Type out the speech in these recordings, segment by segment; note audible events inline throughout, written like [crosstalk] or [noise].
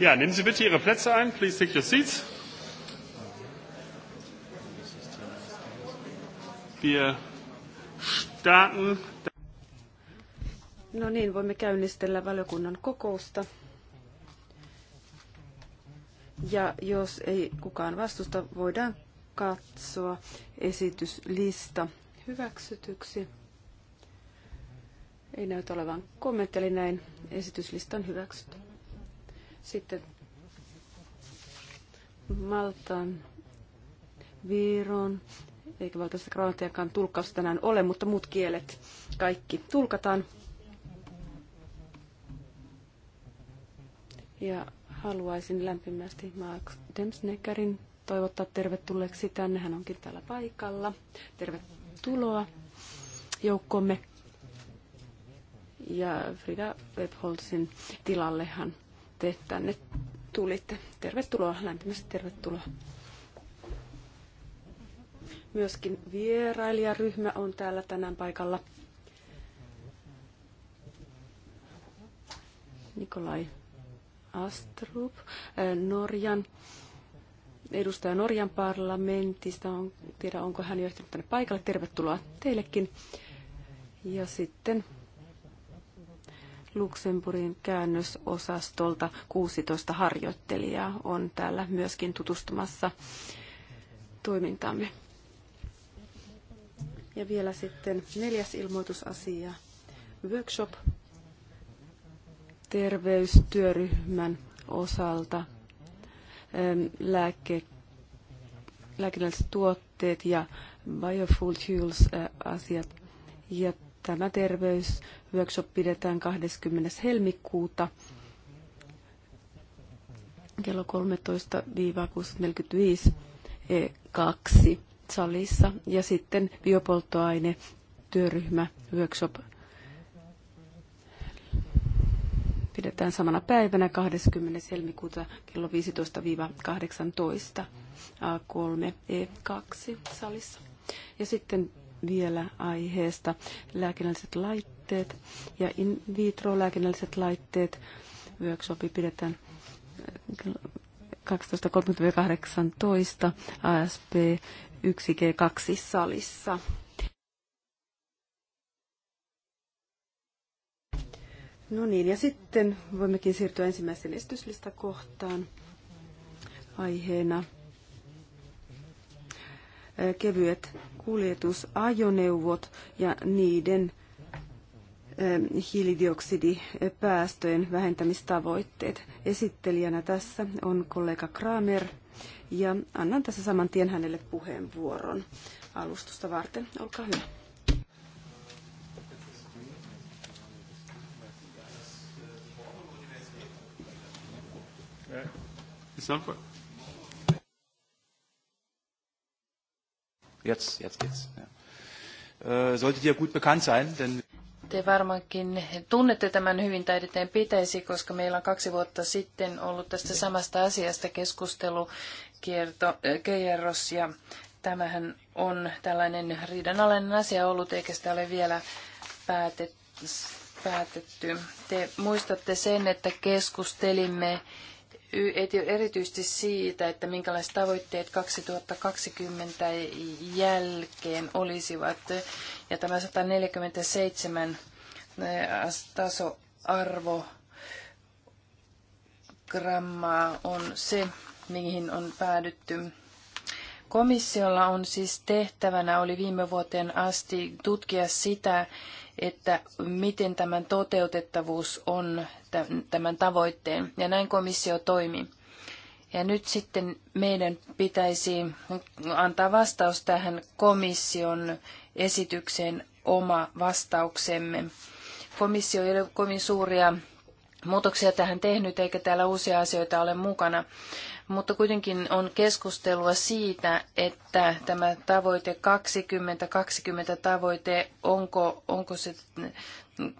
Ja, nehmen Sie bitte Ihre Plätze ein. Please take your seats. Wir starten. No niin, voimme käynnistellä valiokunnan kokousta. Ja jos ei kukaan vastusta, voidaan katsoa esityslista hyväksytyksi. Ei näytä olevan kommentti, eli näin esityslista on hyväksytty. Sitten Maltan, Viron, eikä valtaista kroatiakaan tulkkausta tänään ole, mutta muut kielet kaikki tulkataan. Ja haluaisin lämpimästi Mark Demsneckerin toivottaa tervetulleeksi tänne. Hän onkin täällä paikalla. Tervetuloa joukkomme. Ja Frida Webholzin tilalle hän te tänne tulitte. Tervetuloa, lämpimästi tervetuloa. Myöskin vierailijaryhmä on täällä tänään paikalla. Nikolai Astrup, äh, Norjan edustaja Norjan parlamentista. On, tiedä, onko hän jo ehtinyt tänne paikalle. Tervetuloa teillekin. Ja sitten Luxemburgin käännösosastolta 16 harjoittelijaa on täällä myöskin tutustumassa toimintaamme. Ja vielä sitten neljäs ilmoitusasia. Workshop terveystyöryhmän osalta ähm, lääke, lääkinnälliset tuotteet ja fuels äh, asiat. Ja Tämä terveysworkshop pidetään 20. helmikuuta kello 13-645 E2 salissa ja sitten biopolttoaine työryhmä workshop pidetään samana päivänä 20. helmikuuta kello 15-18 A3 E2 salissa. Ja sitten vielä aiheesta. Lääkinnälliset laitteet ja in vitro lääkinnälliset laitteet. Workshopi pidetään 12.30-18 ASP 1G2 salissa. No niin, ja sitten voimmekin siirtyä ensimmäisen esityslistakohtaan aiheena kevyet kuljetusajoneuvot ja niiden ähm, hiilidioksidipäästöjen vähentämistavoitteet. Esittelijänä tässä on kollega Kramer ja annan tässä saman tien hänelle puheenvuoron alustusta varten. Olkaa hyvä. Is that Jetzt, jetzt geht's. Ja. Äh, Sollte dir gut bekannt sein, denn... Te varmaankin tunnette tämän hyvin, taideteen pitäisi, koska meillä on kaksi vuotta sitten ollut tästä samasta asiasta keskustelu, keskustelukierros, äh, ja tämähän on tällainen riidanalainen asia ollut, eikä sitä ole vielä päätetty päätetty. Te muistatte sen, että keskustelimme erityisesti siitä, että minkälaiset tavoitteet 2020 jälkeen olisivat. Ja tämä 147 tasoarvo grammaa on se, mihin on päädytty. Komissiolla on siis tehtävänä oli viime vuoteen asti tutkia sitä, että miten tämän toteutettavuus on tämän tavoitteen. Ja näin komissio toimi. Ja nyt sitten meidän pitäisi antaa vastaus tähän komission esitykseen oma vastauksemme. Komissio ei ole kovin suuria muutoksia tähän tehnyt, eikä täällä uusia asioita ole mukana mutta kuitenkin on keskustelua siitä, että tämä tavoite 2020 tavoite, onko, onko se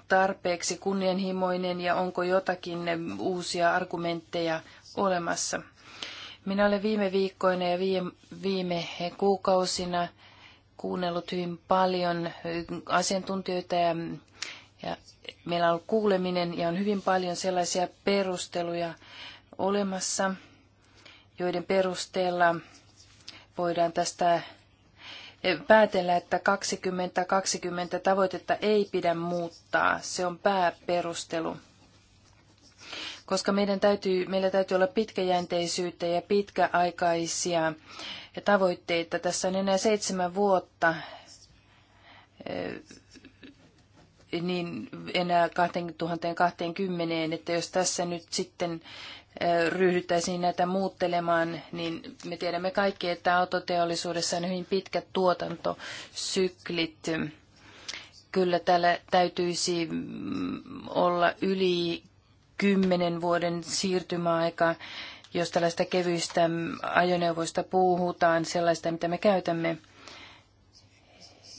tarpeeksi kunnianhimoinen ja onko jotakin uusia argumentteja olemassa. Minä olen viime viikkoina ja viime, viime kuukausina kuunnellut hyvin paljon asiantuntijoita ja, ja meillä on ollut kuuleminen ja on hyvin paljon sellaisia perusteluja olemassa – joiden perusteella voidaan tästä eh, päätellä, että 2020 tavoitetta ei pidä muuttaa. Se on pääperustelu. Koska meidän täytyy, meillä täytyy olla pitkäjänteisyyttä ja pitkäaikaisia tavoitteita. Tässä on enää seitsemän vuotta eh, niin enää 2020, että jos tässä nyt sitten ryhdyttäisiin näitä muuttelemaan, niin me tiedämme kaikki, että autoteollisuudessa on hyvin pitkät tuotantosyklit. Kyllä täällä täytyisi mm, olla yli kymmenen vuoden siirtymäaika, jos tällaista kevyistä mm, ajoneuvoista puhutaan, sellaista mitä me käytämme,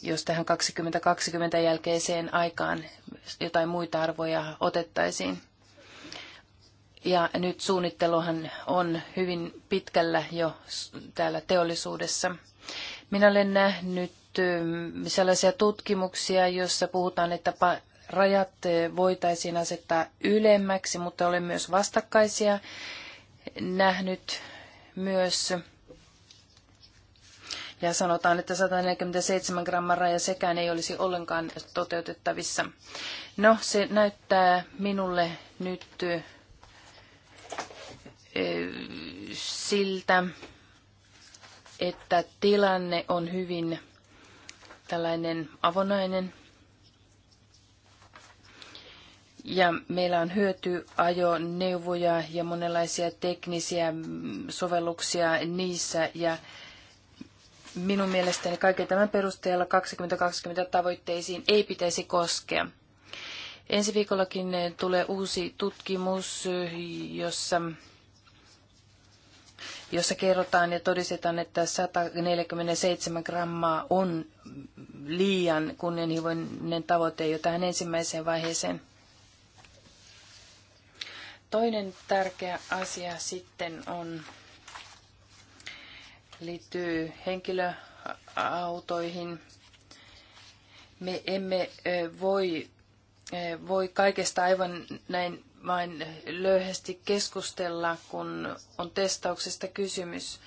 jos tähän 2020 jälkeiseen aikaan jotain muita arvoja otettaisiin. Ja nyt suunnitteluhan on hyvin pitkällä jo täällä teollisuudessa. Minä olen nähnyt sellaisia tutkimuksia, joissa puhutaan, että rajat voitaisiin asettaa ylemmäksi, mutta olen myös vastakkaisia nähnyt myös. Ja sanotaan, että 147 gramman raja sekään ei olisi ollenkaan toteutettavissa. No, se näyttää minulle nyt Eh, siltä, että tilanne on hyvin tällainen avonainen. Ja meillä on hyötyajoneuvoja ja monenlaisia teknisiä sovelluksia niissä. Ja minun mielestäni kaiken tämän perusteella 2020 tavoitteisiin ei pitäisi koskea. Ensi viikollakin tulee uusi tutkimus, jossa jossa kerrotaan ja todistetaan, että 147 grammaa on liian kunnianhimoinen tavoite jo tähän ensimmäiseen vaiheeseen. Toinen tärkeä asia sitten on, liittyy henkilöautoihin. Me emme voi Eh, voi kaikesta aivan näin vain löyhästi keskustella, kun on testauksesta kysymys.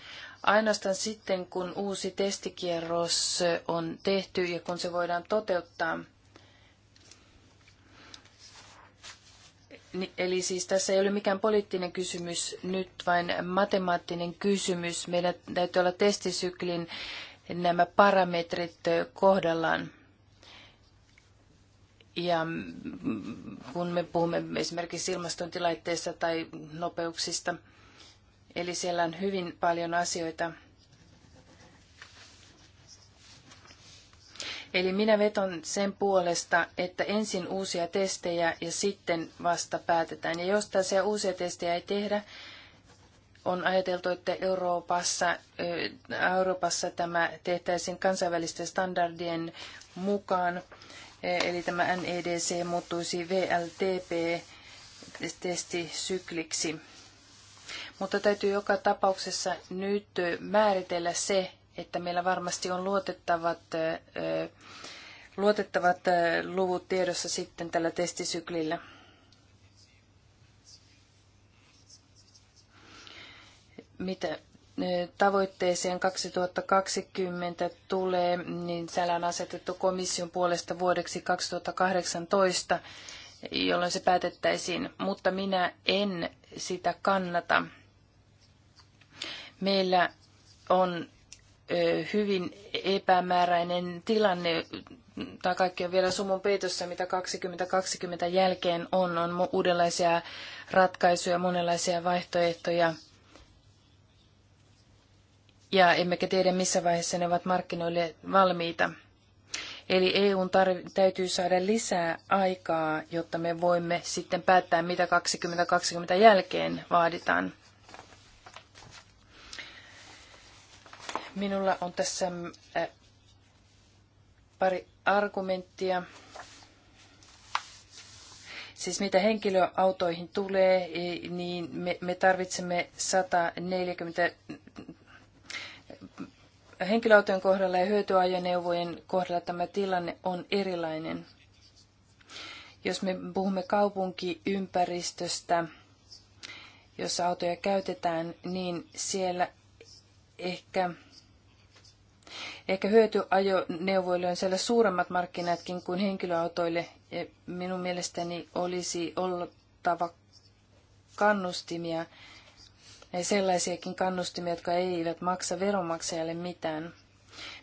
Ainoastaan sitten, kun uusi testikierros on tehty ja kun se voidaan toteuttaa, Eli siis tässä ei ole mikään poliittinen kysymys nyt, vain matemaattinen kysymys. Meidän täytyy olla testisyklin nämä parametrit kohdallaan. Ja kun me puhumme esimerkiksi ilmastointilaitteista tai nopeuksista, eli siellä on hyvin paljon asioita. Eli minä veton sen puolesta, että ensin uusia testejä ja sitten vasta päätetään. Ja jos tässä uusia testejä ei tehdä, on ajateltu, että Euroopassa, Euroopassa tämä tehtäisiin kansainvälisten standardien mukaan eli tämä NEDC muuttuisi VLTP-testisykliksi. Mutta täytyy joka tapauksessa nyt määritellä se, että meillä varmasti on luotettavat, luotettavat luvut tiedossa sitten tällä testisyklillä. Mitä tavoitteeseen 2020 tulee, niin täällä on asetettu komission puolesta vuodeksi 2018, jolloin se päätettäisiin, mutta minä en sitä kannata. Meillä on hyvin epämääräinen tilanne, tai kaikki on vielä sumun peitossa, mitä 2020 jälkeen on, on uudenlaisia ratkaisuja, monenlaisia vaihtoehtoja – ja emmekä tiedä missä vaiheessa ne ovat markkinoille valmiita. Eli EUn tar- täytyy saada lisää aikaa, jotta me voimme sitten päättää, mitä 2020 jälkeen vaaditaan. Minulla on tässä äh, pari argumenttia. Siis mitä henkilöautoihin tulee, niin me, me tarvitsemme 140 henkilöautojen kohdalla ja hyötyajoneuvojen kohdalla tämä tilanne on erilainen. Jos me puhumme kaupunkiympäristöstä, jossa autoja käytetään, niin siellä ehkä, ehkä hyötyajoneuvoille on siellä suuremmat markkinatkin kuin henkilöautoille. Ja minun mielestäni olisi oltava kannustimia sellaisiakin kannustimia, jotka eivät maksa veronmaksajalle mitään.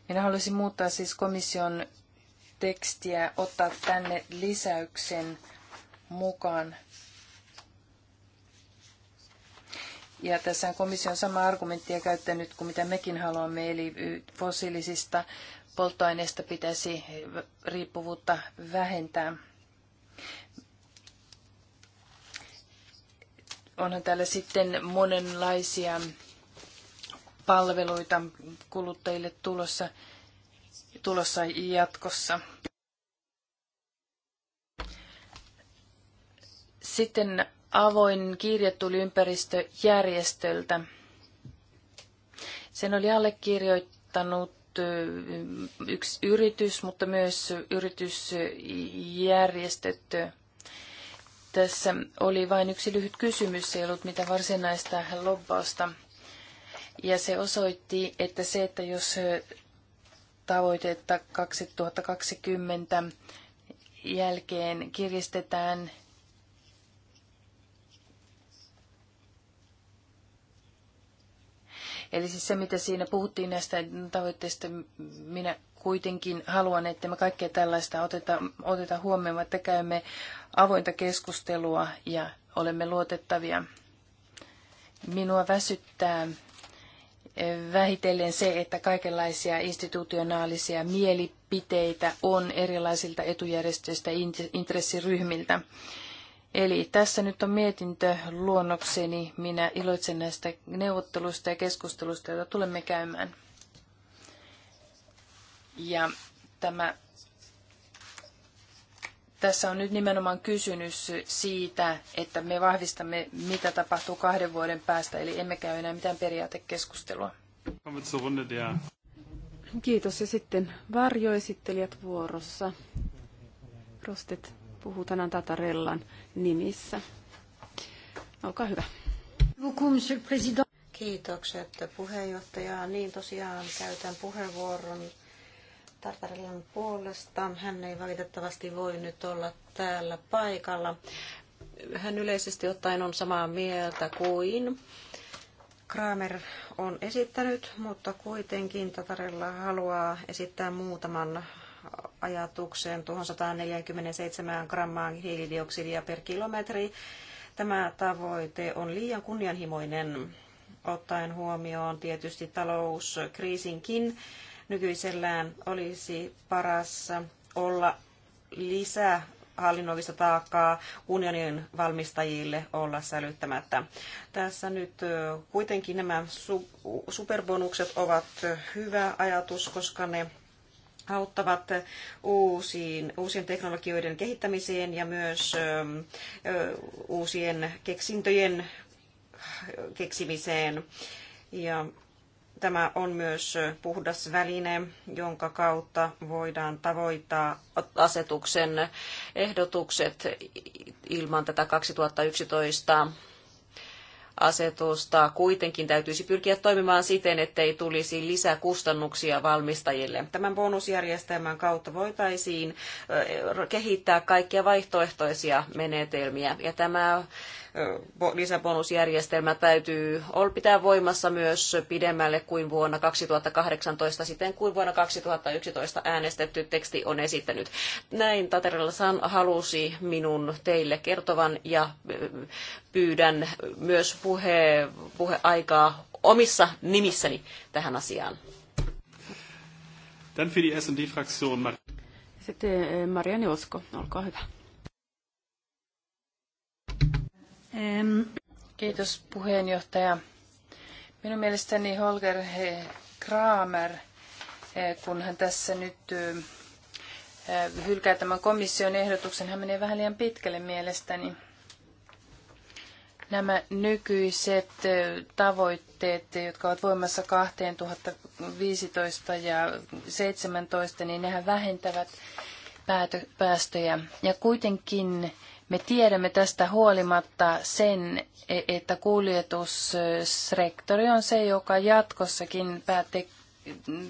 Minä haluaisin muuttaa siis komission tekstiä, ottaa tänne lisäyksen mukaan. Ja tässä on komission sama argumenttia käyttänyt kuin mitä mekin haluamme, eli fossiilisista polttoaineista pitäisi riippuvuutta vähentää. onhan täällä sitten monenlaisia palveluita kuluttajille tulossa, tulossa jatkossa. Sitten avoin kirje tuli ympäristöjärjestöltä. Sen oli allekirjoittanut yksi yritys, mutta myös yritysjärjestöt tässä oli vain yksi lyhyt kysymys, ei ollut mitä varsinaista lobbausta. Ja se osoitti, että se, että jos tavoitetta 2020 jälkeen kiristetään, Eli siis se, mitä siinä puhuttiin näistä tavoitteista, minä kuitenkin haluan, että me kaikkea tällaista oteta, oteta huomioon, että käymme avointa keskustelua ja olemme luotettavia. Minua väsyttää eh, vähitellen se, että kaikenlaisia institutionaalisia mielipiteitä on erilaisilta etujärjestöistä intressiryhmiltä. Eli tässä nyt on mietintö luonnokseni. Minä iloitsen näistä neuvotteluista ja keskustelusta, joita tulemme käymään. Ja tämä, tässä on nyt nimenomaan kysymys siitä, että me vahvistamme, mitä tapahtuu kahden vuoden päästä, eli emme käy enää mitään periaatekeskustelua. Kiitos. Ja sitten varjoesittelijät vuorossa. Rostet puhuu tänään Tatarellan nimissä. Olkaa hyvä. Kiitokset puheenjohtaja. Niin tosiaan käytän puheenvuoron Tartarellan puolesta. Hän ei valitettavasti voi nyt olla täällä paikalla. Hän yleisesti ottaen on samaa mieltä kuin Kramer on esittänyt, mutta kuitenkin Tatarella haluaa esittää muutaman ajatuksen tuohon 147 grammaan hiilidioksidia per kilometri. Tämä tavoite on liian kunnianhimoinen ottaen huomioon tietysti talouskriisinkin Nykyisellään olisi paras olla lisää hallinnollista taakkaa unionin valmistajille olla sälyttämättä. Tässä nyt kuitenkin nämä superbonukset ovat hyvä ajatus, koska ne auttavat uusiin, uusien teknologioiden kehittämiseen ja myös uusien keksintöjen keksimiseen. Ja Tämä on myös puhdas väline, jonka kautta voidaan tavoittaa asetuksen ehdotukset ilman tätä 2011 asetusta. Kuitenkin täytyisi pyrkiä toimimaan siten, ettei tulisi lisäkustannuksia valmistajille. Tämän bonusjärjestelmän kautta voitaisiin kehittää kaikkia vaihtoehtoisia menetelmiä. Ja tämä lisäbonusjärjestelmä täytyy pitää voimassa myös pidemmälle kuin vuonna 2018, siten kuin vuonna 2011 äänestetty teksti on esittänyt. Näin Taterella San halusi minun teille kertovan ja pyydän myös puhe, puheaikaa omissa nimissäni tähän asiaan. Sitten eh, Marianne Josko, olkaa hyvä. Kiitos puheenjohtaja. Minun mielestäni Holger Kramer, eh, kun hän tässä nyt eh, eh, hylkää tämän komission ehdotuksen, hän menee vähän liian pitkälle mielestäni. Nämä nykyiset tavoitteet, jotka ovat voimassa 2015 ja 2017, niin nehän vähentävät päästöjä. Ja kuitenkin me tiedämme tästä huolimatta sen, e- että kuljetusrektori on se, joka jatkossakin päätte,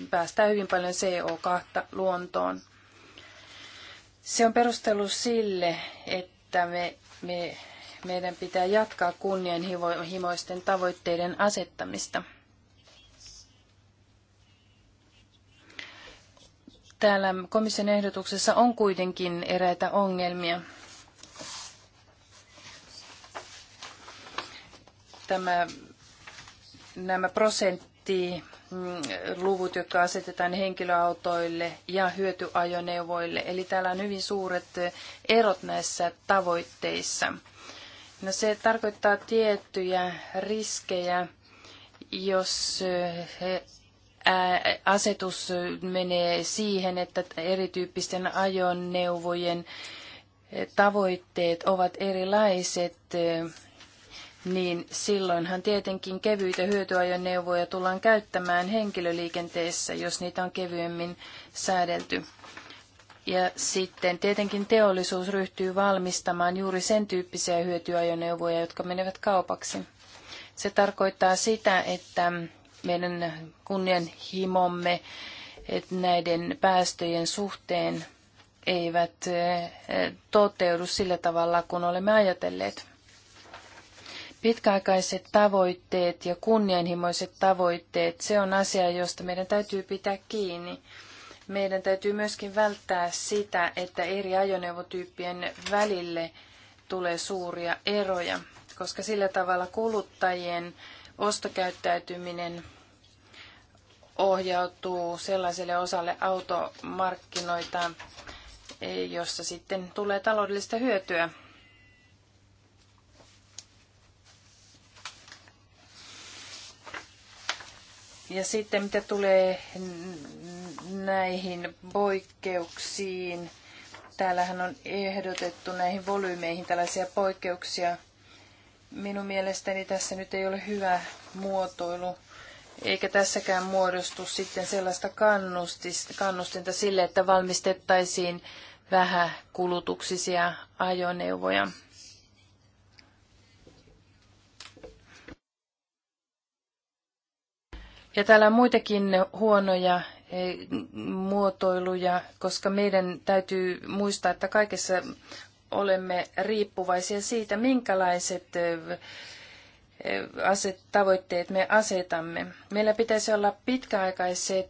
päästää hyvin paljon CO2 luontoon. Se on perustelu sille, että me, me, meidän pitää jatkaa kunnianhimoisten tavoitteiden asettamista. Täällä komission ehdotuksessa on kuitenkin eräitä ongelmia. tämä, nämä prosenttiluvut, jotka asetetaan henkilöautoille ja hyötyajoneuvoille. Eli täällä on hyvin suuret erot näissä tavoitteissa. No se tarkoittaa tiettyjä riskejä, jos asetus menee siihen, että erityyppisten ajoneuvojen tavoitteet ovat erilaiset niin silloinhan tietenkin kevyitä hyötyajoneuvoja tullaan käyttämään henkilöliikenteessä, jos niitä on kevyemmin säädelty. Ja sitten tietenkin teollisuus ryhtyy valmistamaan juuri sen tyyppisiä hyötyajoneuvoja, jotka menevät kaupaksi. Se tarkoittaa sitä, että meidän kunnianhimomme että näiden päästöjen suhteen eivät eh, toteudu sillä tavalla, kun olemme ajatelleet. Pitkäaikaiset tavoitteet ja kunnianhimoiset tavoitteet, se on asia, josta meidän täytyy pitää kiinni. Meidän täytyy myöskin välttää sitä, että eri ajoneuvotyyppien välille tulee suuria eroja, koska sillä tavalla kuluttajien ostokäyttäytyminen ohjautuu sellaiselle osalle automarkkinoita, jossa sitten tulee taloudellista hyötyä Ja sitten mitä tulee näihin poikkeuksiin, täällähän on ehdotettu näihin volyymeihin tällaisia poikkeuksia. Minun mielestäni tässä nyt ei ole hyvä muotoilu, eikä tässäkään muodostu sitten sellaista kannustinta sille, että valmistettaisiin vähäkulutuksisia ajoneuvoja. Ja täällä on muitakin huonoja e, muotoiluja, koska meidän täytyy muistaa, että kaikessa olemme riippuvaisia siitä, minkälaiset e, e, aset, tavoitteet me asetamme. Meillä pitäisi olla pitkäaikaiset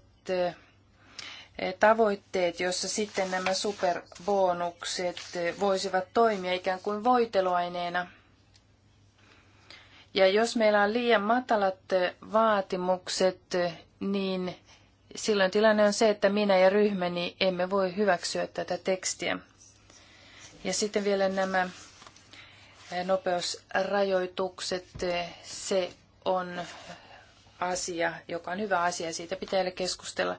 tavoitteet, jossa sitten nämä superbonukset voisivat toimia ikään kuin voiteluaineena – ja jos meillä on liian matalat vaatimukset, niin silloin tilanne on se, että minä ja ryhmäni emme voi hyväksyä tätä tekstiä. Ja sitten vielä nämä eh, nopeusrajoitukset, se on asia, joka on hyvä asia, siitä pitää vielä keskustella.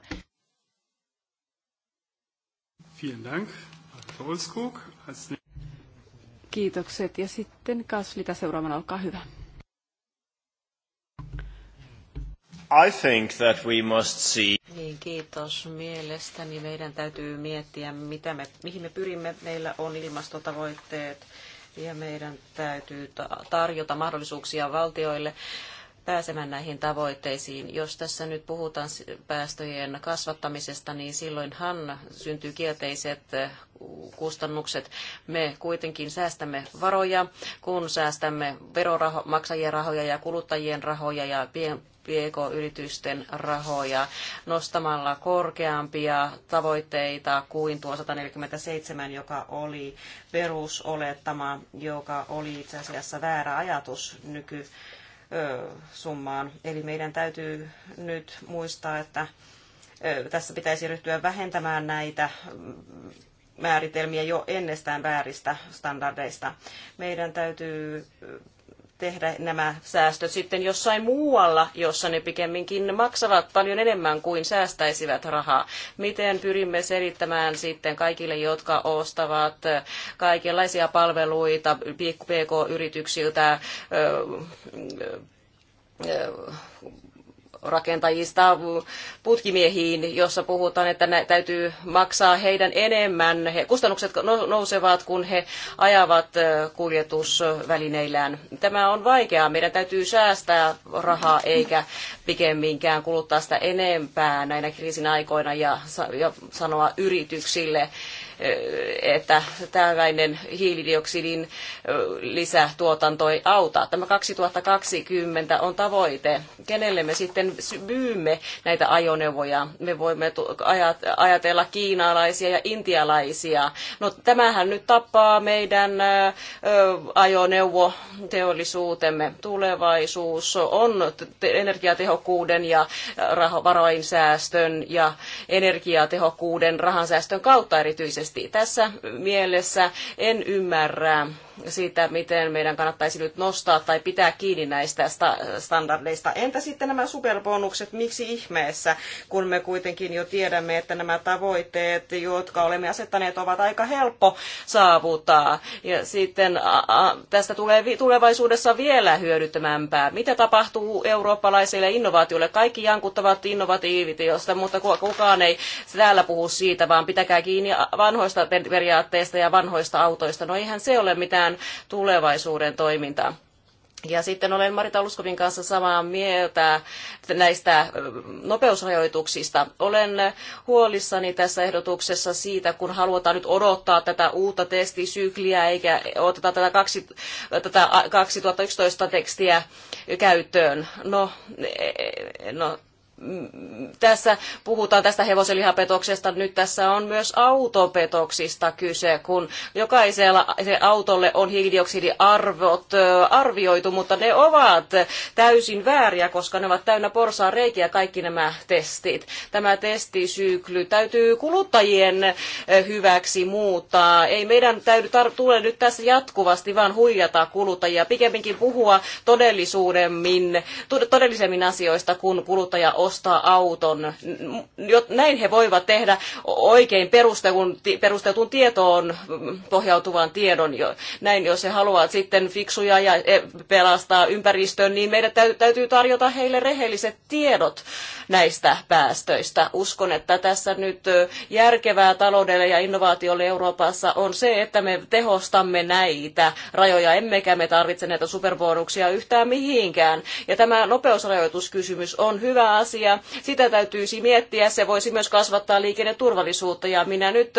Kiitokset ja sitten Kaslita seuraavana, olkaa hyvä. I think that we must see. Niin, kiitos. Mielestäni meidän täytyy miettiä, mitä me, mihin me pyrimme. Meillä on ilmastotavoitteet ja meidän täytyy tarjota mahdollisuuksia valtioille pääsemään näihin tavoitteisiin. Jos tässä nyt puhutaan päästöjen kasvattamisesta, niin silloinhan syntyy kielteiset uh, kustannukset. Me kuitenkin säästämme varoja, kun säästämme veromaksajien rahoja ja kuluttajien rahoja ja pien, PK-yritysten rahoja nostamalla korkeampia tavoitteita kuin tuo 147, joka oli perusolettama, joka oli itse asiassa väärä ajatus nykysummaan. Eli meidän täytyy nyt muistaa, että tässä pitäisi ryhtyä vähentämään näitä mm, määritelmiä jo ennestään vääristä standardeista. Meidän täytyy tehdä nämä säästöt sitten jossain muualla, jossa ne pikemminkin maksavat paljon enemmän kuin säästäisivät rahaa. Miten pyrimme selittämään sitten kaikille, jotka ostavat kaikenlaisia palveluita pk-yrityksiltä, rakentajista putkimiehiin, jossa puhutaan, että ne täytyy maksaa heidän enemmän. He, kustannukset no- nousevat, kun he ajavat kuljetusvälineillään. Tämä on vaikeaa. Meidän täytyy säästää rahaa eikä pikemminkään kuluttaa sitä enempää näinä kriisin aikoina ja, ja sanoa yrityksille, että tällainen hiilidioksidin lisätuotanto ei auta. Tämä 2020 on tavoite. Kenelle me sitten myymme näitä ajoneuvoja? Me voimme ajatella kiinalaisia ja intialaisia. No tämähän nyt tappaa meidän ajoneuvoteollisuutemme. Tulevaisuus on energiatehokkuuden ja varoinsäästön ja energiatehokkuuden rahansäästön kautta erityisesti tässä mielessä en ymmärrä siitä, miten meidän kannattaisi nyt nostaa tai pitää kiinni näistä standardeista. Entä sitten nämä superbonukset, miksi ihmeessä, kun me kuitenkin jo tiedämme, että nämä tavoitteet, jotka olemme asettaneet, ovat aika helppo saavuttaa. Ja sitten tästä tulee tulevaisuudessa vielä hyödyttämämpää. Mitä tapahtuu eurooppalaisille innovaatioille? Kaikki jankuttavat innovatiivitiosta, mutta kukaan ei täällä puhu siitä, vaan pitäkää kiinni vanhoista periaatteista ja vanhoista autoista. No eihän se ole mitään mitään tulevaisuuden toimintaa. Ja sitten olen Marita Luskovin kanssa samaa mieltä näistä nopeusrajoituksista. Olen huolissani tässä ehdotuksessa siitä, kun halutaan nyt odottaa tätä uutta testisykliä eikä oteta tätä, kaksi, tätä 2011 tekstiä käyttöön. No, e, e, no tässä puhutaan tästä hevoselihapetoksesta, nyt tässä on myös autopetoksista kyse, kun jokaisella se autolle on hiilidioksidiarvot arvioitu, mutta ne ovat täysin vääriä, koska ne ovat täynnä porsaan reikiä kaikki nämä testit. Tämä testisykly täytyy kuluttajien hyväksi muuttaa. Ei meidän täydy tar- tule nyt tässä jatkuvasti vaan huijata kuluttajia, pikemminkin puhua todellisuudemmin, todellisemmin asioista, kun kuluttaja ostaa ostaa auton. Näin he voivat tehdä oikein perusteltuun tietoon pohjautuvan tiedon. Näin jos he haluavat sitten fiksuja ja e, pelastaa ympäristön, niin meidän täytyy tarjota heille rehelliset tiedot näistä päästöistä. Uskon, että tässä nyt järkevää taloudelle ja innovaatiolle Euroopassa on se, että me tehostamme näitä rajoja, emmekä me tarvitse näitä superbonuksia yhtään mihinkään. Ja tämä nopeusrajoituskysymys on hyvä asia ja sitä täytyisi miettiä. Se voisi myös kasvattaa liikenneturvallisuutta ja minä nyt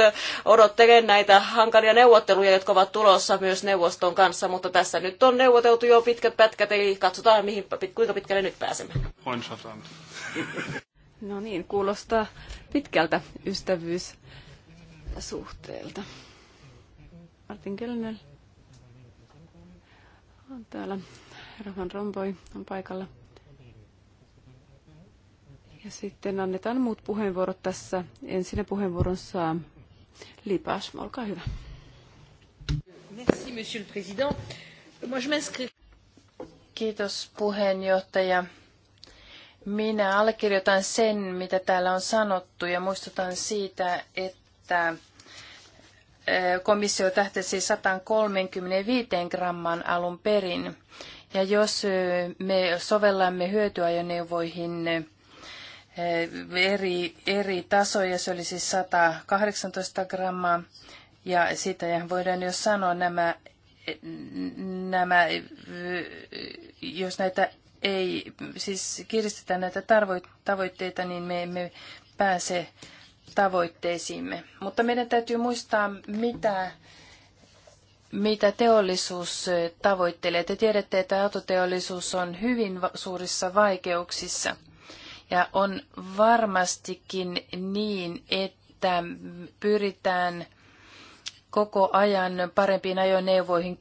odottelen näitä hankalia neuvotteluja, jotka ovat tulossa myös neuvoston kanssa, mutta tässä nyt on neuvoteltu jo pitkät pätkät, eli katsotaan mihin, kuinka pitkälle nyt pääsemme. [laughs] No niin, kuulostaa pitkältä ystävyyssuhteelta. Martin Kellner on täällä. on paikalla. Ja sitten annetaan muut puheenvuorot tässä. Ensin puheenvuoron saa Lipas, olkaa hyvä. Merci, monsieur le président. Moi, je Kiitos puheenjohtaja. Minä allekirjoitan sen, mitä täällä on sanottu ja muistutan siitä, että komissio tähtäsi 135 gramman alun perin. Ja jos me sovellamme hyötyajoneuvoihin Eh, eri, eri tasoja, se oli siis 118 grammaa. Ja sitä voidaan jo sanoa nämä, nämä, jos näitä ei, siis kiristetään näitä tavoitteita, niin me emme pääse tavoitteisiimme. Mutta meidän täytyy muistaa, mitä, mitä teollisuus tavoittelee. Te tiedätte, että autoteollisuus on hyvin suurissa vaikeuksissa – ja on varmastikin niin, että pyritään koko ajan parempiin ajoneuvoihin,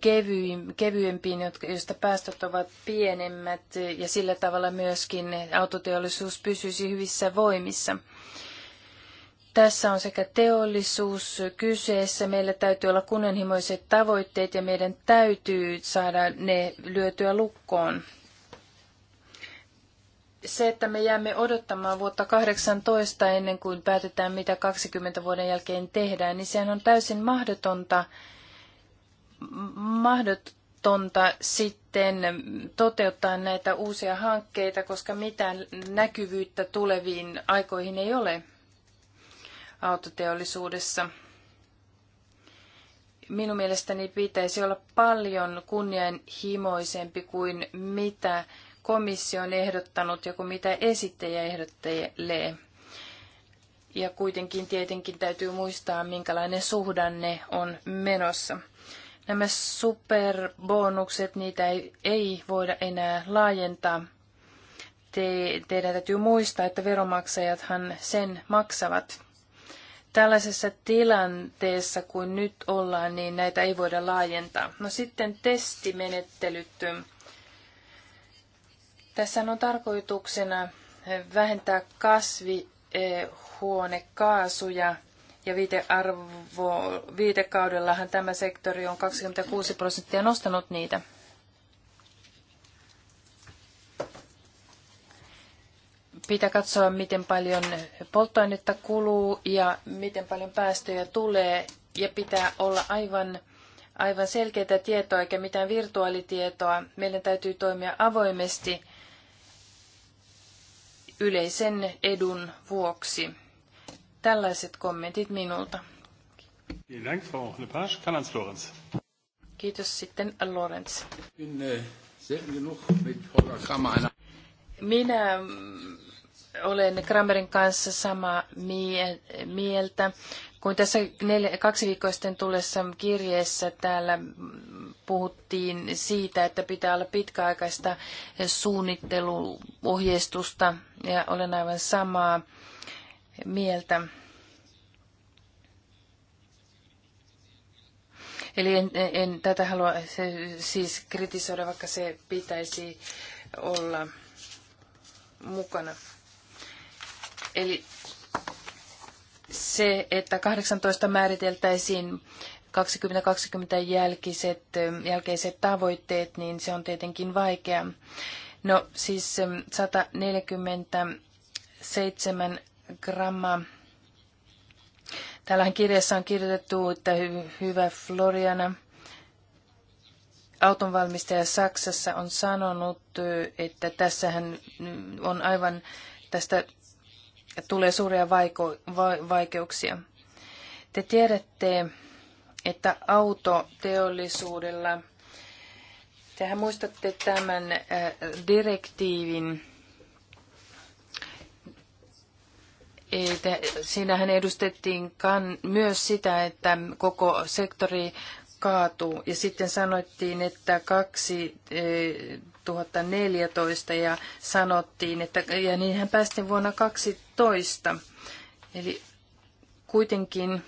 kevyempiin, joista päästöt ovat pienemmät ja sillä tavalla myöskin autoteollisuus pysyisi hyvissä voimissa. Tässä on sekä teollisuus kyseessä, meillä täytyy olla kunnianhimoiset tavoitteet ja meidän täytyy saada ne lyötyä lukkoon se, että me jäämme odottamaan vuotta 18 ennen kuin päätetään, mitä 20 vuoden jälkeen tehdään, niin sehän on täysin mahdotonta, mahdotonta sitten toteuttaa näitä uusia hankkeita, koska mitään näkyvyyttä tuleviin aikoihin ei ole autoteollisuudessa. Minun mielestäni pitäisi olla paljon kunnianhimoisempi kuin mitä komissio on ehdottanut ja kuin mitä esittäjä ehdottelee. Ja kuitenkin tietenkin täytyy muistaa, minkälainen suhdanne on menossa. Nämä superbonukset, niitä ei, ei voida enää laajentaa. Te, teidän täytyy muistaa, että veromaksajathan sen maksavat. Tällaisessa tilanteessa, kuin nyt ollaan, niin näitä ei voida laajentaa. No sitten testimenettelyt tässä on tarkoituksena vähentää kasvihuonekaasuja ja viitearvo, viitekaudellahan tämä sektori on 26 prosenttia nostanut niitä. Pitää katsoa, miten paljon polttoainetta kuluu ja miten paljon päästöjä tulee. Ja pitää olla aivan, aivan selkeää tietoa eikä mitään virtuaalitietoa. Meidän täytyy toimia avoimesti yleisen edun vuoksi. Tällaiset kommentit minulta. Kiitos sitten Lorenz. Äh, Minä mm, olen Kramerin kanssa samaa mieltä. Kun tässä neljä, kaksi viikkoa sitten tullessa kirjeessä täällä puhuttiin siitä, että pitää olla pitkäaikaista suunnitteluohjeistusta, ja olen aivan samaa mieltä. Eli en, en, en tätä halua se, siis kritisoida, vaikka se pitäisi olla mukana. Eli se, että 18 määriteltäisiin 2020 jälkiset, ähm, jälkeiset tavoitteet, niin se on tietenkin vaikea. No siis 147 ähm, grammaa. Täällähän kirjassa on kirjoitettu, että hy- hyvä Floriana, autonvalmistaja Saksassa on sanonut, äh, että tässähän mm, on aivan tästä tulee suuria vaiko, va, vaikeuksia. Te tiedätte, että autoteollisuudella, tehän muistatte tämän äh, direktiivin, siinähän edustettiin kan, myös sitä, että koko sektori kaatuu. Ja sitten sanottiin, että kaksi äh, 2014 ja sanottiin, että ja niinhän päästiin vuonna 2012. Eli kuitenkin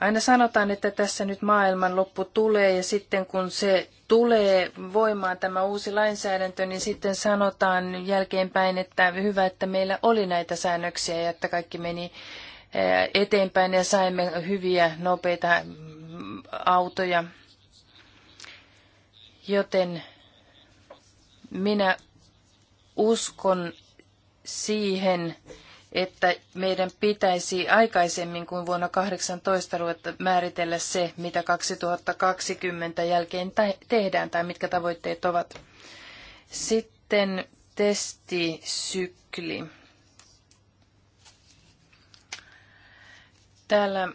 aina sanotaan, että tässä nyt maailman loppu tulee ja sitten kun se tulee voimaan tämä uusi lainsäädäntö, niin sitten sanotaan jälkeenpäin, että hyvä, että meillä oli näitä säännöksiä ja että kaikki meni eteenpäin ja saimme hyviä, nopeita mm, autoja Joten minä uskon siihen, että meidän pitäisi aikaisemmin kuin vuonna 18 ruveta määritellä se, mitä 2020 jälkeen tehdään tai mitkä tavoitteet ovat. Sitten testisykli. Täällä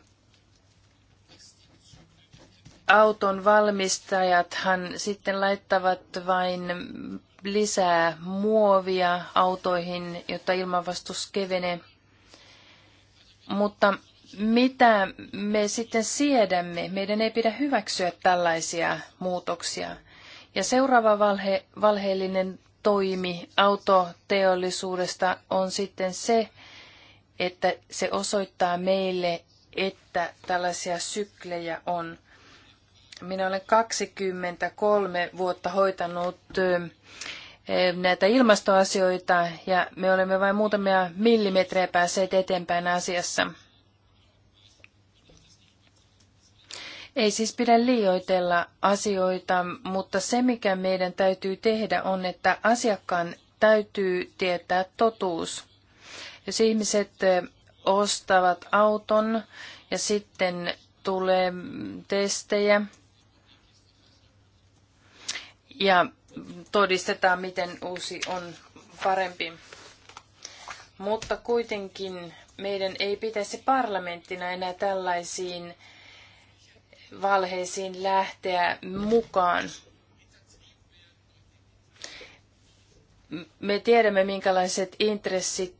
auton valmistajathan sitten laittavat vain lisää muovia autoihin, jotta ilmanvastus kevenee. Mutta mitä me sitten siedämme? Meidän ei pidä hyväksyä tällaisia muutoksia. Ja seuraava valhe, valheellinen toimi autoteollisuudesta on sitten se, että se osoittaa meille, että tällaisia syklejä on. Minä olen 23 vuotta hoitanut näitä ilmastoasioita ja me olemme vain muutamia millimetrejä päässeet eteenpäin asiassa. Ei siis pidä liioitella asioita, mutta se mikä meidän täytyy tehdä on, että asiakkaan täytyy tietää totuus. Jos ihmiset ostavat auton ja sitten tulee testejä, ja todistetaan, miten uusi on parempi. Mutta kuitenkin meidän ei pitäisi parlamenttina enää tällaisiin valheisiin lähteä mukaan. Me tiedämme, minkälaiset intressit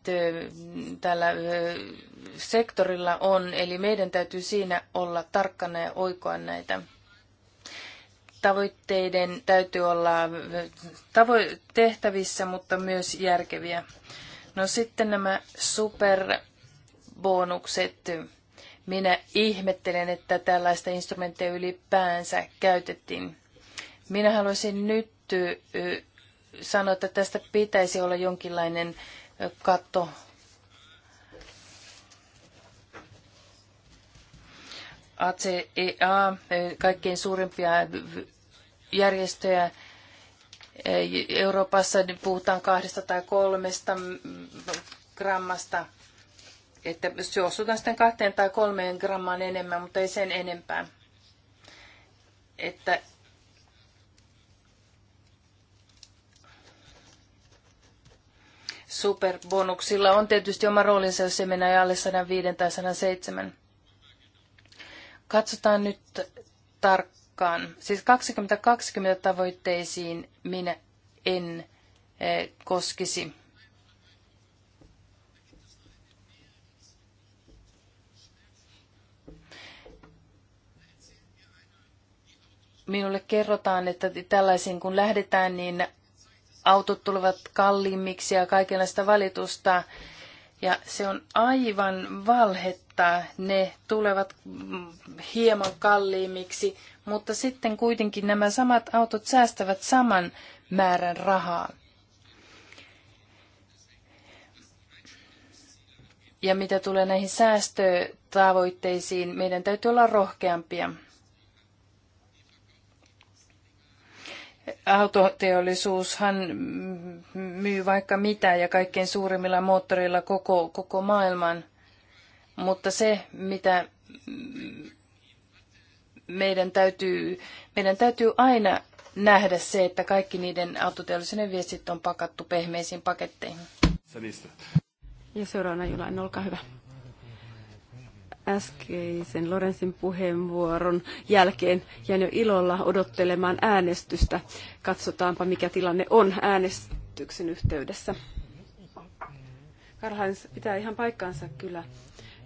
tällä sektorilla on, eli meidän täytyy siinä olla tarkkana ja oikoa näitä tavoitteiden täytyy olla tavo- tehtävissä, mutta myös järkeviä. No sitten nämä superbonukset. Minä ihmettelen, että tällaista instrumentteja ylipäänsä käytettiin. Minä haluaisin nyt sanoa, että tästä pitäisi olla jonkinlainen katto. ACEA, e kaikkein suurimpia järjestöjä Euroopassa, niin puhutaan kahdesta tai kolmesta grammasta, että se osutaan sitten kahteen tai kolmeen grammaan enemmän, mutta ei sen enempää. Että superbonuksilla on tietysti oma roolinsa, jos se menee alle 105 tai 107. Katsotaan nyt tarkkaan tarkkaan. Siis 2020 tavoitteisiin minä en eh, koskisi. Minulle kerrotaan, että tällaisiin kun lähdetään, niin autot tulevat kalliimmiksi ja kaikenlaista valitusta. Ja se on aivan valhetta. Ne tulevat mm, hieman kalliimmiksi, mutta sitten kuitenkin nämä samat autot säästävät saman määrän rahaa. Ja mitä tulee näihin säästötavoitteisiin, meidän täytyy olla rohkeampia. Autoteollisuushan myy vaikka mitä ja kaikkein suurimmilla moottoreilla koko, koko maailman. Mutta se, mitä meidän täytyy, meidän täytyy aina nähdä se, että kaikki niiden autoteollisuuden viestit on pakattu pehmeisiin paketteihin. Ja seuraavana Julain, olkaa hyvä. Äskeisen Lorensin puheenvuoron jälkeen jäin jo ilolla odottelemaan äänestystä. Katsotaanpa, mikä tilanne on äänestyksen yhteydessä. Karhains pitää ihan paikkaansa kyllä,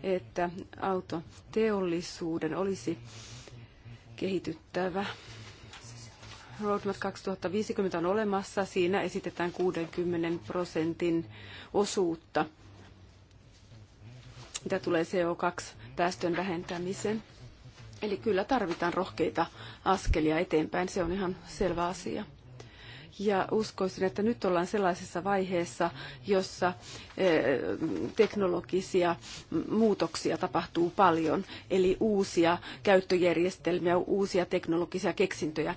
että autoteollisuuden olisi kehityttävä. Roadmap 2050 on olemassa. Siinä esitetään 60 prosentin osuutta, mitä tulee CO2-päästön vähentämiseen. Eli kyllä tarvitaan rohkeita askelia eteenpäin, se on ihan selvä asia. Ja uskoisin, että nyt ollaan sellaisessa vaiheessa, jossa eh, teknologisia muutoksia tapahtuu paljon, eli uusia käyttöjärjestelmiä, uusia teknologisia keksintöjä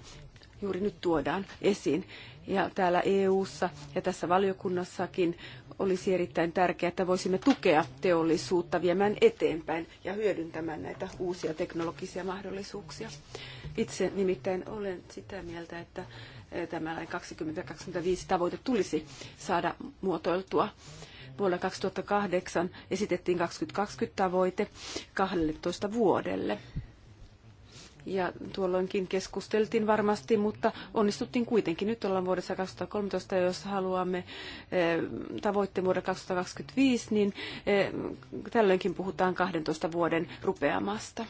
juuri nyt tuodaan esiin. Ja täällä EU:ssa ja tässä valiokunnassakin olisi erittäin tärkeää, että voisimme tukea teollisuutta viemään eteenpäin ja hyödyntämään näitä uusia teknologisia mahdollisuuksia. Itse nimittäin olen sitä mieltä, että tämä 2025 tavoite tulisi saada muotoiltua. Vuonna 2008 esitettiin 2020-tavoite 12 vuodelle. Ja tuolloinkin keskusteltiin varmasti, mutta onnistuttiin kuitenkin. Nyt ollaan vuodessa 2013 ja jos haluamme eh, tavoitteen vuoden 2025, niin eh, tällöinkin puhutaan 12 vuoden rupeamasta.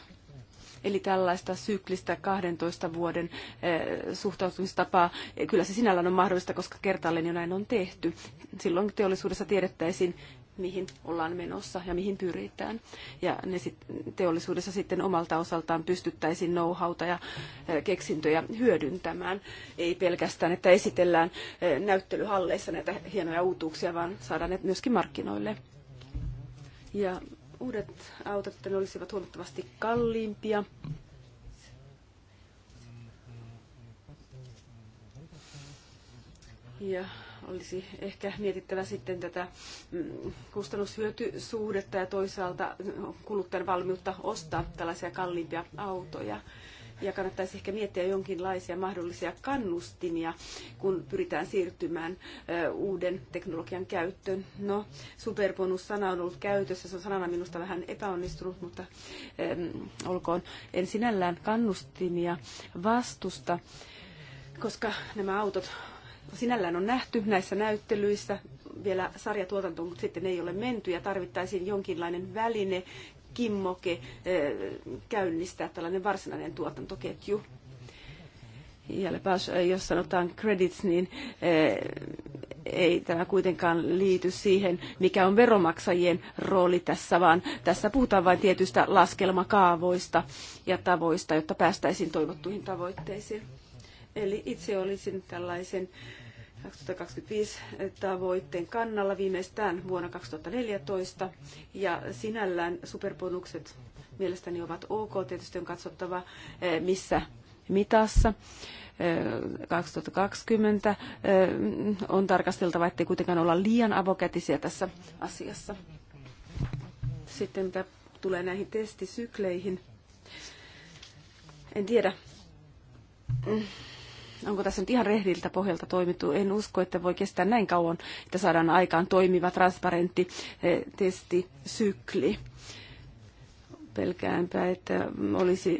Eli tällaista syklistä 12 vuoden eh, suhtautumistapaa, eh, kyllä se sinällään on mahdollista, koska kertaalleen jo näin on tehty. Silloin teollisuudessa tiedettäisiin, mihin ollaan menossa ja mihin pyritään. Ja ne sit, teollisuudessa sitten omalta osaltaan pystyttäisiin know-howta ja eh, keksintöjä hyödyntämään. Ei pelkästään, että esitellään näyttelyhalleissa näitä hienoja uutuuksia, vaan saadaan ne myöskin markkinoille. Ja uudet autot ne olisivat huomattavasti kalliimpia. Ja olisi ehkä mietittävä sitten tätä mm, kustannushyötysuhdetta ja toisaalta mm, kuluttajan valmiutta ostaa tällaisia kalliimpia autoja ja kannattaisi ehkä miettiä jonkinlaisia mahdollisia kannustimia, kun pyritään siirtymään uuden teknologian käyttöön. No, superbonus-sana on ollut käytössä, se on sanana minusta vähän epäonnistunut, mutta olkoon en sinällään kannustimia vastusta, koska nämä autot sinällään on nähty näissä näyttelyissä, vielä sarjatuotantoon, mutta sitten ei ole menty ja tarvittaisiin jonkinlainen väline, kimmoke eh, käynnistää tällainen varsinainen tuotantoketju. Ja eh, jos sanotaan credits, niin eh, ei tämä kuitenkaan liity siihen, mikä on veromaksajien rooli tässä, vaan tässä puhutaan vain tietystä laskelmakaavoista ja tavoista, jotta päästäisiin toivottuihin tavoitteisiin. Eli itse olisin tällaisen äh, 2025 tavoitteen kannalla viimeistään vuonna 2014. Ja sinällään superbonukset mielestäni ovat ok. Tietysti on katsottava, eh, missä mitassa. 2020 eh, eh, on tarkasteltava, ettei kuitenkaan olla liian avokätisiä tässä asiassa. Sitten mitä tulee näihin testisykleihin. En tiedä. Mm onko tässä nyt ihan rehdiltä pohjalta toimittu. En usko, että voi kestää näin kauan, että saadaan aikaan toimiva, transparentti eh, testisykli. Pelkäänpä, että olisi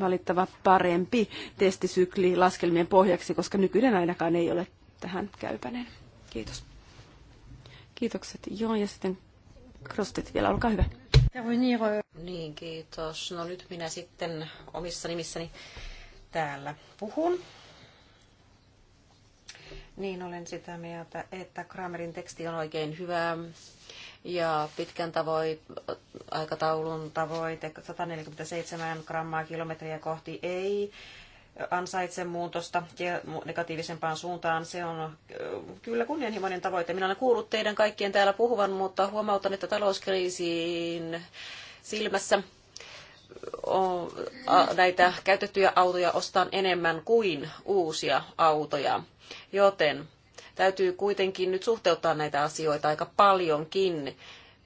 valittava parempi testisykli laskelmien pohjaksi, koska nykyinen ainakaan ei ole tähän käypäinen. Kiitos. Kiitokset. Joo, ja sitten Krostet vielä, olkaa hyvä. Niin, kiitos. No nyt minä sitten omissa nimissäni täällä puhun niin olen sitä mieltä, että Kramerin teksti on oikein hyvä ja pitkän tavoit, aikataulun tavoite 147 grammaa kilometriä kohti ei ansaitse muutosta negatiivisempaan suuntaan. Se on kyllä kunnianhimoinen tavoite. Minä olen kuullut teidän kaikkien täällä puhuvan, mutta huomautan, että talouskriisiin silmässä näitä käytettyjä autoja ostaan enemmän kuin uusia autoja. Joten täytyy kuitenkin nyt suhteuttaa näitä asioita aika paljonkin.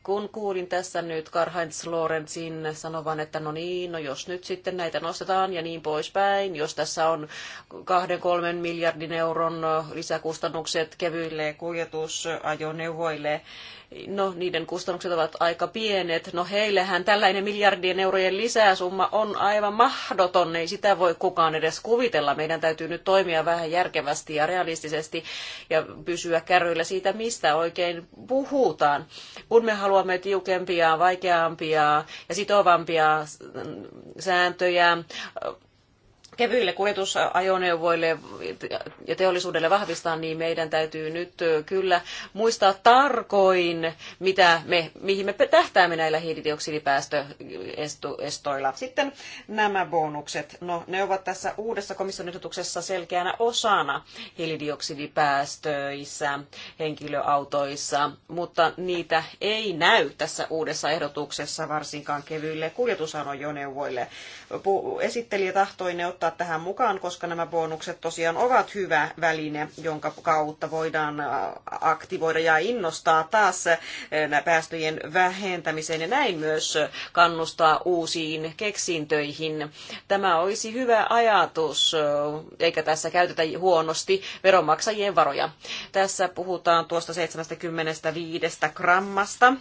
Kun kuulin tässä nyt Karl-Heinz Lorenzin sanovan, että no niin, no jos nyt sitten näitä nostetaan ja niin poispäin, jos tässä on kahden kolmen miljardin euron lisäkustannukset kevyille kuljetusajoneuvoille, no niiden kustannukset ovat aika pienet. No heillehän tällainen miljardien eurojen lisäsumma on aivan mahdoton, ei sitä voi kukaan edes kuvitella. Meidän täytyy nyt toimia vähän järkevästi ja realistisesti ja pysyä kärryillä siitä, mistä oikein puhutaan. Kun me haluamme tiukempia, vaikeampia ja sitovampia sääntöjä, kevyille kuljetusajoneuvoille ja teollisuudelle vahvistaa, niin meidän täytyy nyt kyllä muistaa tarkoin, mitä me, mihin me tähtäämme näillä hiilidioksidipäästöestoilla. Sitten nämä bonukset. No, ne ovat tässä uudessa komission ehdotuksessa selkeänä osana hiilidioksidipäästöissä henkilöautoissa, mutta niitä ei näy tässä uudessa ehdotuksessa varsinkaan kevyille kuljetusajoneuvoille. Esittelijä tahtoi ne ottaa ottaa tähän mukaan, koska nämä bonukset tosiaan ovat hyvä väline, jonka kautta voidaan aktivoida ja innostaa taas päästöjen vähentämiseen ja näin myös kannustaa uusiin keksintöihin. Tämä olisi hyvä ajatus, eikä tässä käytetä huonosti veronmaksajien varoja. Tässä puhutaan tuosta 75 grammasta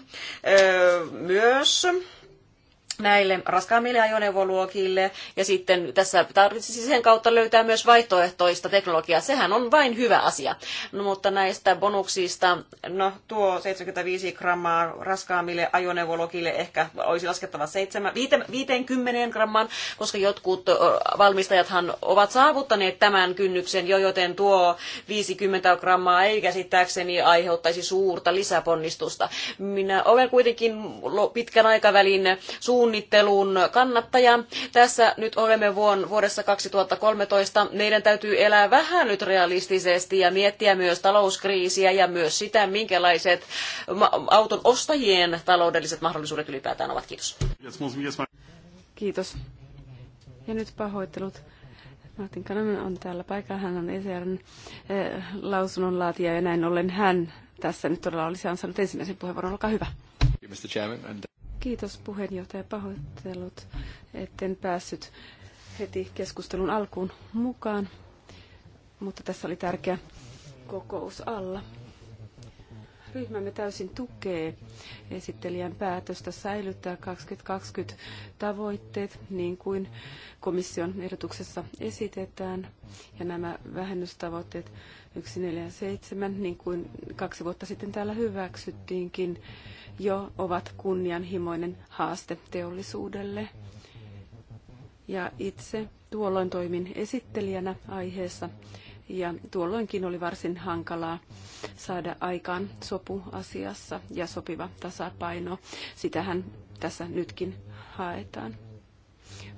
myös näille raskaammille ajoneuvoluokille. Ja sitten tässä tarvitsisi sen kautta löytää myös vaihtoehtoista teknologiaa. Sehän on vain hyvä asia. No, mutta näistä bonuksista, no tuo 75 grammaa raskaammille ajoneuvoluokille ehkä olisi laskettava 7, 50 grammaan, koska jotkut valmistajathan ovat saavuttaneet tämän kynnyksen jo, joten tuo 50 grammaa ei käsittääkseni aiheuttaisi suurta lisäponnistusta. Minä olen kuitenkin pitkän aikavälin suun suunnittelun kannattaja. Tässä nyt olemme vuon, vuodessa 2013. Meidän täytyy elää vähän nyt realistisesti ja miettiä myös talouskriisiä ja myös sitä, minkälaiset auton ostajien taloudelliset mahdollisuudet ylipäätään ovat. Kiitos. Kiitos. Ja nyt pahoittelut. Martin Kananen on täällä paikalla. Hän on ECRn eh, lausunnonlaatija ja näin ollen hän tässä nyt todella olisi ansainnut ensimmäisen puheenvuoron. Olkaa hyvä. Mr. Chairman, and... Kiitos puheenjohtaja. Pahoittelut, etten päässyt heti keskustelun alkuun mukaan, mutta tässä oli tärkeä kokous alla. Ryhmämme täysin tukee esittelijän päätöstä säilyttää 2020 tavoitteet, niin kuin komission ehdotuksessa esitetään, ja nämä vähennystavoitteet 147, niin kuin kaksi vuotta sitten täällä hyväksyttiinkin, jo ovat kunnianhimoinen haaste teollisuudelle. Ja itse tuolloin toimin esittelijänä aiheessa ja tuolloinkin oli varsin hankalaa saada aikaan sopu asiassa ja sopiva tasapaino. Sitähän tässä nytkin haetaan.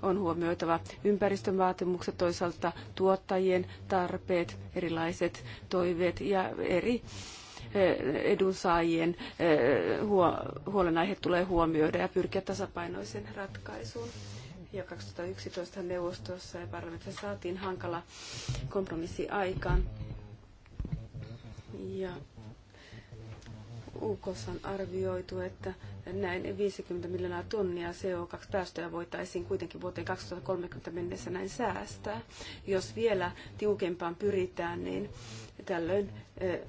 On huomioitava ympäristön vaatimukset, toisaalta tuottajien tarpeet, erilaiset toiveet ja eri eh, edunsaajien eh, huolenaihe tulee huomioida ja pyrkiä tasapainoiseen ratkaisuun ja 2011 neuvostossa ja parlamentissa saatiin hankala kompromissi aikaan. Ja UKssa on arvioitu, että näin 50 miljoonaa tonnia CO2-päästöjä voitaisiin kuitenkin vuoteen 2030 mennessä näin säästää. Jos vielä tiukempaan pyritään, niin tällöin eh,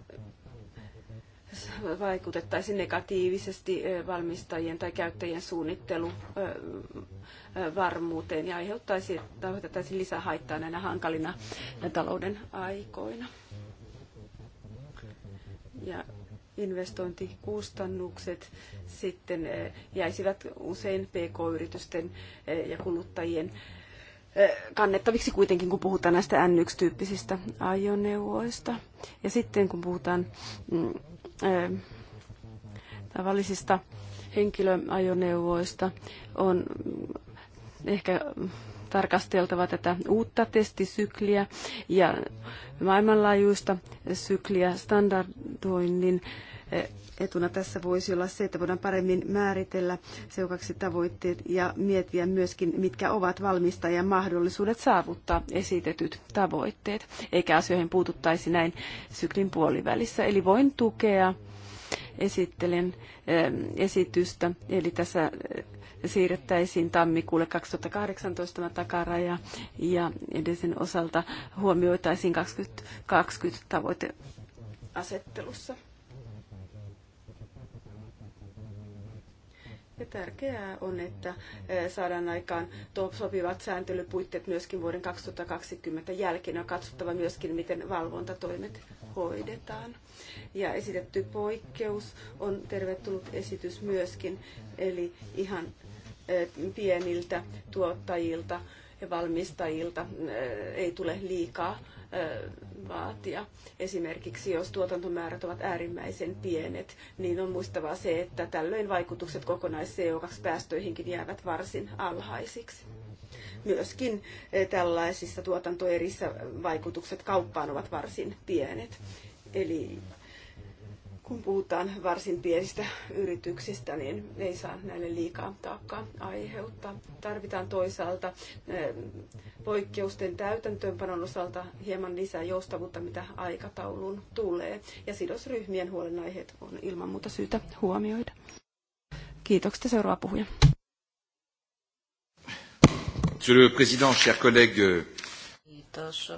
vaikutettaisiin negatiivisesti eh, valmistajien tai käyttäjien suunnittelu eh, varmuuteen ja aiheuttaisi, aiheuttaisi lisähaittaa näinä hankalina talouden aikoina. Ja investointikustannukset sitten eh, jäisivät usein pk-yritysten eh, ja kuluttajien eh, kannettaviksi kuitenkin, kun puhutaan näistä N1-tyyppisistä ajoneuvoista. Ja sitten kun puhutaan mm, tavallisista henkilöajoneuvoista, on ehkä tarkasteltava tätä uutta testisykliä ja maailmanlaajuista sykliä standardoinnin etuna tässä voisi olla se, että voidaan paremmin määritellä seuraavaksi tavoitteet ja miettiä myöskin, mitkä ovat valmistajan mahdollisuudet saavuttaa esitetyt tavoitteet, eikä asioihin puututtaisi näin syklin puolivälissä. Eli voin tukea esittelen eh, esitystä, eli tässä eh, siirrettäisiin tammikuulle 2018 tämä takaraja ja edellisen osalta huomioitaisiin 2020 tavoiteasettelussa. Ja tärkeää on, että e, saadaan aikaan sopivat sääntelypuitteet myöskin vuoden 2020 jälkeen. On katsottava myöskin, miten valvontatoimet hoidetaan. Ja esitetty poikkeus on tervetullut esitys myöskin, eli ihan Eh, pieniltä tuottajilta ja valmistajilta eh, ei tule liikaa eh, vaatia. Esimerkiksi jos tuotantomäärät ovat äärimmäisen pienet, niin on muistavaa se, että tällöin vaikutukset kokonais CO2-päästöihinkin jäävät varsin alhaisiksi. Myöskin tällaisissa tuotantoerissä vaikutukset kauppaan ovat varsin pienet. Eli kun puhutaan varsin pienistä yrityksistä, niin ei saa näille liikaa taakkaa aiheuttaa. Tarvitaan toisaalta eh, poikkeusten täytäntöönpanon osalta hieman lisää joustavuutta, mitä aikatauluun tulee. Ja sidosryhmien huolenaiheet on ilman muuta syytä huomioida. Kiitokset seuraava puhuja. Monsieur le Président, chers collègues. Kiitos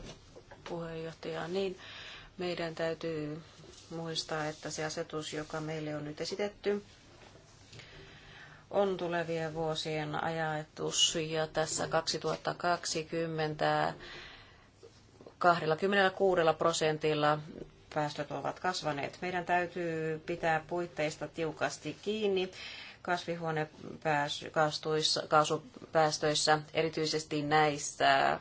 puheenjohtaja. Niin, meidän täytyy muistaa, että se asetus, joka meille on nyt esitetty, on tulevien vuosien ajatus ja tässä 2020 26 prosentilla päästöt ovat kasvaneet. Meidän täytyy pitää puitteista tiukasti kiinni kasvihuonekaasupäästöissä, erityisesti näissä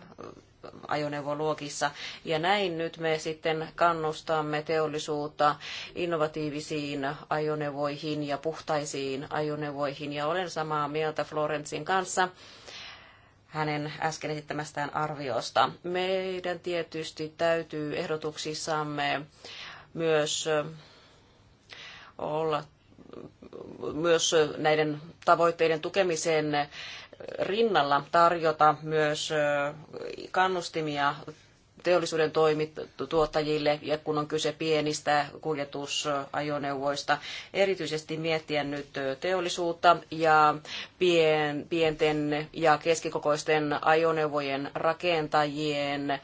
ajoneuvoluokissa. Ja näin nyt me sitten kannustamme teollisuutta innovatiivisiin ajoneuvoihin ja puhtaisiin ajoneuvoihin. Ja olen samaa mieltä Florensin kanssa hänen äsken esittämästään arviosta. Meidän tietysti täytyy ehdotuksissamme myös äh, olla myös näiden tavoitteiden tukemisen rinnalla tarjota myös kannustimia teollisuuden tuottajille, ja kun on kyse pienistä kuljetusajoneuvoista, erityisesti miettiä nyt teollisuutta ja pienten ja keskikokoisten ajoneuvojen rakentajien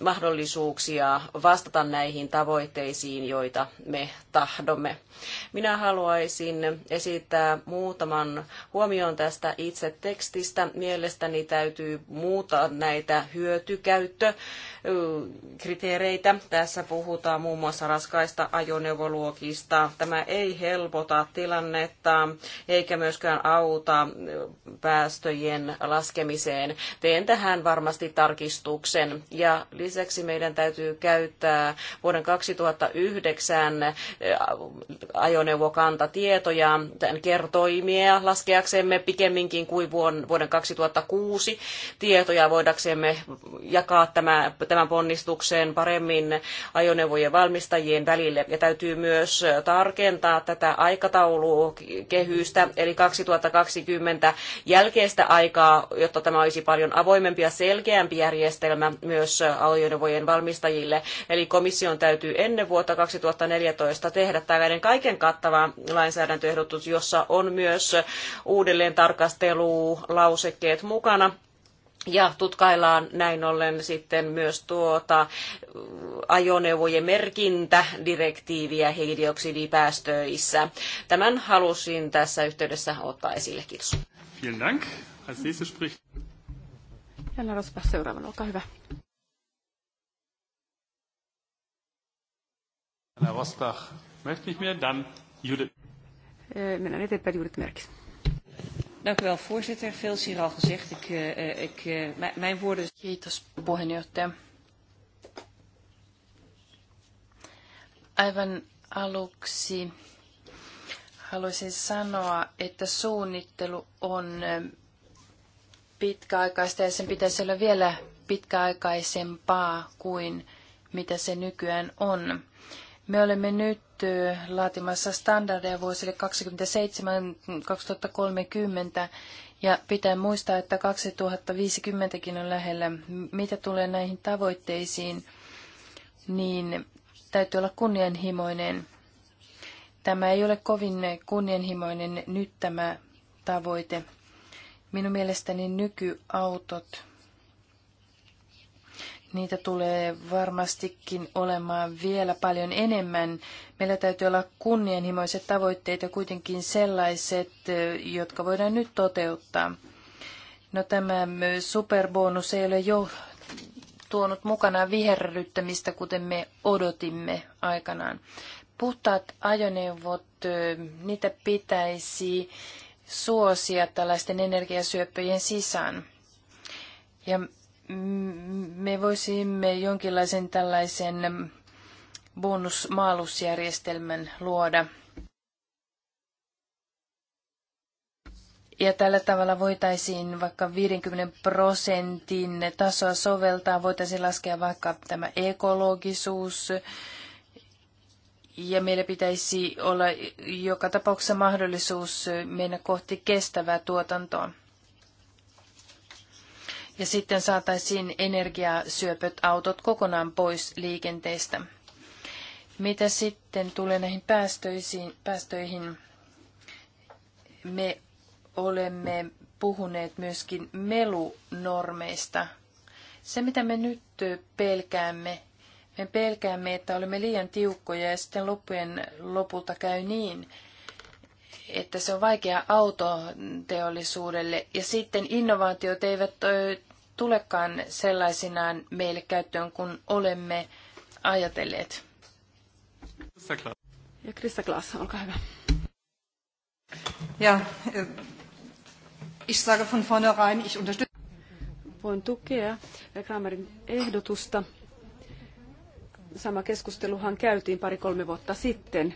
mahdollisuuksia vastata näihin tavoitteisiin, joita me tahdomme. Minä haluaisin esittää muutaman huomion tästä itse tekstistä. Mielestäni täytyy muuttaa näitä hyötykäyttökriteereitä. Tässä puhutaan muun muassa raskaista ajoneuvoluokista. Tämä ei helpota tilannetta eikä myöskään auta päästöjen laskemiseen. Teen tähän varmasti tarkistuksen ja Lisäksi meidän täytyy käyttää vuoden 2009 eh, ajoneuvokantatietoja, kertoimia laskeaksemme pikemminkin kuin vuoden 2006 tietoja voidaksemme jakaa tämän, tämän ponnistuksen paremmin ajoneuvojen valmistajien välille. Ja täytyy myös tarkentaa tätä aikataulukehystä, eli 2020 jälkeistä aikaa, jotta tämä olisi paljon avoimempi ja selkeämpi järjestelmä myös ajoneuvojen valmistajille. Eli komission täytyy ennen vuotta 2014 tehdä tällainen kaiken kattava lainsäädäntöehdotus, jossa on myös uudelleen tarkastelu lausekkeet mukana. Ja tutkaillaan näin ollen sitten myös tuota ajoneuvojen merkintädirektiiviä hiilidioksidipäästöissä. Tämän halusin tässä yhteydessä ottaa esille. Kiitos. Vielen Dank. Als nächstes spricht. seuraavana, olkaa hyvä. Rostach, möchte Judith. Eh, Minä nyt eteenpäin Judith Dank u wel, voorzitter. Veel is hier al gezegd. Ik, uh, ik, uh, mijn woorden... Kiitos, puheenjohtaja. Aivan aluksi haluaisin sanoa, että suunnittelu on pitkäaikaista ja sen pitäisi olla vielä pitkäaikaisempaa kuin mitä se nykyään on. Me olemme nyt laatimassa standardeja vuosille 27-2030 ja pitää muistaa, että 2050kin on lähellä. Mitä tulee näihin tavoitteisiin, niin täytyy olla kunnianhimoinen. Tämä ei ole kovin kunnianhimoinen nyt tämä tavoite. Minun mielestäni nykyautot Niitä tulee varmastikin olemaan vielä paljon enemmän. Meillä täytyy olla kunnianhimoiset tavoitteet ja kuitenkin sellaiset, jotka voidaan nyt toteuttaa. No tämä superbonus ei ole jo tuonut mukanaan viherryttämistä, kuten me odotimme aikanaan. Puhtaat ajoneuvot, niitä pitäisi suosia tällaisten energiasyöppöjen sisään. Ja me voisimme jonkinlaisen tällaisen bonusmaalusjärjestelmän luoda. Ja tällä tavalla voitaisiin vaikka 50 prosentin tasoa soveltaa, voitaisiin laskea vaikka tämä ekologisuus, ja meillä pitäisi olla joka tapauksessa mahdollisuus mennä kohti kestävää tuotantoa ja sitten saataisiin energiasyöpöt autot kokonaan pois liikenteestä. Mitä sitten tulee näihin päästöisiin, päästöihin? Me olemme puhuneet myöskin melunormeista. Se, mitä me nyt pelkäämme, me pelkäämme, että olemme liian tiukkoja ja sitten loppujen lopulta käy niin, että se on vaikea autoteollisuudelle. Ja sitten innovaatiot eivät tulekaan sellaisinaan meille käyttöön, kun olemme ajatelleet. Ja Krista Klaas, olkaa hyvä. Ja, äh, ich sage von vornherein, ich unterstütze. Voin tukea Kramerin ehdotusta. Sama keskusteluhan käytiin pari-kolme vuotta sitten.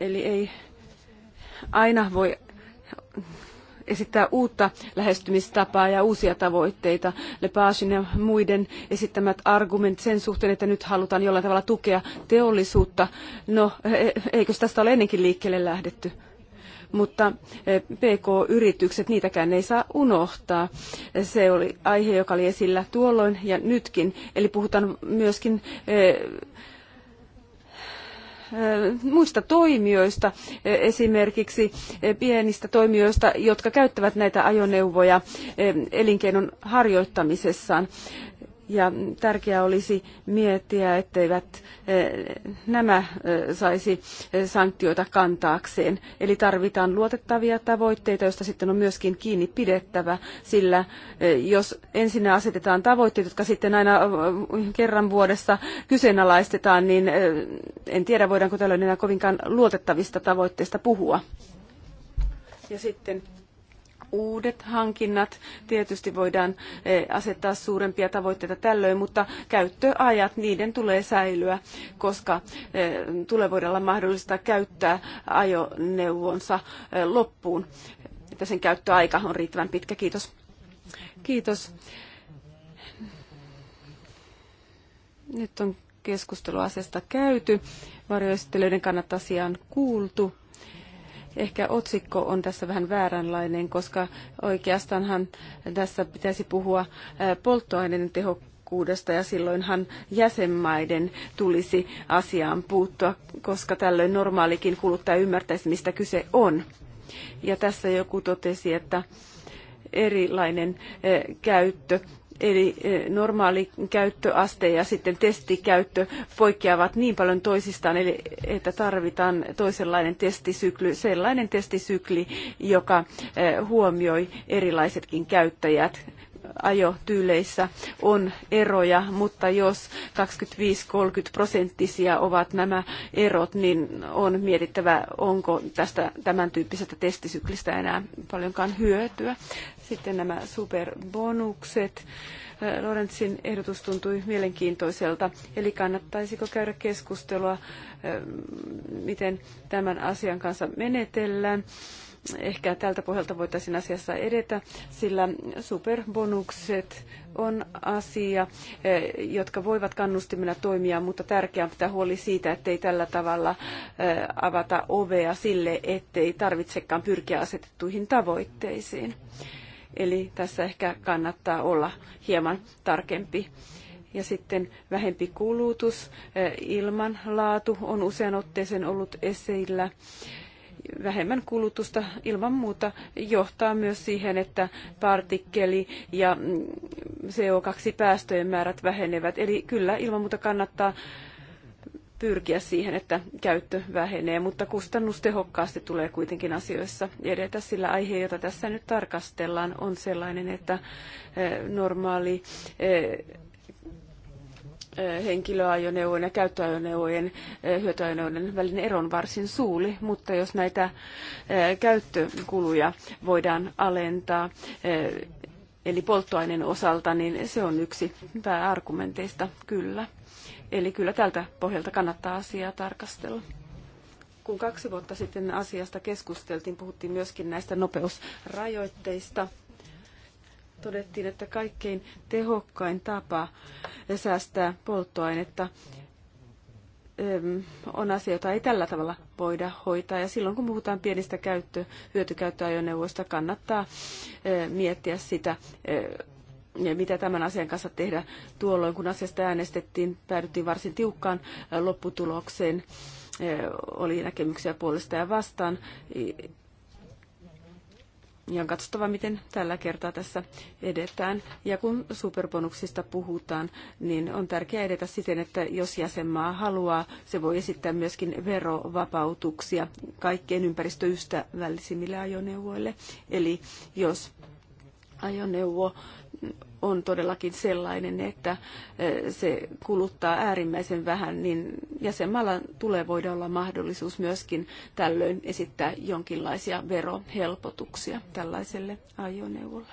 Eli ei aina voi esittää uutta lähestymistapaa ja uusia tavoitteita. Lepagin ja muiden esittämät argumentit sen suhteen, että nyt halutaan jollain tavalla tukea teollisuutta. No, e, eikös tästä ole ennenkin liikkeelle lähdetty? mutta e, PK-yritykset, niitäkään ei saa unohtaa. Se oli aihe, joka oli esillä tuolloin ja nytkin. Eli puhutaan myöskin e, muista toimijoista, esimerkiksi pienistä toimijoista, jotka käyttävät näitä ajoneuvoja elinkeinon harjoittamisessaan. Ja tärkeää olisi miettiä, etteivät eh, nämä eh, saisi eh, sanktioita kantaakseen. Eli tarvitaan luotettavia tavoitteita, joista sitten on myöskin kiinni pidettävä, sillä jos ensin asetetaan tavoitteet, jotka sitten aina kerran vuodessa kyseenalaistetaan, niin en tiedä voidaanko tällöin enää kovinkaan luotettavista tavoitteista puhua. Ja sitten uudet hankinnat. Tietysti voidaan eh, asettaa suurempia tavoitteita tällöin, mutta käyttöajat, niiden tulee säilyä, koska eh, tulee voida olla mahdollista käyttää ajoneuvonsa eh, loppuun, että sen käyttöaika on riittävän pitkä. Kiitos. Kiitos. Nyt on keskustelu asiasta käyty. Varjoesittelyiden kannat asiaan kuultu. Ehkä otsikko on tässä vähän vääränlainen, koska oikeastaanhan tässä pitäisi puhua polttoaineiden tehokkuudesta tehokkuudesta ja silloinhan jäsenmaiden tulisi asiaan puuttua, koska tällöin normaalikin kuluttaja ymmärtäisi, mistä kyse on. Ja tässä joku totesi, että erilainen käyttö eli e, normaali käyttöaste ja sitten testikäyttö poikkeavat niin paljon toisistaan, eli että tarvitaan toisenlainen testisykli, sellainen testisykli, joka e, huomioi erilaisetkin käyttäjät ajotyyleissä on eroja, mutta jos 25-30 prosenttisia ovat nämä erot, niin on mietittävä, onko tästä tämän tyyppisestä testisyklistä enää paljonkaan hyötyä. Sitten nämä superbonukset. Lorenzin ehdotus tuntui mielenkiintoiselta, eli kannattaisiko käydä keskustelua, miten tämän asian kanssa menetellään. Ehkä tältä pohjalta voitaisiin asiassa edetä, sillä superbonukset on asia, jotka voivat kannustimena toimia, mutta tärkeää pitää huoli siitä, ettei tällä tavalla avata ovea sille, ettei tarvitsekaan pyrkiä asetettuihin tavoitteisiin. Eli tässä ehkä kannattaa olla hieman tarkempi. Ja sitten vähempi kulutus, eh, ilmanlaatu on usean otteeseen ollut esillä. Vähemmän kulutusta ilman muuta johtaa myös siihen, että partikkeli- ja mm, CO2-päästöjen määrät vähenevät. Eli kyllä ilman muuta kannattaa pyrkiä siihen, että käyttö vähenee, mutta kustannustehokkaasti tulee kuitenkin asioissa edetä, sillä aihe, jota tässä nyt tarkastellaan, on sellainen, että eh, normaali eh, eh, henkilöajoneuvojen ja käyttöajoneuvojen hyötyajoneuvojen välinen ero on varsin suuri, mutta jos näitä käyttökuluja voidaan alentaa eli polttoaineen osalta, niin se on yksi pääargumenteista kyllä. Eli kyllä tältä pohjalta kannattaa asiaa tarkastella. Kun kaksi vuotta sitten asiasta keskusteltiin, puhuttiin myöskin näistä nopeusrajoitteista. Todettiin, että kaikkein tehokkain tapa säästää polttoainetta on asia, jota ei tällä tavalla voida hoitaa. Ja silloin kun puhutaan pienistä käyttö, hyötykäyttöajoneuvoista, kannattaa miettiä sitä mitä tämän asian kanssa tehdä tuolloin, kun asiasta äänestettiin, päädyttiin varsin tiukkaan lopputulokseen. Oli näkemyksiä puolesta ja vastaan. Ja on katsottava, miten tällä kertaa tässä edetään. Ja kun superbonuksista puhutaan, niin on tärkeää edetä siten, että jos jäsenmaa haluaa, se voi esittää myöskin verovapautuksia kaikkein ympäristöystävällisimmille ajoneuvoille. Eli jos ajoneuvo on todellakin sellainen, että eh, se kuluttaa äärimmäisen vähän, niin jäsenmaalla tulee voida olla mahdollisuus myöskin tällöin esittää jonkinlaisia verohelpotuksia tällaiselle ajoneuvolle.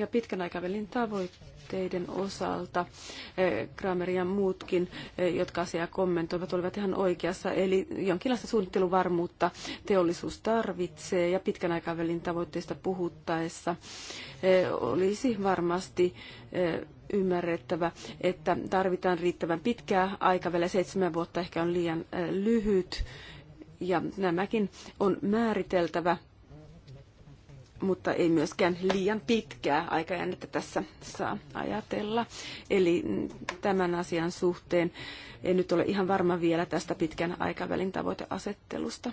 Ja pitkän aikavälin tavoitteiden osalta eh, Kramer ja muutkin, eh, jotka asiaa kommentoivat, olivat ihan oikeassa. Eli jonkinlaista suunnitteluvarmuutta teollisuus tarvitsee ja pitkän aikavälin tavoitteista puhuttaessa eh, olisi varmasti ymmärrettävä, että tarvitaan riittävän pitkää aikaväliä. Seitsemän vuotta ehkä on liian lyhyt ja nämäkin on määriteltävä mutta ei myöskään liian pitkää aikajännettä tässä saa ajatella. Eli tämän asian suhteen en nyt ole ihan varma vielä tästä pitkän aikavälin tavoiteasettelusta.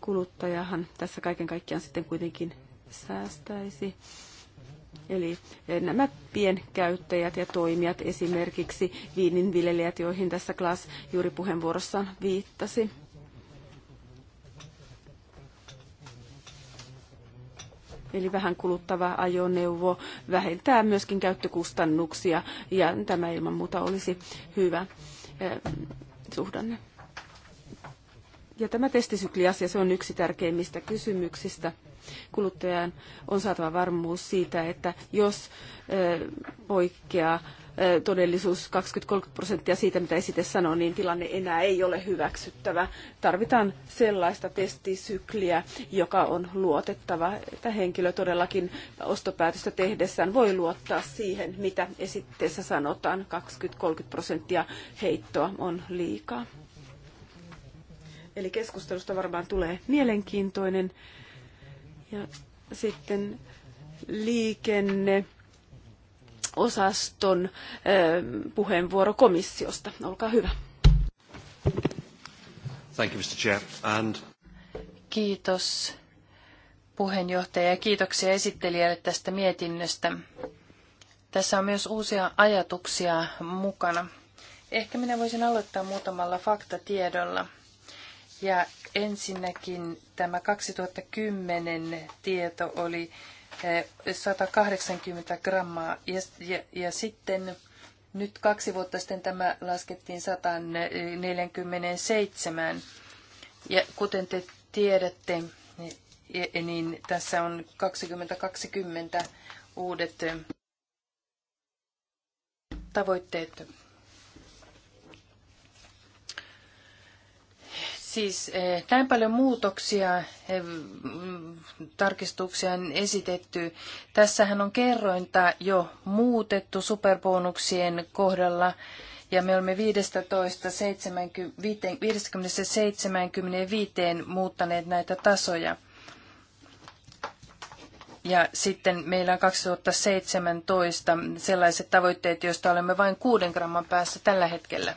Kuluttajahan tässä kaiken kaikkiaan sitten kuitenkin säästäisi. Eli nämä pienkäyttäjät ja toimijat, esimerkiksi viininviljelijät, joihin tässä Klaas juuri puheenvuorossaan viittasi eli vähän kuluttava ajoneuvo vähentää myöskin käyttökustannuksia ja tämä ilman muuta olisi hyvä eh, suhdanne. Ja tämä testisykliasia, se on yksi tärkeimmistä kysymyksistä. Kuluttajan on saatava varmuus siitä, että jos eh, poikkeaa todellisuus 20-30 prosenttia siitä, mitä esite sanoo, niin tilanne enää ei ole hyväksyttävä. Tarvitaan sellaista testisykliä, joka on luotettava, että henkilö todellakin ostopäätöstä tehdessään voi luottaa siihen, mitä esitteessä sanotaan. 20-30 prosenttia heittoa on liikaa. Eli keskustelusta varmaan tulee mielenkiintoinen. Ja sitten liikenne osaston ähm, puheenvuoro komissiosta. Olkaa hyvä. Thank you, Mr. Chair. And... Kiitos puheenjohtaja ja kiitoksia esittelijälle tästä mietinnöstä. Tässä on myös uusia ajatuksia mukana. Ehkä minä voisin aloittaa muutamalla faktatiedolla. Ja ensinnäkin tämä 2010 tieto oli 180 grammaa. Ja, ja, ja sitten nyt kaksi vuotta sitten tämä laskettiin 147. Ja kuten te tiedätte, e, niin tässä on 2020 uudet tavoitteet Siis näin eh, paljon muutoksia, eh, tarkistuksia on esitetty. Tässähän on kerrointa jo muutettu superbonuksien kohdalla ja me olemme 15, 70, 50, 75 muuttaneet näitä tasoja. Ja sitten meillä on 2017 sellaiset tavoitteet, joista olemme vain kuuden gramman päässä tällä hetkellä.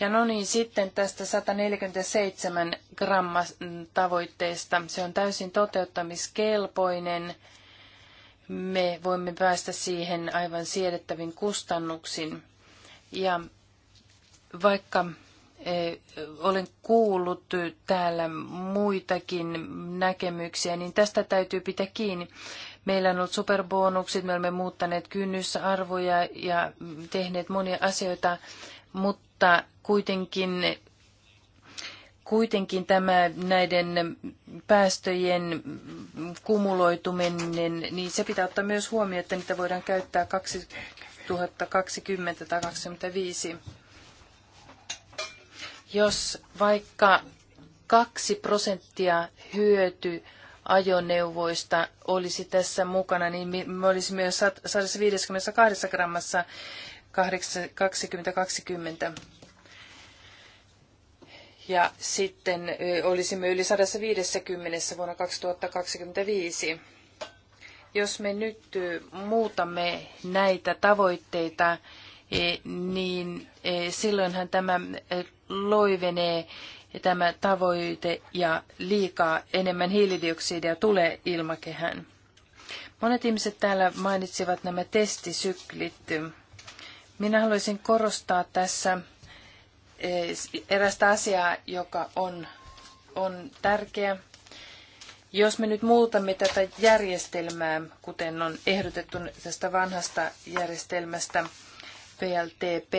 Ja no niin, sitten tästä 147 gramma tavoitteesta. Se on täysin toteuttamiskelpoinen. Me voimme päästä siihen aivan siedettävin kustannuksin. Ja vaikka e, olen kuullut täällä muitakin näkemyksiä, niin tästä täytyy pitää kiinni. Meillä on ollut superbonukset, me olemme muuttaneet kynnysarvoja ja tehneet monia asioita, mutta kuitenkin, kuitenkin tämä näiden päästöjen kumuloituminen, niin se pitää ottaa myös huomioon, että niitä voidaan käyttää 2020 tai 2025. Jos vaikka kaksi prosenttia hyöty ajoneuvoista olisi tässä mukana, niin me olisimme jo 152 grammassa 2020. Ja sitten olisimme yli 150 vuonna 2025. Jos me nyt muutamme näitä tavoitteita, e, niin e, silloinhan tämä e, loivenee tämä tavoite ja liikaa enemmän hiilidioksidia tulee ilmakehään. Monet ihmiset täällä mainitsivat nämä testisyklit. Minä haluaisin korostaa tässä eh, erästä asiaa, joka on, on tärkeä. Jos me nyt muutamme tätä järjestelmää, kuten on ehdotettu tästä vanhasta järjestelmästä PLTP,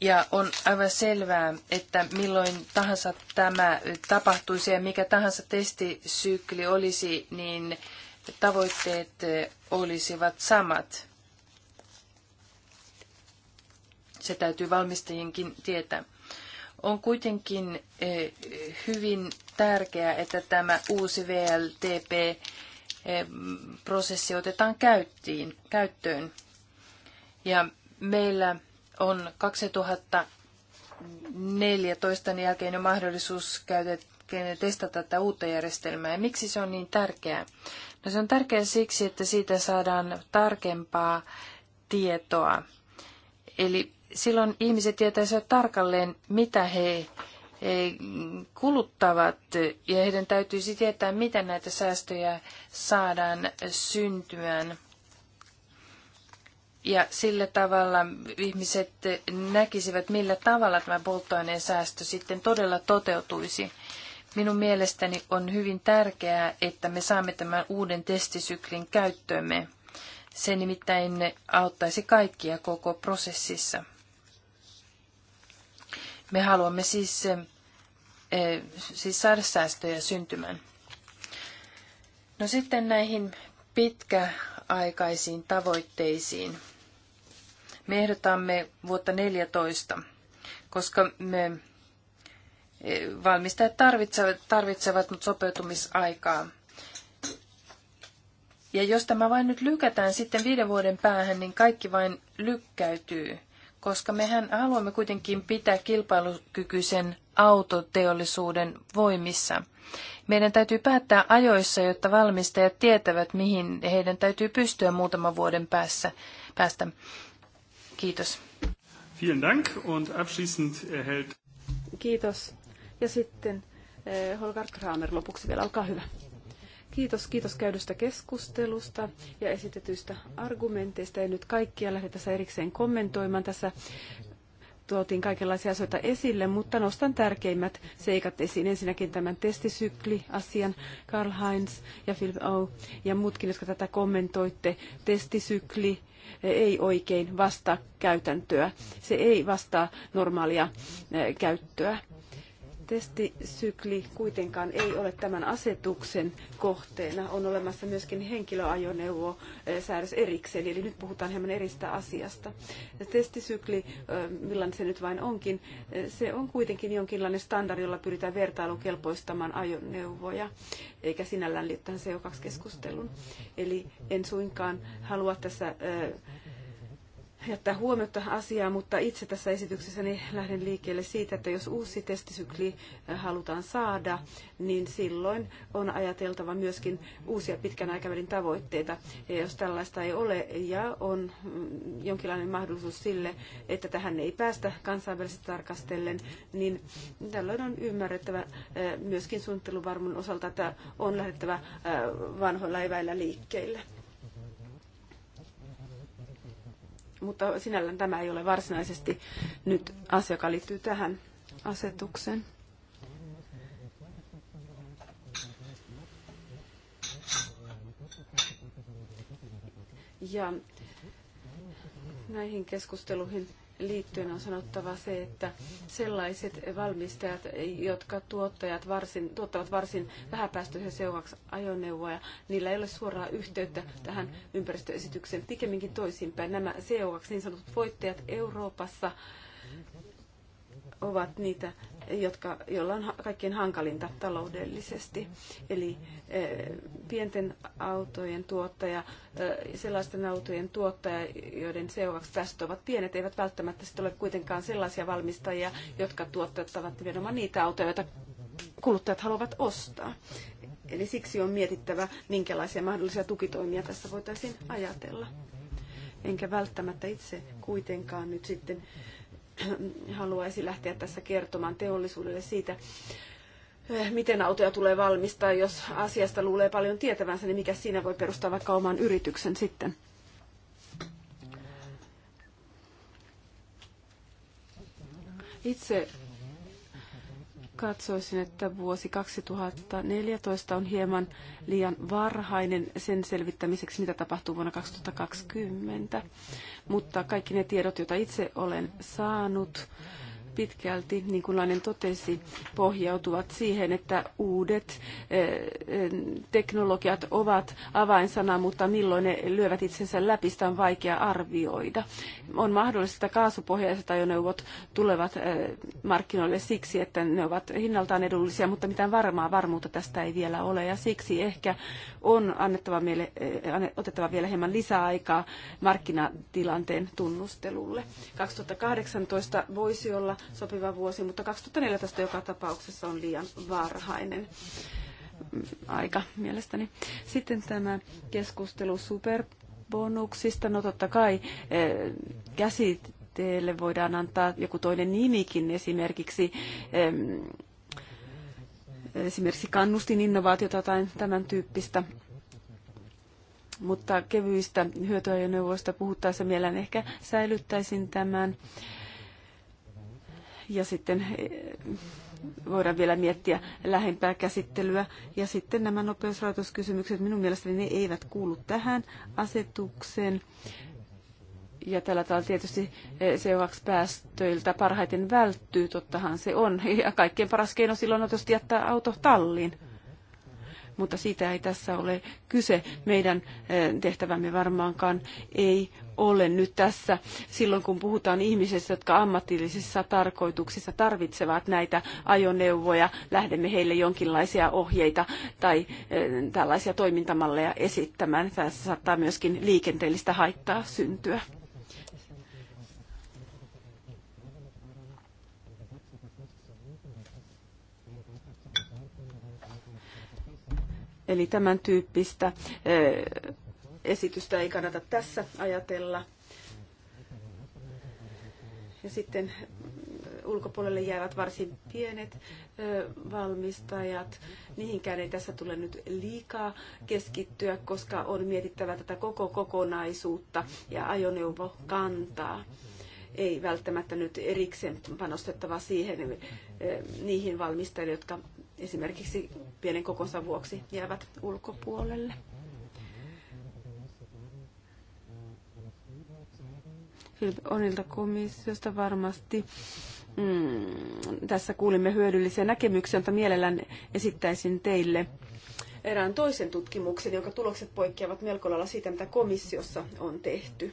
ja on aivan selvää, että milloin tahansa tämä tapahtuisi ja mikä tahansa testisykli olisi, niin tavoitteet eh, olisivat samat. se täytyy valmistajienkin tietää. On kuitenkin eh, hyvin tärkeää, että tämä uusi VLTP eh, prosessi otetaan käyttiin, käyttöön. Ja meillä on 2014 jälkeen jo mahdollisuus käydä testata tätä uutta järjestelmää. Ja miksi se on niin tärkeää? No se on tärkeää siksi, että siitä saadaan tarkempaa tietoa. Eli silloin ihmiset tietäisivät tarkalleen, mitä he kuluttavat ja heidän täytyisi tietää, miten näitä säästöjä saadaan syntymään. Ja sillä tavalla ihmiset näkisivät, millä tavalla tämä polttoaineen säästö sitten todella toteutuisi. Minun mielestäni on hyvin tärkeää, että me saamme tämän uuden testisyklin käyttöömme. Se nimittäin auttaisi kaikkia koko prosessissa. Me haluamme siis, eh, eh, siis saada säästöjä syntymään. No sitten näihin pitkäaikaisiin tavoitteisiin. Me ehdotamme vuotta 14, koska me eh, valmistajat tarvitsevat, tarvitsevat sopeutumisaikaa. Ja jos tämä vain nyt lykätään sitten viiden vuoden päähän, niin kaikki vain lykkäytyy koska mehän haluamme kuitenkin pitää kilpailukykyisen autoteollisuuden voimissa. Meidän täytyy päättää ajoissa, jotta valmistajat tietävät, mihin heidän täytyy pystyä muutaman vuoden päässä, päästä. Kiitos. Vielen Dank und abschließend äh, erhält... Kiitos. Ja sitten äh, Holger Kramer lopuksi vielä, olkaa hyvä. Kiitos, kiitos käydystä keskustelusta ja esitetyistä argumenteista. En nyt kaikkia lähde tässä erikseen kommentoimaan. Tässä tuotiin kaikenlaisia asioita esille, mutta nostan tärkeimmät seikat esiin. Ensinnäkin tämän testisykliasian, Karl Heinz ja Philip O. ja muutkin, jotka tätä kommentoitte. Testisykli ei oikein vastaa käytäntöä. Se ei vastaa normaalia eh, käyttöä Testisykli kuitenkaan ei ole tämän asetuksen kohteena. On olemassa myöskin henkilöajoneuvosäädös eh, erikseen, eli nyt puhutaan hieman eristä asiasta. Testisykli, eh, millainen se nyt vain onkin, eh, se on kuitenkin jonkinlainen standardi, jolla pyritään vertailukelpoistamaan ajoneuvoja, eikä sinällään liittyä CO2-keskusteluun. Eli en suinkaan halua tässä jättää huomiota asiaa, mutta itse tässä esityksessäni niin lähden liikkeelle siitä, että jos uusi testisykli eh, halutaan saada, niin silloin on ajateltava myöskin uusia pitkän aikavälin tavoitteita. Ja jos tällaista ei ole ja on mm, jonkinlainen mahdollisuus sille, että tähän ei päästä kansainvälisesti tarkastellen, niin tällöin on ymmärrettävä eh, myöskin suunnitteluvarmuuden osalta, että on lähdettävä eh, vanhoilla eväillä liikkeelle. mutta sinällään tämä ei ole varsinaisesti nyt asia, joka liittyy tähän asetukseen. Ja näihin keskusteluihin liittyen on sanottava se, että sellaiset valmistajat, jotka tuottajat varsin, tuottavat varsin vähäpäästöisiä seuraavaksi ajoneuvoja, niillä ei ole suoraa yhteyttä tähän ympäristöesitykseen, pikemminkin toisinpäin. Nämä seuraavaksi niin sanotut voittajat Euroopassa ovat niitä jotka, joilla on kaikkein hankalinta taloudellisesti. Eli eh, pienten autojen tuottaja, eh, sellaisten autojen tuottaja, joiden seuraavaksi tästä ovat pienet, eivät välttämättä ole kuitenkaan sellaisia valmistajia, jotka tuottavat nimenomaan niitä autoja, joita kuluttajat haluavat ostaa. Eli siksi on mietittävä, minkälaisia mahdollisia tukitoimia tässä voitaisiin ajatella. Enkä välttämättä itse kuitenkaan nyt sitten haluaisi lähteä tässä kertomaan teollisuudelle siitä, eh, miten autoja tulee valmistaa. Jos asiasta luulee paljon tietävänsä, niin mikä siinä voi perustaa vaikka oman yrityksen sitten. Itse Katsoisin, että vuosi 2014 on hieman liian varhainen sen selvittämiseksi, mitä tapahtuu vuonna 2020. Mutta kaikki ne tiedot, joita itse olen saanut, pitkälti, niin kuin Lainen totesi, pohjautuvat siihen, että uudet eh, eh, teknologiat ovat avainsana, mutta milloin ne lyövät itsensä läpi, sitä on vaikea arvioida. On mahdollista, että kaasupohjaiset ajoneuvot tulevat eh, markkinoille siksi, että ne ovat hinnaltaan edullisia, mutta mitään varmaa varmuutta tästä ei vielä ole. Ja siksi ehkä on annettava meille, otettava vielä hieman lisäaikaa markkinatilanteen tunnustelulle. 2018 voisi olla sopiva vuosi, mutta 2014 joka tapauksessa on liian varhainen aika mielestäni. Sitten tämä keskustelu superbonuksista. No totta kai eh, käsitteelle voidaan antaa joku toinen nimikin esimerkiksi esimerkiksi kannustin innovaatiota tai tämän tyyppistä mutta kevyistä hyötyajoneuvoista puhuttaessa mielellään ehkä säilyttäisin tämän ja sitten eh, voidaan vielä miettiä lähempää käsittelyä. Ja sitten nämä nopeusrajoituskysymykset, minun mielestäni ne eivät kuulu tähän asetukseen. Ja tällä tavalla tietysti CO2-päästöiltä eh, parhaiten välttyy, tottahan se on. Ja kaikkein paras keino silloin on tietysti jättää auto talliin mutta siitä ei tässä ole kyse. Meidän eh, tehtävämme varmaankaan ei ole nyt tässä silloin, kun puhutaan ihmisistä, jotka ammatillisissa tarkoituksissa tarvitsevat näitä ajoneuvoja. Lähdemme heille jonkinlaisia ohjeita tai eh, tällaisia toimintamalleja esittämään. Tässä saattaa myöskin liikenteellistä haittaa syntyä. Eli tämän tyyppistä eh, esitystä ei kannata tässä ajatella. Ja sitten ulkopuolelle jäävät varsin pienet eh, valmistajat. Niihinkään ei tässä tule nyt liikaa keskittyä, koska on mietittävä tätä koko kokonaisuutta ja ajoneuvo kantaa, Ei välttämättä nyt erikseen panostettava siihen eh, niihin valmistajille, jotka esimerkiksi pienen kokonsa vuoksi jäävät ulkopuolelle. Onilta komissiosta varmasti. Mm, tässä kuulimme hyödyllisiä näkemyksiä, mutta mielellään esittäisin teille erään toisen tutkimuksen, jonka tulokset poikkeavat melko lailla siitä, mitä komissiossa on tehty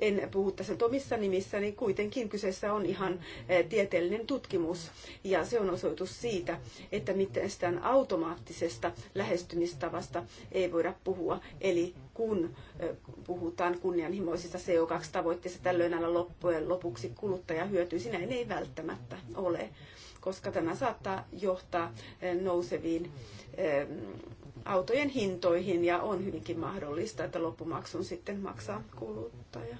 en puhu tässä nyt omissa nimissä, niin kuitenkin kyseessä on ihan eh, tieteellinen tutkimus ja se on osoitus siitä, että miten sitä automaattisesta lähestymistavasta ei voida puhua. Eli kun eh, puhutaan kunnianhimoisista CO2-tavoitteista, tällöin aina loppujen lopuksi kuluttaja hyötyisi, näin ei välttämättä ole, koska tämä saattaa johtaa eh, nouseviin autojen hintoihin ja on hyvinkin mahdollista, että loppumaksun sitten maksaa kuluttaja.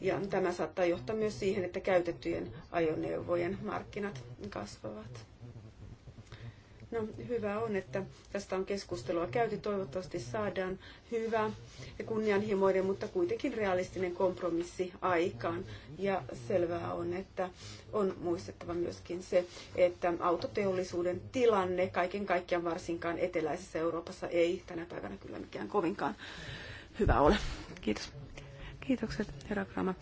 Ja tämä saattaa johtaa myös siihen, että käytettyjen ajoneuvojen markkinat kasvavat. No hyvä on, että tästä on keskustelua käyty. Toivottavasti saadaan hyvä ja kunnianhimoinen, mutta kuitenkin realistinen kompromissi aikaan. Ja selvää on, että on muistettava myöskin se, että autoteollisuuden tilanne kaiken kaikkiaan varsinkaan eteläisessä Euroopassa ei tänä päivänä kyllä mikään kovinkaan hyvä ole. Kiitos. Kiitokset, herra Krama.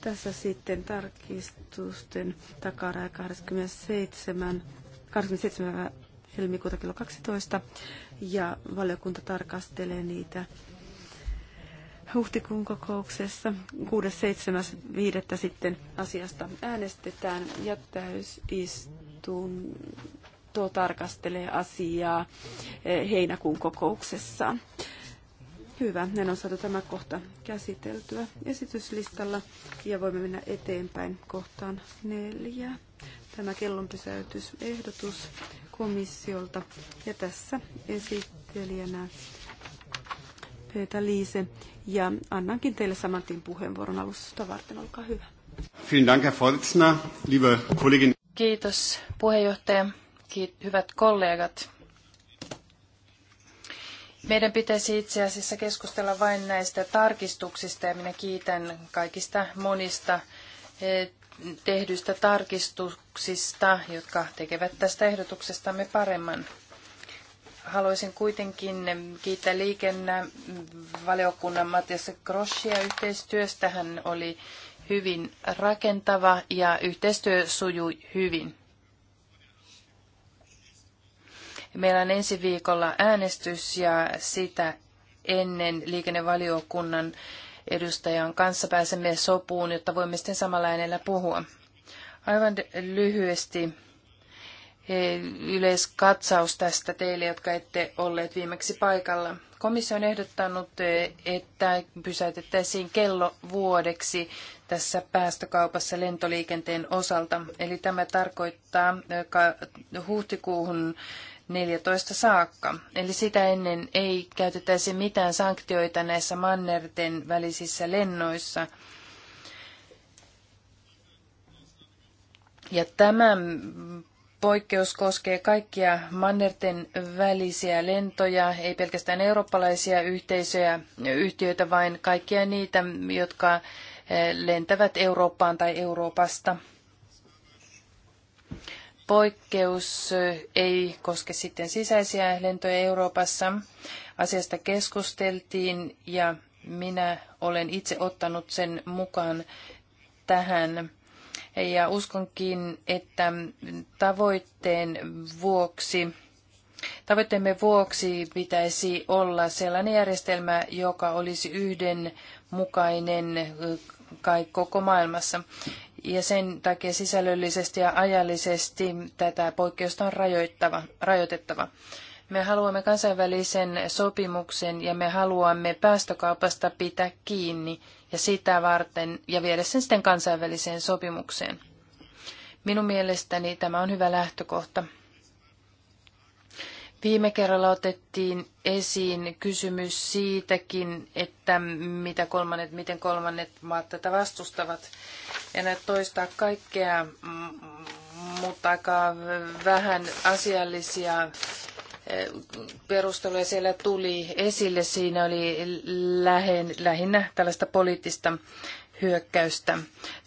Tässä sitten tarkistusten takaraja 27. 27 helmikuuta kello 12 ja valiokunta tarkastelee niitä huhtikuun kokouksessa 6.7.5. sitten asiasta äänestetään ja täysistunto tarkastelee asiaa eh, heinäkuun kokouksessa. Hyvä, näin on saatu tämä kohta käsiteltyä esityslistalla ja voimme mennä eteenpäin kohtaan neljä. Tämä kellonpysäytysehdotus komissiolta. Ja tässä esittelijänä Peter Liise. Ja annankin teille saman tien puheenvuoron alustusta varten. Olkaa hyvä. Kiitos puheenjohtaja. hyvät kollegat. Meidän pitäisi itse asiassa keskustella vain näistä tarkistuksista ja minä kiitän kaikista monista tehdyistä tarkistuksista, jotka tekevät tästä ehdotuksestamme paremman. Haluaisin kuitenkin kiittää liikennevaliokunnan Matias Groschia yhteistyöstä. Hän oli hyvin rakentava ja yhteistyö sujui hyvin. Meillä on ensi viikolla äänestys ja sitä ennen liikennevaliokunnan edustajan kanssa pääsemme sopuun, jotta voimme sitten samalla äänellä puhua. Aivan lyhyesti e, yleiskatsaus tästä teille, jotka ette olleet viimeksi paikalla. Komissio on ehdottanut, e, että pysäytettäisiin kello vuodeksi tässä päästökaupassa lentoliikenteen osalta. Eli tämä tarkoittaa e, huhtikuuhun 14 saakka. Eli sitä ennen ei käytettäisi mitään sanktioita näissä mannerten välisissä lennoissa. Ja tämä poikkeus koskee kaikkia mannerten välisiä lentoja, ei pelkästään eurooppalaisia yhteisöjä, yhtiöitä, vaan kaikkia niitä, jotka eh, lentävät Eurooppaan tai Euroopasta. Poikkeus ei koske sitten sisäisiä lentoja Euroopassa. Asiasta keskusteltiin ja minä olen itse ottanut sen mukaan tähän. Ja uskonkin, että tavoitteen vuoksi Tavoitteemme vuoksi pitäisi olla sellainen järjestelmä, joka olisi yhdenmukainen kai koko maailmassa ja sen takia sisällöllisesti ja ajallisesti tätä poikkeusta on rajoittava, rajoitettava. Me haluamme kansainvälisen sopimuksen ja me haluamme päästökaupasta pitää kiinni ja sitä varten ja viedä sen sitten kansainväliseen sopimukseen. Minun mielestäni tämä on hyvä lähtökohta. Viime kerralla otettiin esiin kysymys siitäkin, että mitä kolmannet, miten kolmannet maat tätä vastustavat. En toistaa kaikkea, mm, mutta aika vähän asiallisia eh, perusteluja siellä tuli esille. Siinä oli lähen, lähinnä tällaista poliittista hyökkäystä.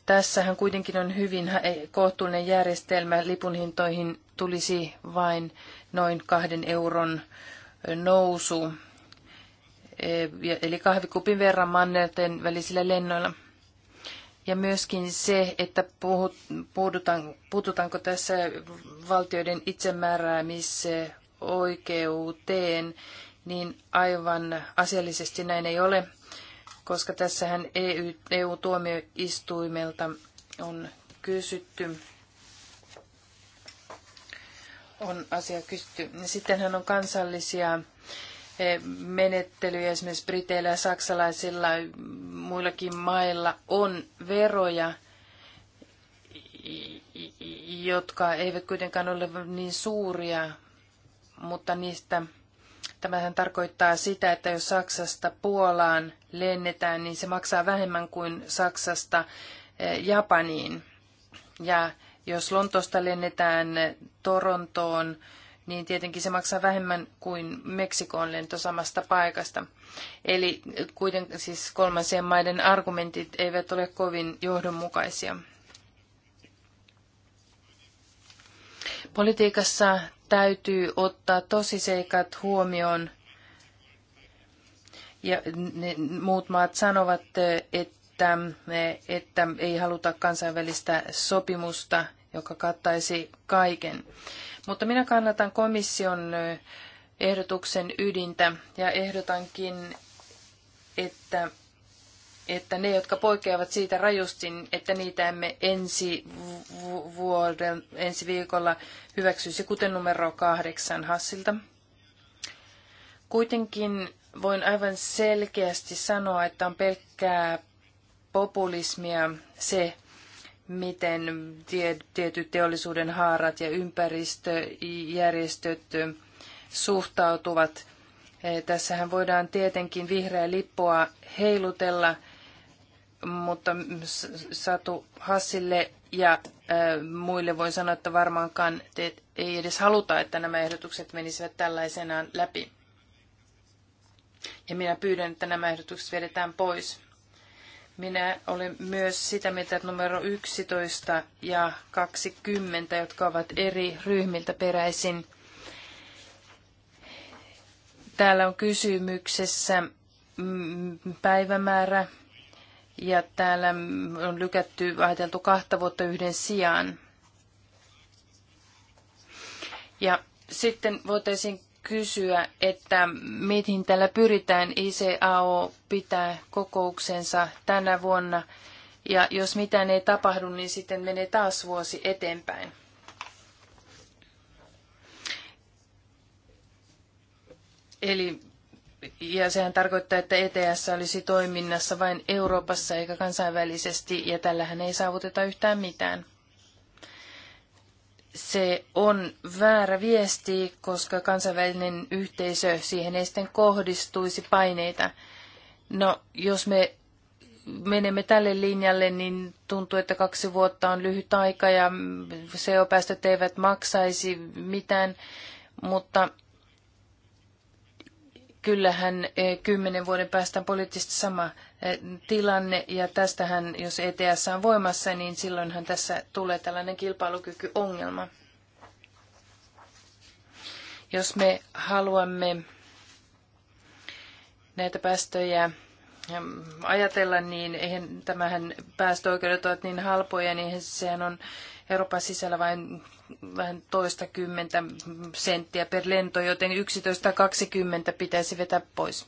Tässähän kuitenkin on hyvin eh, kohtuullinen järjestelmä. Lipunhintoihin tulisi vain noin kahden euron nousu, eh, eli kahvikupin verran mannerten välisillä lennoilla. Ja myöskin se, että puhut, puututaanko tässä valtioiden itsemääräämisoikeuteen, niin aivan asiallisesti näin ei ole, koska tässähän EU-tuomioistuimelta e on kysytty on asia kysytty. Sittenhän on kansallisia eh, menettelyjä, esimerkiksi Briteillä ja saksalaisilla muillakin mailla on veroja, jotka eivät kuitenkaan ole niin suuria, mutta niistä Tämähän tarkoittaa sitä, että jos Saksasta Puolaan lennetään, niin se maksaa vähemmän kuin Saksasta eh, Japaniin. Ja jos Lontosta lennetään Torontoon, niin tietenkin se maksaa vähemmän kuin Meksikoon lento samasta paikasta. Eli kuitenkin siis kolmansien maiden argumentit eivät ole kovin johdonmukaisia. Politiikassa täytyy ottaa tosiseikat huomioon. Ja ne muut maat sanovat, että että, että ei haluta kansainvälistä sopimusta, joka kattaisi kaiken. Mutta minä kannatan komission ehdotuksen ydintä ja ehdotankin, että, että ne, jotka poikkeavat siitä rajusti, että niitä emme ensi, vuoden, ensi viikolla hyväksyisi, kuten numero kahdeksan Hassilta. Kuitenkin voin aivan selkeästi sanoa, että on pelkkää populismia se, miten tietyt teollisuuden haarat ja ympäristöjärjestöt suhtautuvat. Eh, tässähän voidaan tietenkin vihreä lippua heilutella, mutta Satu Hassille ja eh, muille voin sanoa, että varmaankaan te ei edes haluta, että nämä ehdotukset menisivät tällaisenaan läpi. Ja minä pyydän, että nämä ehdotukset vedetään pois. Minä olen myös sitä mieltä, että numero 11 ja 20, jotka ovat eri ryhmiltä peräisin. Täällä on kysymyksessä mm, päivämäärä ja täällä on lykätty, ajateltu kahta vuotta yhden sijaan. Ja sitten voitaisiin kysyä, että mihin tällä pyritään. ICAO pitää kokouksensa tänä vuonna ja jos mitään ei tapahdu, niin sitten menee taas vuosi eteenpäin. Eli, ja sehän tarkoittaa, että ETS olisi toiminnassa vain Euroopassa eikä kansainvälisesti, ja tällähän ei saavuteta yhtään mitään se on väärä viesti, koska kansainvälinen yhteisö siihen ei sitten kohdistuisi paineita. No, jos me menemme tälle linjalle, niin tuntuu, että kaksi vuotta on lyhyt aika ja CO-päästöt e eivät maksaisi mitään, mutta kyllähän eh, kymmenen vuoden päästä on poliittisesti sama tilanne, ja tästähän, jos ETS on voimassa, niin silloinhan tässä tulee tällainen kilpailukykyongelma. Jos me haluamme näitä päästöjä ähm, ajatella, niin eihän tämähän päästöoikeudet ovat niin halpoja, niin sehän on Euroopan sisällä vain vähän toista kymmentä senttiä per lento, joten 11.20 pitäisi vetää pois.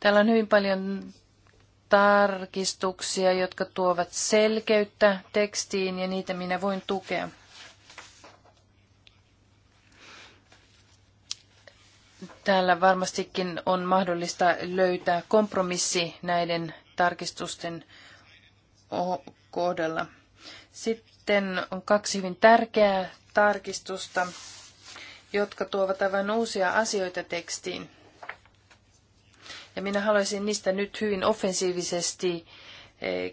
Täällä on hyvin paljon tarkistuksia, jotka tuovat selkeyttä tekstiin ja niitä minä voin tukea. Täällä varmastikin on mahdollista löytää kompromissi näiden tarkistusten kohdalla. Sitten on kaksi hyvin tärkeää tarkistusta, jotka tuovat aivan uusia asioita tekstiin. Ja minä haluaisin niistä nyt hyvin offensiivisesti eh,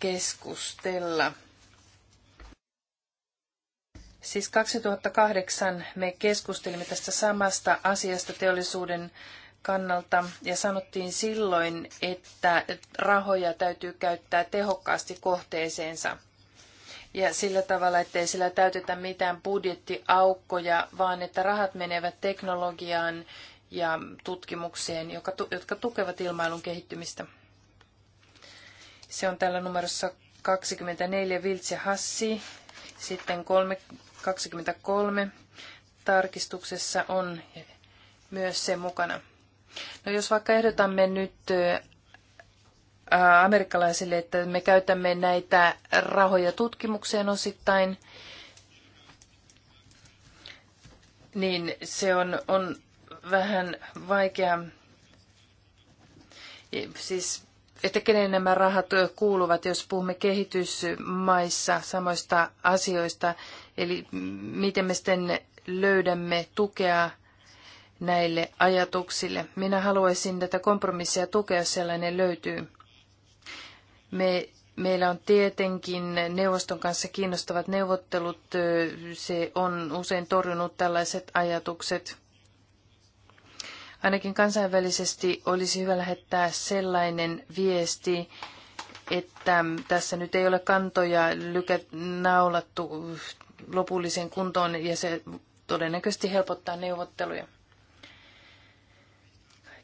keskustella. Siis 2008 me keskustelimme tästä samasta asiasta teollisuuden kannalta ja sanottiin silloin, että rahoja täytyy käyttää tehokkaasti kohteeseensa. Ja sillä tavalla, ettei sillä täytetä mitään budjettiaukkoja, vaan että rahat menevät teknologiaan, ja tutkimukseen, joka, jotka tukevat ilmailun kehittymistä. Se on täällä numerossa 24 Vilts Hassi. Sitten 3, 23 tarkistuksessa on myös se mukana. No jos vaikka ehdotamme nyt amerikkalaisille, että me käytämme näitä rahoja tutkimukseen osittain, niin se on, on vähän vaikea, siis että kenen nämä rahat kuuluvat, jos puhumme kehitysmaissa samoista asioista, eli miten me sitten löydämme tukea näille ajatuksille. Minä haluaisin tätä kompromissia tukea, sellainen löytyy. Me, meillä on tietenkin neuvoston kanssa kiinnostavat neuvottelut. Se on usein torjunut tällaiset ajatukset. Ainakin kansainvälisesti olisi hyvä lähettää sellainen viesti, että tässä nyt ei ole kantoja lykä, naulattu lopulliseen kuntoon ja se todennäköisesti helpottaa neuvotteluja.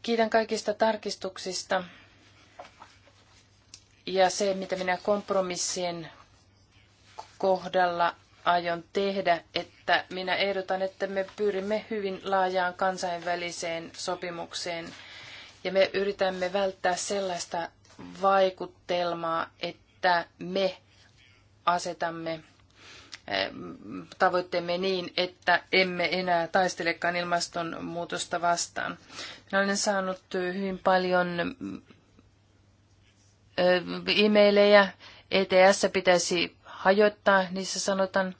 Kiitän kaikista tarkistuksista ja se, mitä minä kompromissien kohdalla aion tehdä, että minä ehdotan, että me pyrimme hyvin laajaan kansainväliseen sopimukseen ja me yritämme välttää sellaista vaikutelmaa, että me asetamme eh, tavoitteemme niin, että emme enää taistelekaan ilmastonmuutosta vastaan. Minä olen saanut hyvin paljon eh, e-mailejä. ETS pitäisi hajottaa, niissä sanotaan.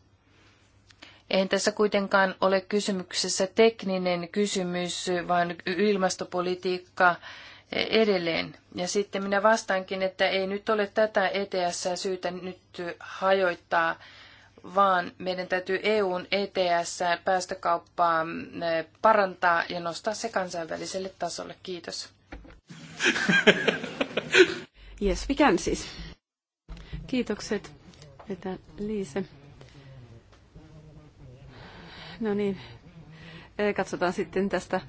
Eihän tässä kuitenkaan ole kysymyksessä tekninen kysymys, vaan ilmastopolitiikka edelleen. Ja sitten minä vastaankin, että ei nyt ole tätä ETS syytä nyt hajoittaa, vaan meidän täytyy EUn ETS päästökauppaa mm, parantaa ja nostaa se kansainväliselle tasolle. Kiitos. [laughs] Yes, we can siis. Kiitokset. Vetää Liise. No niin, katsotaan sitten tästä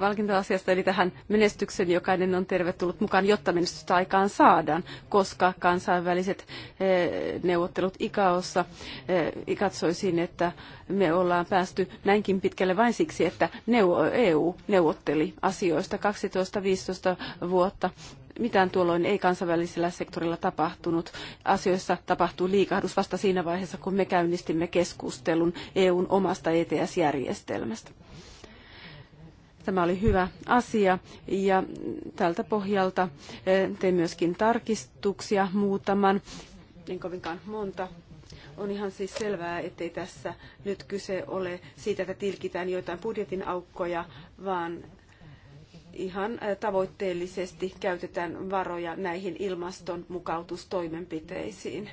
valkintoasiasta, eli tähän menestyksen jokainen on tervetullut mukaan, jotta menestystä aikaan saadaan, koska kansainväliset neuvottelut ikaossa katsoisin, että me ollaan päästy näinkin pitkälle vain siksi, että EU e neuvotteli asioista 12-15 vuotta mitään tuolloin ei kansainvälisellä sektorilla tapahtunut. Asioissa tapahtuu liikahdus vasta siinä vaiheessa, kun me käynnistimme keskustelun EUn omasta ETS-järjestelmästä. Tämä oli hyvä asia ja tältä pohjalta eh, tein myöskin tarkistuksia muutaman, en kovinkaan monta, on ihan siis selvää, ettei tässä nyt kyse ole siitä, että tilkitään joitain budjetin aukkoja, vaan ihan tavoitteellisesti käytetään varoja näihin ilmastonmukautustoimenpiteisiin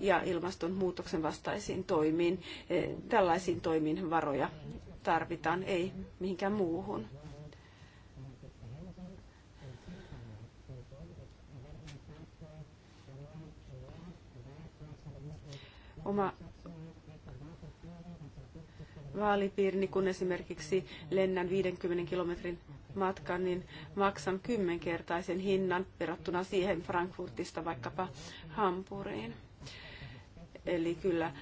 ja ilmastonmuutoksen vastaisiin toimiin. Tällaisiin toimiin varoja tarvitaan, ei mihinkään muuhun. Oma vaalipiirini, kun esimerkiksi lennän 50 kilometrin matkan, niin maksan kymmenkertaisen hinnan verrattuna siihen Frankfurtista vaikkapa Hampuriin. Eli kyllä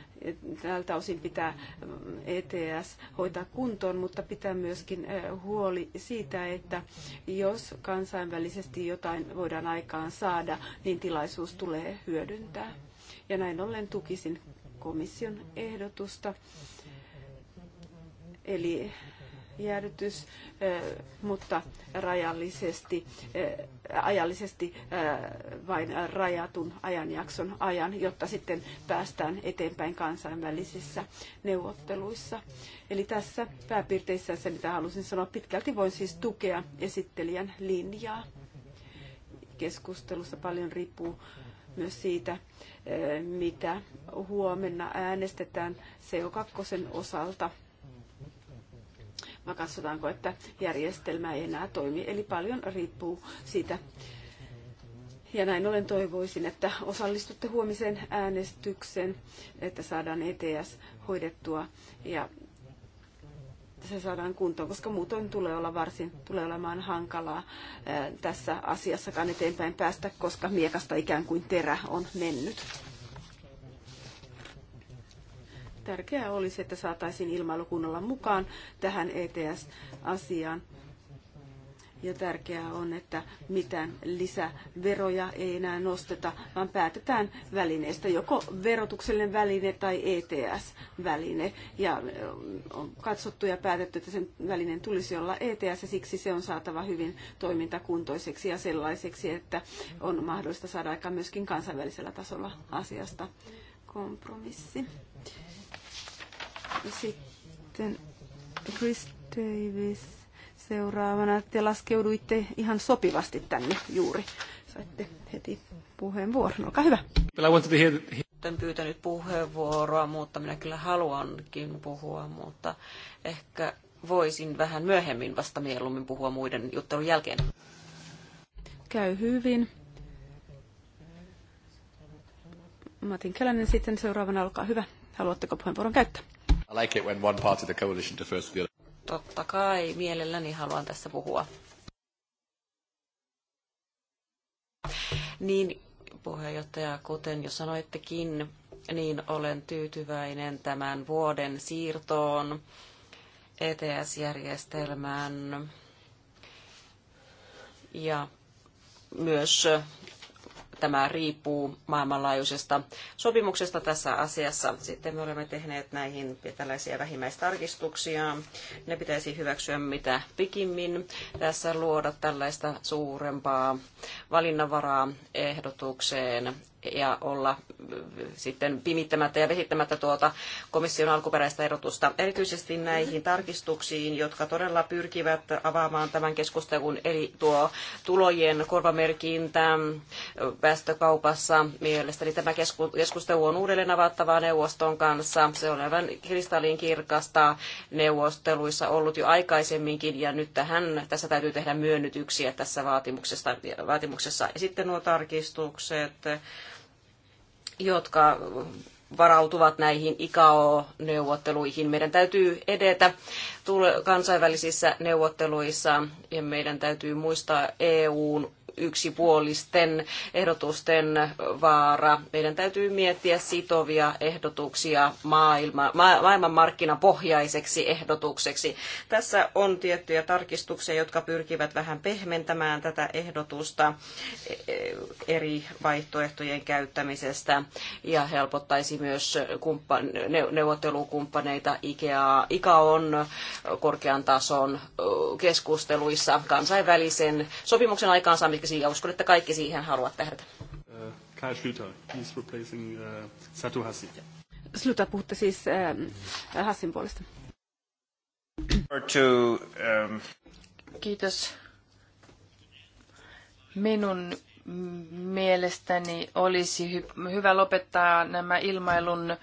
tältä osin pitää mm, ETS hoitaa kuntoon, mutta pitää myöskin huoli siitä, että jos kansainvälisesti jotain voidaan aikaan saada, niin tilaisuus tulee hyödyntää. Ja näin ollen tukisin komission ehdotusta. Eli jäädytys, mutta rajallisesti, ajallisesti vain rajatun ajanjakson ajan, jotta sitten päästään eteenpäin kansainvälisissä neuvotteluissa. Eli tässä pääpiirteissä se, mitä halusin sanoa, pitkälti voin siis tukea esittelijän linjaa. Keskustelussa paljon riippuu myös siitä, mitä huomenna äänestetään CO2 osalta – vai katsotaanko, että järjestelmä ei enää toimi. Eli paljon riippuu siitä. Ja näin ollen toivoisin, että osallistutte huomiseen äänestykseen, että saadaan ETS hoidettua ja se saadaan kuntoon, koska muutoin tulee, olla varsin, tulee olemaan hankalaa tässä asiassakaan eteenpäin päästä, koska miekasta ikään kuin terä on mennyt. Tärkeää olisi, että saataisiin ilmailu mukaan tähän ETS-asiaan. Ja tärkeää on, että mitään lisäveroja ei enää nosteta, vaan päätetään välineestä, joko verotuksellinen väline tai ETS-väline. Ja on katsottu ja päätetty, että sen välineen tulisi olla ETS ja siksi se on saatava hyvin toimintakuntoiseksi ja sellaiseksi, että on mahdollista saada aika myöskin kansainvälisellä tasolla asiasta kompromissi. Sitten Chris Davis seuraavana. Te laskeuduitte ihan sopivasti tänne juuri. Saitte heti puheenvuoron. Olkaa hyvä. En pyytänyt puheenvuoroa, mutta minä kyllä haluankin puhua, mutta ehkä voisin vähän myöhemmin vasta mieluummin puhua muiden juttelun jälkeen. Käy hyvin. Matin Kelänen sitten seuraavana, olkaa hyvä. Haluatteko puheenvuoron käyttää? like it when one part of the coalition defers to the other. Totta kai, mielelläni haluan tässä puhua. Niin, puheenjohtaja, kuten jo sanoittekin, niin olen tyytyväinen tämän vuoden siirtoon ETS-järjestelmään ja myös tämä riippuu maailmanlaajuisesta sopimuksesta tässä asiassa. Sitten me olemme tehneet näihin tällaisia vähimmäistarkistuksia. Ne pitäisi hyväksyä mitä pikimmin. Tässä luoda tällaista suurempaa valinnanvaraa ehdotukseen ja olla sitten pimittämättä ja vesittämättä tuota komission alkuperäistä erotusta. Erityisesti näihin tarkistuksiin, jotka todella pyrkivät avaamaan tämän keskustelun, eli tuo tulojen korvamerkintä päästökaupassa. Mielestäni tämä keskustelu on uudelleen avattava neuvoston kanssa. Se on aivan kristallin kirkasta neuvosteluissa ollut jo aikaisemminkin, ja nyt tähän, tässä täytyy tehdä myönnytyksiä tässä vaatimuksessa. Ja sitten nuo tarkistukset, jotka varautuvat näihin ICAO-neuvotteluihin. Meidän täytyy edetä kansainvälisissä neuvotteluissa ja meidän täytyy muistaa EUn yksipuolisten ehdotusten vaara. Meidän täytyy miettiä sitovia ehdotuksia maailma, ma, maailmanmarkkinapohjaiseksi ehdotukseksi. Tässä on tiettyjä tarkistuksia, jotka pyrkivät vähän pehmentämään tätä ehdotusta e, e, eri vaihtoehtojen käyttämisestä ja helpottaisi myös kumppan, neuvottelukumppaneita IKEA. IKA on korkean tason keskusteluissa kansainvälisen sopimuksen aikaansaamiseksi tyyppisiin, ja uskon, että kaikki siihen haluavat tähdätä. Uh, Kai Schlüter, he's replacing uh, Satu Hassi. Sluta, puhutte siis äh, Hassin puolesta. To, um... Kiitos. Minun mielestäni olisi hy- hyvä lopettaa nämä ilmailun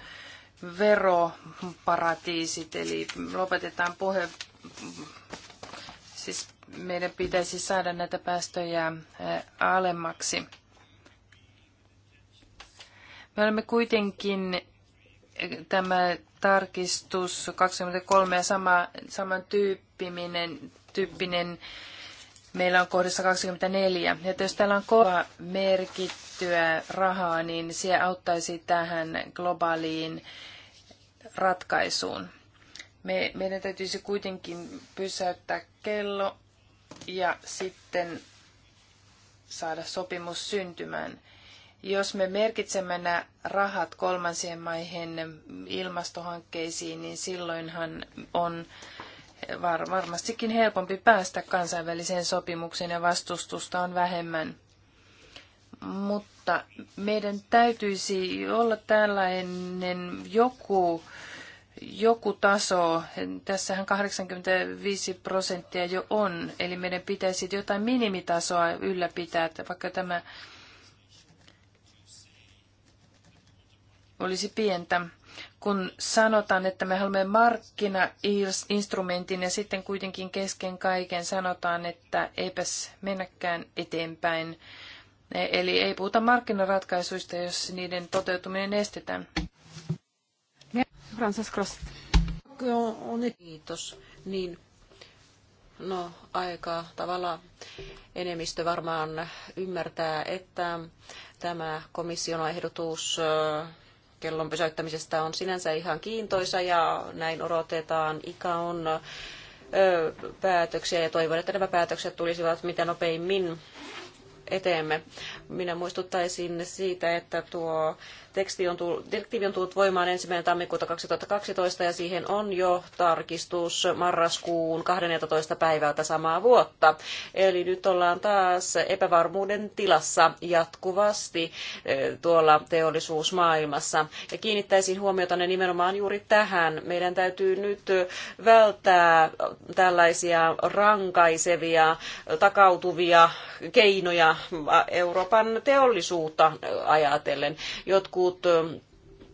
veroparatiisit, eli lopetetaan puhe, siis meidän pitäisi saada näitä päästöjä alemmaksi. Me olemme kuitenkin tämä tarkistus 23 ja sama, samantyyppinen tyyppinen meillä on kohdassa 24. Ja jos täällä on kova merkittyä rahaa, niin se auttaisi tähän globaaliin ratkaisuun. Me, meidän täytyisi kuitenkin pysäyttää kello ja sitten saada sopimus syntymään. Jos me merkitsemme nämä rahat kolmansien maihin ilmastohankkeisiin, niin silloinhan on var- varmastikin helpompi päästä kansainväliseen sopimukseen ja vastustusta on vähemmän. Mutta meidän täytyisi olla tällainen joku joku taso. Tässähän 85 prosenttia jo on, eli meidän pitäisi jotain minimitasoa ylläpitää, että vaikka tämä olisi pientä. Kun sanotaan, että me haluamme markkinainstrumentin ja sitten kuitenkin kesken kaiken sanotaan, että eipäs mennäkään eteenpäin. Eli ei puhuta markkinaratkaisuista, jos niiden toteutuminen estetään. Frances Cross. Kiitos. Niin, no aika tavalla enemmistö varmaan ymmärtää, että tämä komission ehdotus kellon pysäyttämisestä on sinänsä ihan kiintoisa ja näin odotetaan ikaon päätöksiä ja toivon, että nämä päätökset tulisivat mitä nopeimmin eteemme. Minä muistuttaisin siitä, että tuo Teksti on tullut, direktiivi on tullut voimaan ensimmäinen tammikuuta 2012 ja siihen on jo tarkistus marraskuun 12. päivältä samaa vuotta. Eli nyt ollaan taas epävarmuuden tilassa jatkuvasti eh, tuolla teollisuusmaailmassa. Ja kiinnittäisin huomiota ne nimenomaan juuri tähän. Meidän täytyy nyt välttää tällaisia rankaisevia, takautuvia keinoja Euroopan teollisuutta ajatellen. Jotkut jotkut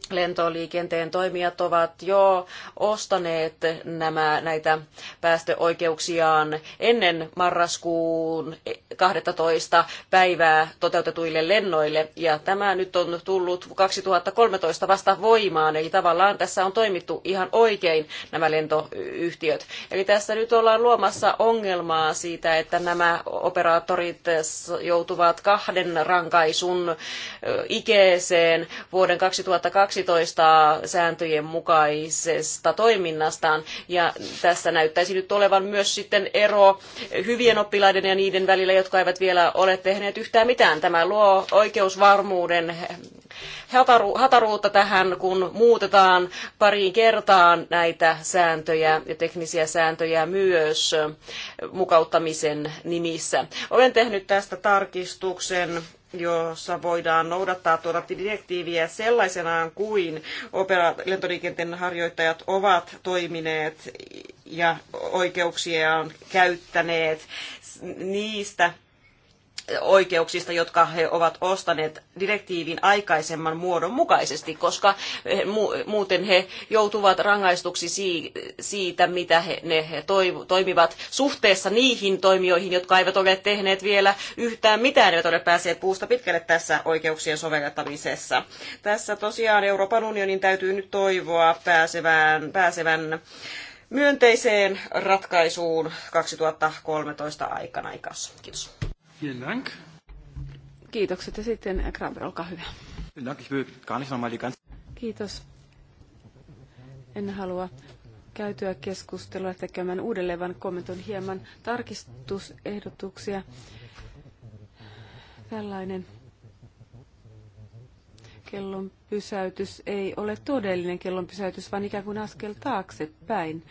lentoliikenteen toimijat ovat jo ostaneet nämä, näitä päästöoikeuksiaan ennen marraskuun 12. päivää toteutetuille lennoille. Ja tämä nyt on tullut 2013 vasta voimaan, eli tavallaan tässä on toimittu ihan oikein nämä lentoyhtiöt. Eli tässä nyt ollaan luomassa ongelmaa siitä, että nämä operaattorit joutuvat kahden rankaisun ikeeseen vuoden 2012 11 sääntöjen mukaisesta toiminnastaan. Ja tässä näyttäisi nyt olevan myös sitten ero hyvien oppilaiden ja niiden välillä, jotka eivät vielä ole tehneet yhtään mitään. Tämä luo oikeusvarmuuden hataruutta tähän, kun muutetaan pariin kertaan näitä sääntöjä ja teknisiä sääntöjä myös mukauttamisen nimissä. Olen tehnyt tästä tarkistuksen jossa voidaan noudattaa tuota direktiiviä sellaisenaan kuin opera- lentoliikenteen harjoittajat ovat toimineet ja oikeuksiaan käyttäneet niistä oikeuksista, jotka he ovat ostaneet direktiivin aikaisemman muodon mukaisesti, koska muuten he joutuvat rangaistuksi siitä, mitä he, ne he toimivat suhteessa niihin toimijoihin, jotka eivät ole tehneet vielä yhtään mitään, eivät ole päässeet puusta pitkälle tässä oikeuksien soveltamisessa. Tässä tosiaan Euroopan unionin täytyy nyt toivoa pääsevän, pääsevän myönteiseen ratkaisuun 2013 aikana ikas. Kiitos. Vielen Dank. Kiitokset ja sitten Graber, olkaa hyvä. Kiitos. En halua käytyä keskustelua tekemään uudelleen, vaan kommentoin hieman tarkistusehdotuksia. Tällainen kellon pysäytys ei ole todellinen kellon pysäytys, vaan ikään kuin askel taaksepäin.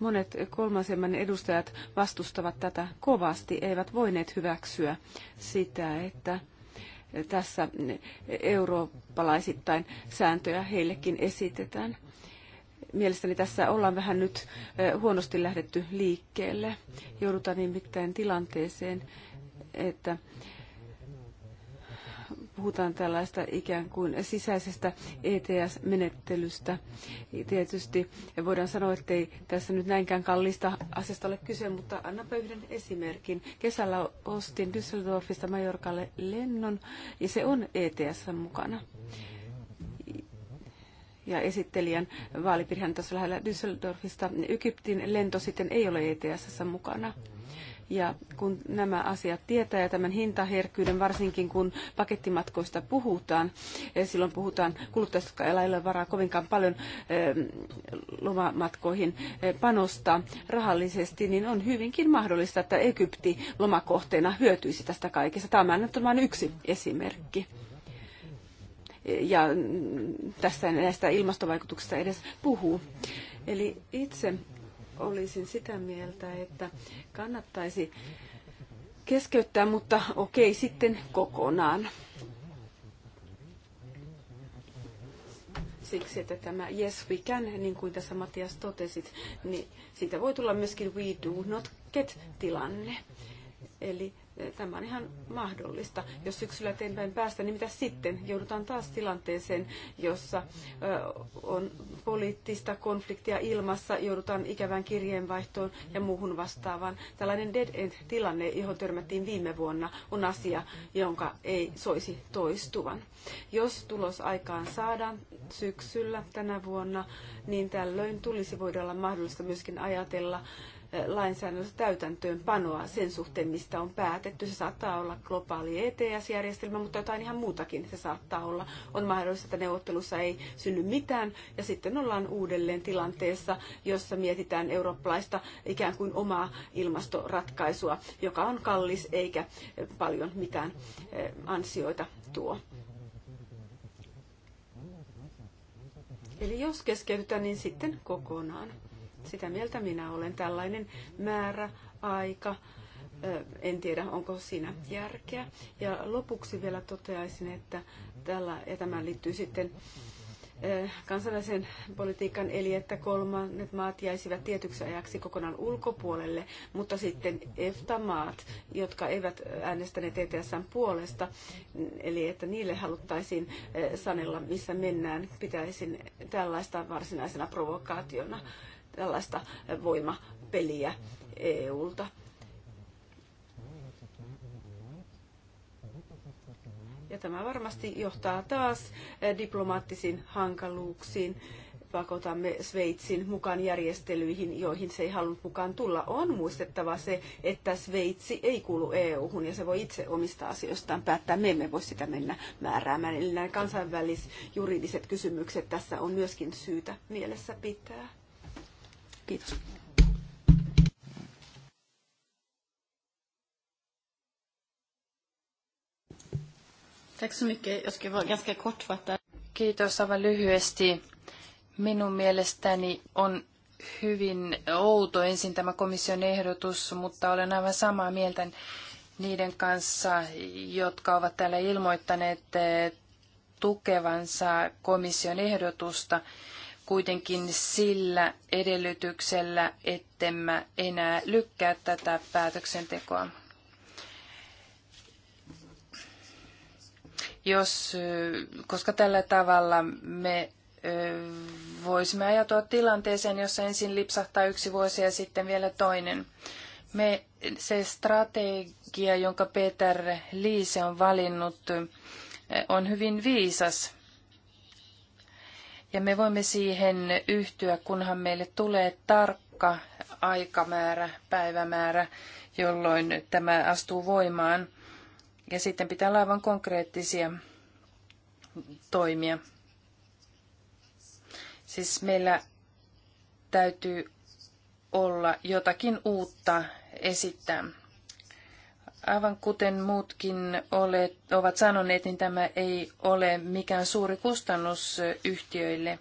Monet kolmasemman edustajat vastustavat tätä kovasti, eivät voineet hyväksyä sitä, että tässä eurooppalaisittain sääntöjä heillekin esitetään. Mielestäni tässä ollaan vähän nyt eh, huonosti lähdetty liikkeelle. Joudutaan nimittäin tilanteeseen, että puhutaan tällaista ikään kuin sisäisestä ETS-menettelystä. Tietysti voidaan sanoa, että ei tässä nyt näinkään kallista asiasta ole kyse, mutta annapa yhden esimerkin. Kesällä ostin Düsseldorfista Majorkalle lennon ja se on ETS mukana ja esittelijän vaalipiirihän tässä lähellä Düsseldorfista. Egyptin lento sitten ei ole ETS mukana. Ja kun nämä asiat tietää ja tämän hintaherkkyyden, varsinkin kun pakettimatkoista puhutaan, e, silloin puhutaan kuluttajista, jotka ei ole varaa kovinkaan paljon e, lomamatkoihin e, panostaa rahallisesti, niin on hyvinkin mahdollista, että Egypti lomakohteena hyötyisi tästä kaikesta. Tämä on vain yksi esimerkki ja tässä näistä ilmastovaikutuksista edes puhuu. Eli itse olisin sitä mieltä, että kannattaisi keskeyttää, mutta okei, sitten kokonaan. Siksi, että tämä yes we can, niin kuin tässä Matias totesit, niin siitä voi tulla myöskin we do not get tilanne. Eli Tämä on ihan mahdollista. Jos syksyllä eteenpäin päästä, niin mitä sitten? Joudutaan taas tilanteeseen, jossa on poliittista konfliktia ilmassa, joudutaan ikävään kirjeenvaihtoon ja muuhun vastaavaan. Tällainen dead end-tilanne, johon törmättiin viime vuonna, on asia, jonka ei soisi toistuvan. Jos tulos aikaan saadaan syksyllä tänä vuonna, niin tällöin tulisi voida olla mahdollista myöskin ajatella lainsäädännössä täytäntöönpanoa sen suhteen, mistä on päätetty. Se saattaa olla globaali ETS-järjestelmä, mutta jotain ihan muutakin se saattaa olla. On mahdollista, että neuvottelussa ei synny mitään ja sitten ollaan uudelleen tilanteessa, jossa mietitään eurooppalaista ikään kuin omaa ilmastoratkaisua, joka on kallis eikä paljon mitään ansioita tuo. Eli jos keskeytetään, niin sitten kokonaan. Sitä mieltä minä olen. Tällainen määrä, aika, en tiedä onko siinä järkeä. Ja lopuksi vielä toteaisin, että tällä, ja tämä liittyy sitten kansallisen politiikan, eli että kolmannet maat jäisivät tietyksi ajaksi kokonaan ulkopuolelle, mutta sitten EFTA-maat, jotka eivät äänestäneet ETSn puolesta, eli että niille haluttaisiin sanella, missä mennään, pitäisin tällaista varsinaisena provokaationa tällaista voimapeliä EUlta. Ja tämä varmasti johtaa taas eh, diplomaattisiin hankaluuksiin. Pakotamme Sveitsin mukaan järjestelyihin, joihin se ei halunnut mukaan tulla. On muistettava se, että Sveitsi ei kuulu EU-hun ja se voi itse omista asioistaan päättää. Me emme voi sitä mennä määräämään. Eli nämä kansainvälisjuridiset kysymykset tässä on myöskin syytä mielessä pitää. Kiitos. Tack så mycket. Jag ska vara ganska kortfattad. Kiitos aivan lyhyesti. Minun mielestäni on hyvin outo ensin tämä komission ehdotus, mutta olen aivan samaa mieltä niiden kanssa, jotka ovat täällä ilmoittaneet eh, tukevansa komission ehdotusta kuitenkin sillä edellytyksellä, ettemme enää lykkää tätä päätöksentekoa. Jos, koska tällä tavalla me voisimme ajatua tilanteeseen, jossa ensin lipsahtaa yksi vuosi ja sitten vielä toinen. Me, se strategia, jonka Peter Liise on valinnut, on hyvin viisas ja me voimme siihen yhtyä, kunhan meille tulee tarkka aikamäärä, päivämäärä, jolloin tämä astuu voimaan. Ja sitten pitää olla aivan konkreettisia toimia. Siis meillä täytyy olla jotakin uutta esittää. Aivan kuten muutkin olet, ovat sanoneet, niin tämä ei ole mikään suuri kustannus yhtiöille.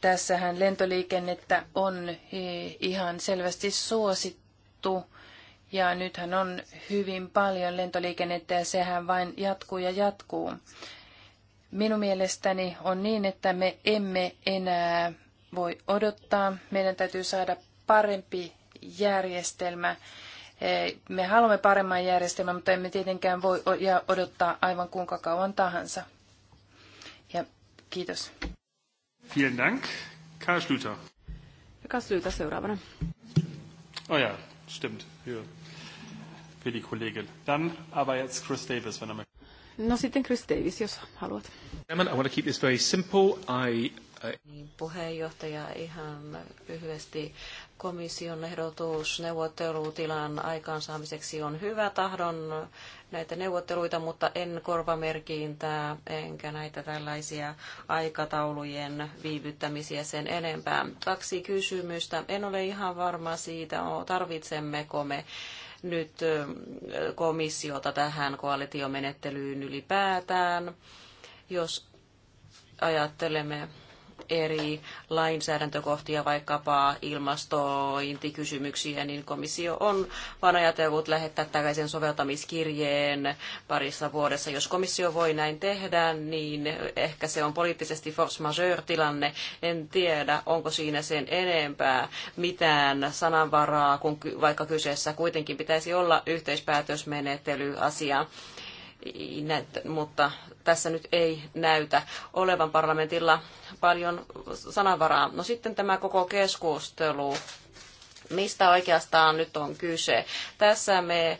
Tässähän lentoliikennettä on e, ihan selvästi suosittu ja nythän on hyvin paljon lentoliikennettä ja sehän vain jatkuu ja jatkuu. Minun mielestäni on niin, että me emme enää voi odottaa. Meidän täytyy saada parempi järjestelmä. Eh, me haluamme paremman järjestelmän, mutta emme tietenkään voi odottaa aivan kuinka kauan tahansa. Ja kiitos. Vielen Dank. Karl Schlüter. Karl Schlüter seuraavana. Oh ja, stimmt. Für, für die Kollegin. Dann aber jetzt Chris Davis, wenn er möchte. No sitten Chris Davis, jos haluat. I want to keep this very simple. I, I... Niin, puheenjohtaja, ihan lyhyesti komission ehdotus neuvottelutilan aikaansaamiseksi on hyvä tahdon näitä neuvotteluita, mutta en korvamerkintää enkä näitä tällaisia aikataulujen viivyttämisiä sen enempää. Kaksi kysymystä. En ole ihan varma siitä, tarvitsemmeko me nyt komissiota tähän koalitiomenettelyyn ylipäätään, jos ajattelemme eri lainsäädäntökohtia, vaikkapa ilmastointikysymyksiä, niin komissio on vaan ajatellut lähettää tällaisen soveltamiskirjeen parissa vuodessa. Jos komissio voi näin tehdä, niin ehkä se on poliittisesti force majeure-tilanne. En tiedä, onko siinä sen enempää mitään sananvaraa, kun vaikka kyseessä kuitenkin pitäisi olla yhteispäätösmenettely asia mutta tässä nyt ei näytä olevan parlamentilla paljon sanavaraa. No sitten tämä koko keskustelu mistä oikeastaan nyt on kyse. Tässä me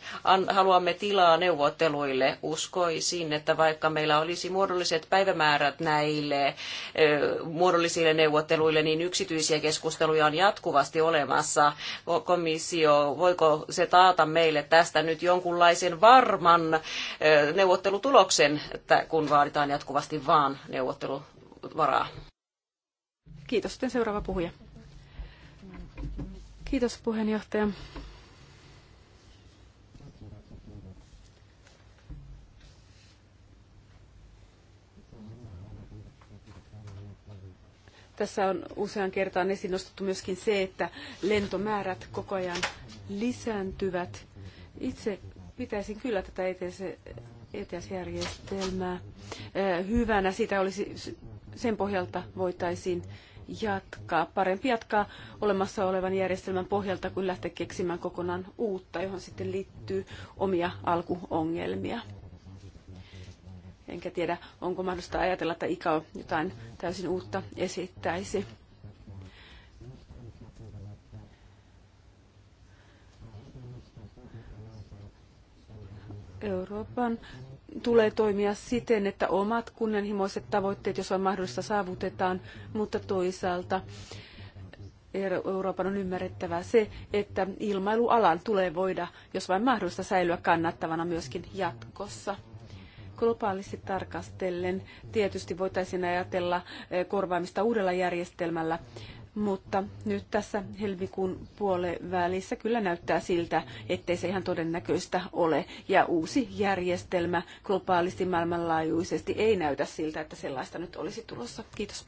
haluamme tilaa neuvotteluille. Uskoisin, että vaikka meillä olisi muodolliset päivämäärät näille ö, muodollisille neuvotteluille, niin yksityisiä keskusteluja on jatkuvasti olemassa. Komissio, voiko se taata meille tästä nyt jonkunlaisen varman ö, neuvottelutuloksen, että kun vaaditaan jatkuvasti vaan neuvotteluvaraa? Kiitos. Sitten seuraava puhuja. Kiitos puheenjohtaja. Tässä on usean kertaan esiin nostettu myöskin se, että lentomäärät koko ajan lisääntyvät. Itse pitäisin kyllä tätä ETS-järjestelmää e eh, hyvänä. Sitä olisi, sen pohjalta voitaisiin jatkaa, parempi jatkaa olemassa olevan järjestelmän pohjalta kuin lähteä keksimään kokonaan uutta, johon sitten liittyy omia alkuongelmia. Enkä tiedä, onko mahdollista ajatella, että ICAO jotain täysin uutta esittäisi. Euroopan tulee toimia siten, että omat kunnianhimoiset tavoitteet, jos on mahdollista, saavutetaan, mutta toisaalta Euroopan on ymmärrettävä se, että ilmailualan tulee voida, jos vain mahdollista, säilyä kannattavana myöskin jatkossa. Globaalisti tarkastellen tietysti voitaisiin ajatella eh, korvaamista uudella järjestelmällä mutta nyt tässä helmikuun puolen välissä kyllä näyttää siltä, ettei se ihan todennäköistä ole. Ja uusi järjestelmä globaalisti maailmanlaajuisesti ei näytä siltä, että sellaista nyt olisi tulossa. Kiitos.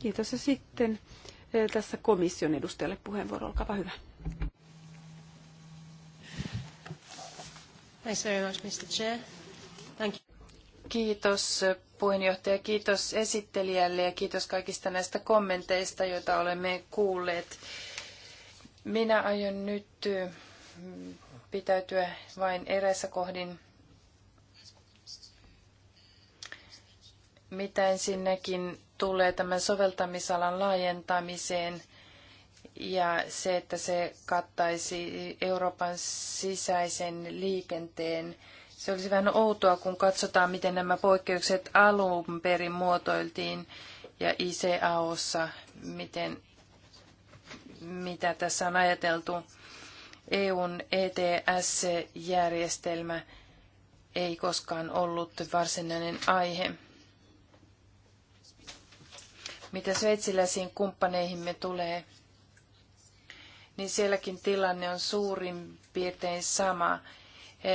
Kiitos. Ja sitten eh, tässä komission edustajalle puheenvuoro. Olkaa hyvä. Thanks very much, Mr. Chair. Thank you. Kiitos puheenjohtaja. Kiitos esittelijälle ja kiitos kaikista näistä kommenteista, joita olemme kuulleet. Minä aion nyt pitäytyä vain eräissä kohdin. Mitä ensinnäkin tulee tämän soveltamisalan laajentamiseen ja se, että se kattaisi Euroopan sisäisen liikenteen se olisi vähän outoa, kun katsotaan, miten nämä poikkeukset alun perin muotoiltiin ja ICAOssa, miten, mitä tässä on ajateltu. EUn ETS-järjestelmä ei koskaan ollut varsinainen aihe. Mitä sveitsiläisiin kumppaneihimme tulee, niin sielläkin tilanne on suurin piirtein sama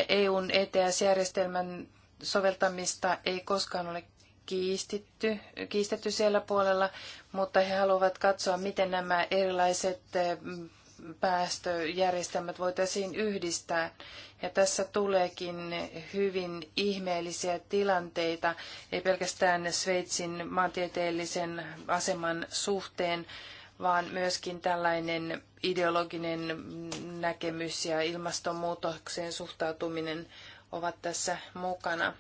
EUn e ETS-järjestelmän soveltamista ei koskaan ole kiistetty, kiistetty siellä puolella, mutta he haluavat katsoa, miten nämä erilaiset eh, päästöjärjestelmät voitaisiin yhdistää. Ja tässä tuleekin hyvin ihmeellisiä tilanteita, ei pelkästään Sveitsin maantieteellisen aseman suhteen, vaan myöskin tällainen ideologinen näkemys ja ilmastonmuutokseen suhtautuminen ovat tässä mukana.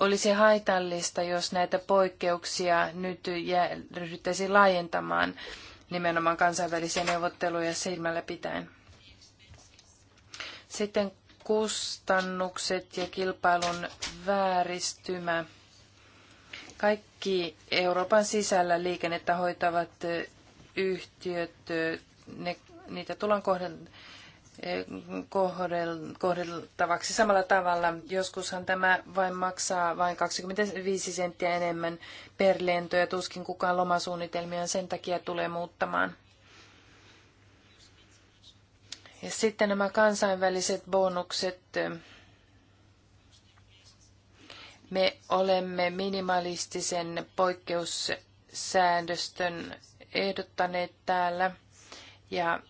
Olisi haitallista, jos näitä poikkeuksia nyt ryhdyttäisiin laajentamaan nimenomaan kansainvälisiä neuvotteluja silmällä pitäen. Sitten kustannukset ja kilpailun vääristymä. Kaikki kaikki Euroopan sisällä liikennettä hoitavat yhtiöt, ne, niitä tullaan kohdel kohdel, kohdeltavaksi samalla tavalla. Joskushan tämä vain maksaa vain 25 senttiä enemmän per lento ja tuskin kukaan lomasuunnitelmia sen takia tulee muuttamaan. Ja sitten nämä kansainväliset bonukset, me olemme minimalistisen poikkeussäädöstön ehdottaneet täällä ja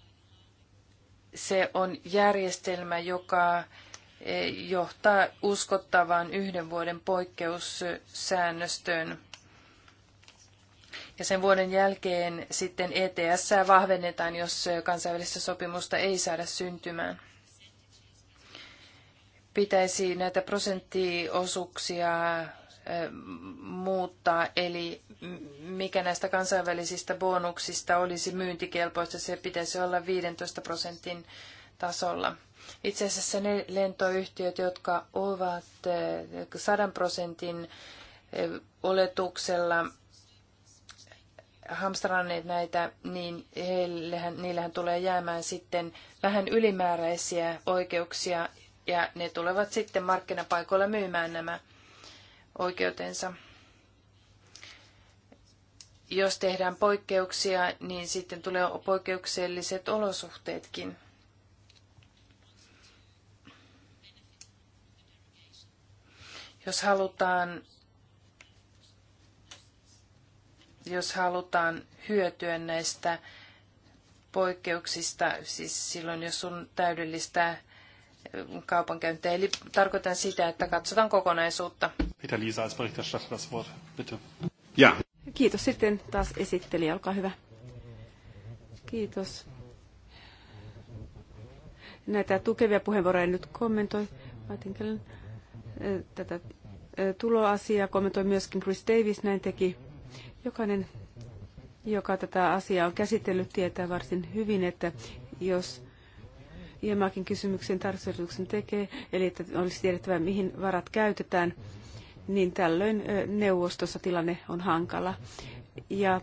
se on järjestelmä, joka eh, johtaa uskottavaan yhden vuoden poikkeussäännöstöön. Ja sen vuoden jälkeen sitten ETS vahvennetaan, jos kansainvälistä sopimusta ei saada syntymään pitäisi näitä prosenttiosuuksia muuttaa, eli mikä näistä kansainvälisistä bonuksista olisi myyntikelpoista, se pitäisi olla 15 prosentin tasolla. Itse asiassa ne lentoyhtiöt, jotka ovat 100 prosentin oletuksella hamstranneet näitä, niin heillähän, niillähän tulee jäämään sitten vähän ylimääräisiä oikeuksia ja ne tulevat sitten markkinapaikoilla myymään nämä oikeutensa. Jos tehdään poikkeuksia, niin sitten tulee poikkeukselliset olosuhteetkin. Jos halutaan, jos halutaan hyötyä näistä poikkeuksista, siis silloin jos on täydellistä kaupankäyntiä. Eli tarkoitan sitä, että katsotaan kokonaisuutta. Peter Liisa als Berichterstatter das Wort, bitte. Ja. Kiitos sitten taas esitteli, olkaa hyvä. Kiitos. Näitä tukevia puheenvuoroja en nyt kommentoi. tätä tuloasiaa kommentoi myöskin Chris Davis, näin teki. Jokainen, joka tätä asiaa on käsitellyt, tietää varsin hyvin, että jos Iemakin kysymyksen tarkastuksen tekee, eli että olisi tiedettävä, mihin varat käytetään, niin tällöin neuvostossa tilanne on hankala. Ja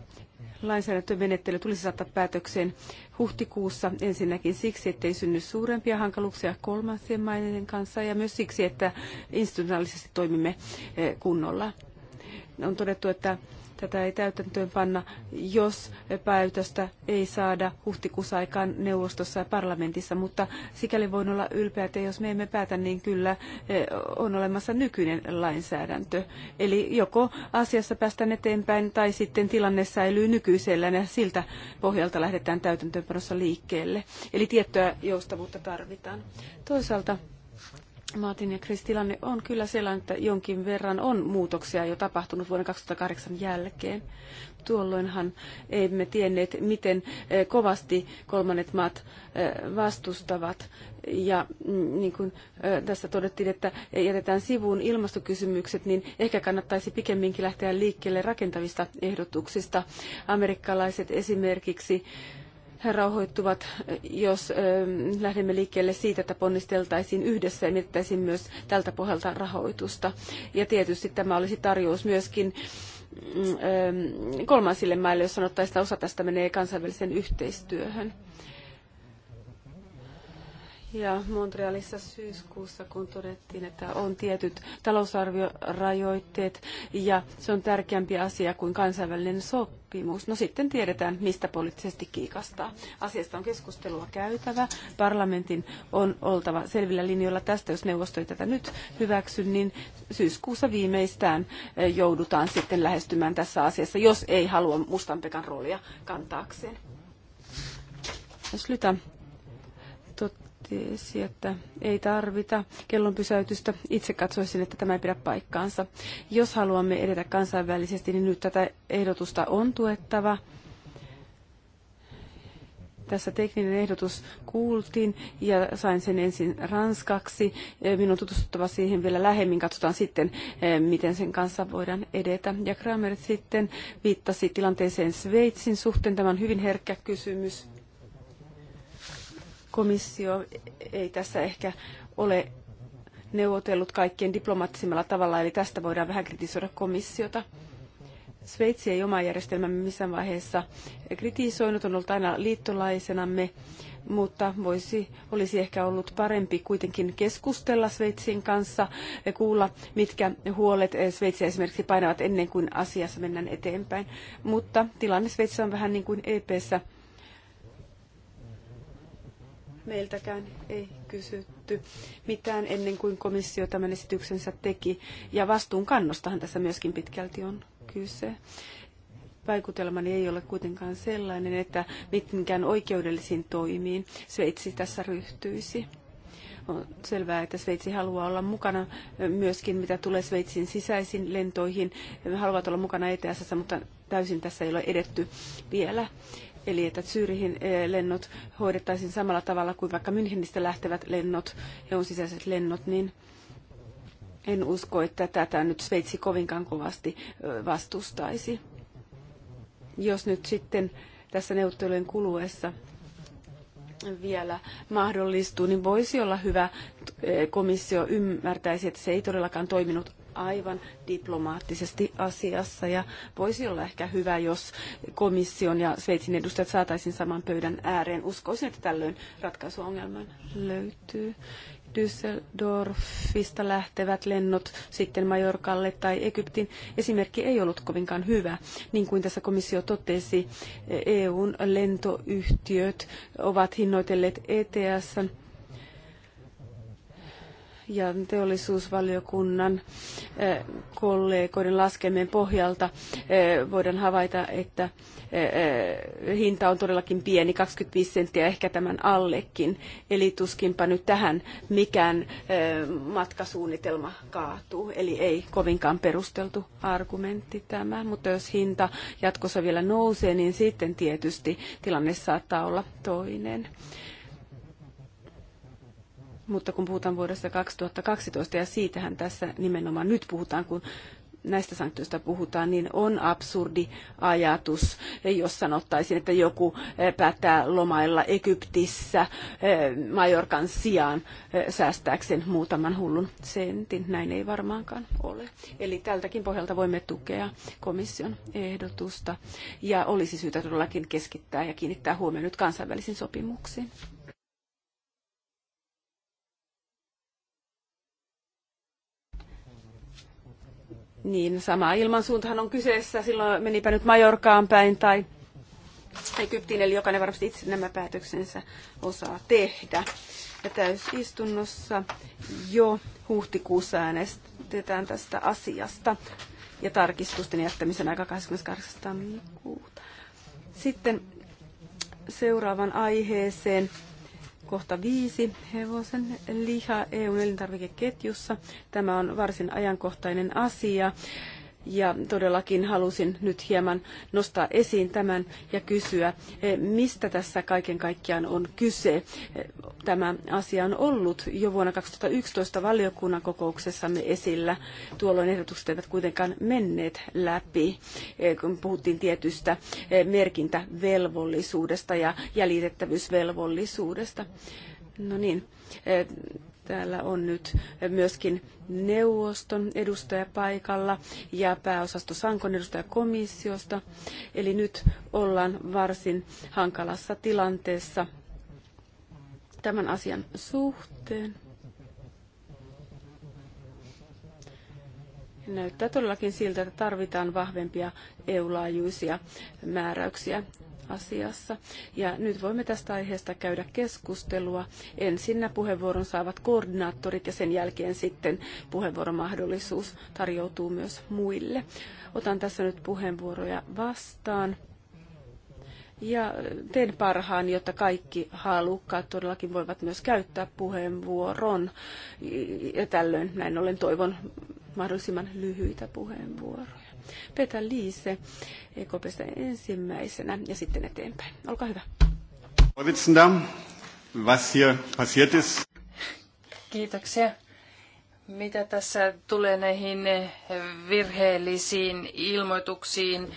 lainsäädäntömenettely tulisi saattaa päätökseen huhtikuussa ensinnäkin siksi, ettei synny suurempia hankaluuksia kolmansien maiden kanssa ja myös siksi, että institutionaalisesti toimimme kunnolla. On todettu, että tätä ei täytäntöön panna, jos päätöstä ei saada huhtikuussa aikaan neuvostossa ja parlamentissa, mutta sikäli voin olla ylpeä, että jos me emme päätä, niin kyllä eh, on olemassa nykyinen lainsäädäntö. Eli joko asiassa päästään eteenpäin tai sitten tilanne säilyy nykyisellään ja siltä pohjalta lähdetään täytäntöönpanossa liikkeelle. Eli tiettyä joustavuutta tarvitaan. Toisaalta Martin ja Chris, tilanne on kyllä sellainen, että jonkin verran on muutoksia jo tapahtunut vuoden 2008 jälkeen. Tuolloinhan emme tienneet, miten eh, kovasti kolmannet maat eh, vastustavat. Ja mm, niin kuin eh, tässä todettiin, että jätetään sivuun ilmastokysymykset, niin ehkä kannattaisi pikemminkin lähteä liikkeelle rakentavista ehdotuksista. Amerikkalaiset esimerkiksi rauhoittuvat, jos lähdemme liikkeelle siitä, että ponnisteltaisiin yhdessä ja mietittäisiin myös tältä pohjalta rahoitusta. Ja tietysti tämä olisi tarjous myöskin mm, kolmansille maille, jos sanottaisiin, että osa tästä menee kansainväliseen yhteistyöhön. Ja Montrealissa syyskuussa, kun todettiin, että on tietyt talousarviorajoitteet ja se on tärkeämpi asia kuin kansainvälinen sopimus. No sitten tiedetään, mistä poliittisesti kiikastaa. Asiasta on keskustelua käytävä. Parlamentin on oltava selvillä linjoilla tästä, jos neuvosto ei tätä nyt hyväksy, niin syyskuussa viimeistään eh, joudutaan sitten lähestymään tässä asiassa, jos ei halua Mustan Pekan roolia kantaakseen. Slytä siis, että ei tarvita kellon pysäytystä. Itse katsoisin, että tämä ei pidä paikkaansa. Jos haluamme edetä kansainvälisesti, niin nyt tätä ehdotusta on tuettava. Tässä tekninen ehdotus kuultiin ja sain sen ensin ranskaksi. Minun on tutustuttava siihen vielä lähemmin. Katsotaan sitten, miten sen kanssa voidaan edetä. Ja Kramer sitten viittasi tilanteeseen Sveitsin suhteen. Tämä on hyvin herkkä kysymys komissio ei tässä ehkä ole neuvotellut kaikkien diplomaattisimmalla tavalla, eli tästä voidaan vähän kritisoida komissiota. Sveitsi ei oma järjestelmämme missään vaiheessa kritisoinut, on ollut aina liittolaisenamme, mutta voisi, olisi ehkä ollut parempi kuitenkin keskustella Sveitsin kanssa ja kuulla, mitkä huolet Sveitsiä esimerkiksi painavat ennen kuin asiassa mennään eteenpäin. Mutta tilanne Sveitsissä on vähän niin kuin EPssä meiltäkään ei kysytty mitään ennen kuin komissio tämän esityksensä teki. Ja vastuunkannostahan tässä myöskin pitkälti on kyse. Vaikutelmani ei ole kuitenkaan sellainen, että mitenkään oikeudellisiin toimiin Sveitsi tässä ryhtyisi on selvää, että Sveitsi haluaa olla mukana myöskin, mitä tulee Sveitsin sisäisiin lentoihin. He haluavat olla mukana ETS, mutta täysin tässä ei ole edetty vielä eli että Zyrihin eh, lennot hoidettaisiin samalla tavalla kuin vaikka Münchenistä lähtevät lennot, EUn sisäiset lennot, niin en usko, että tätä nyt Sveitsi kovinkaan kovasti eh, vastustaisi. Jos nyt sitten tässä neuvottelujen kuluessa vielä mahdollistuu, niin voisi olla hyvä eh, komissio ymmärtäisi, että se ei todellakaan toiminut aivan diplomaattisesti asiassa ja voisi olla ehkä hyvä, jos komission ja Sveitsin edustajat saataisiin saman pöydän ääreen. Uskoisin, että tällöin ratkaisu ongelmaan löytyy. Düsseldorfista lähtevät lennot sitten Majorkalle tai Egyptin esimerkki ei ollut kovinkaan hyvä. Niin kuin tässä komissio totesi, EUn lentoyhtiöt ovat hinnoitelleet ETSn ja teollisuusvaliokunnan eh, kollegoiden laskelmien pohjalta eh, voidaan havaita, että eh, hinta on todellakin pieni, 25 senttiä ehkä tämän allekin. Eli tuskinpa nyt tähän mikään matkasuunnitelma kaatuu. Eli ei kovinkaan perusteltu argumentti tämä, mutta jos hinta jatkossa vielä nousee, niin sitten tietysti tilanne saattaa olla toinen. Mutta kun puhutaan vuodesta 2012 ja siitähän tässä nimenomaan nyt puhutaan, kun näistä sanktioista puhutaan, niin on absurdi ajatus, jos sanottaisiin, että joku eh, päättää lomailla Egyptissä eh, Majorkan sijaan eh, säästääkseen muutaman hullun sentin. Näin ei varmaankaan ole. Eli tältäkin pohjalta voimme tukea komission ehdotusta ja olisi syytä todellakin keskittää ja kiinnittää huomioon nyt kansainvälisiin sopimuksiin. Niin, sama ilmansuuntahan on kyseessä. Silloin menipä nyt Majorkaan päin tai Egyptiin, eli jokainen varmasti itse nämä päätöksensä osaa tehdä. Ja täysistunnossa jo huhtikuussa äänestetään tästä asiasta ja tarkistusten jättämisen aika 28. tammikuuta. Sitten seuraavan aiheeseen kohta viisi, hevosen liha eu elintarvikeketjussa. Tämä on varsin ajankohtainen asia. Ja todellakin halusin nyt hieman nostaa esiin tämän ja kysyä, eh, mistä tässä kaiken kaikkiaan on kyse. Eh, tämä asia on ollut jo vuonna 2011 valiokunnan kokouksessamme esillä. Tuolloin ehdotukset eivät kuitenkaan menneet läpi, eh, kun puhuttiin tietystä merkintävelvollisuudesta ja jäljitettävyysvelvollisuudesta. No niin, Täällä on nyt myöskin neuvoston edustaja paikalla ja pääosasto Sankon edustaja komissiosta. Eli nyt ollaan varsin hankalassa tilanteessa tämän asian suhteen. Näyttää todellakin siltä, että tarvitaan vahvempia EU-laajuisia määräyksiä asiassa. Ja nyt voimme tästä aiheesta käydä keskustelua. Ensinnä puheenvuoron saavat koordinaattorit ja sen jälkeen sitten puheenvuoromahdollisuus tarjoutuu myös muille. Otan tässä nyt puheenvuoroja vastaan. Ja teen parhaan, jotta kaikki halukkaat todellakin voivat myös käyttää puheenvuoron. Ja tällöin näin ollen toivon mahdollisimman lyhyitä puheenvuoroja. Petra Liise EKPstä ensimmäisenä ja sitten eteenpäin. Olkaa hyvä. Was hier passiert ist. Kiitoksia. Mitä tässä tulee näihin virheellisiin ilmoituksiin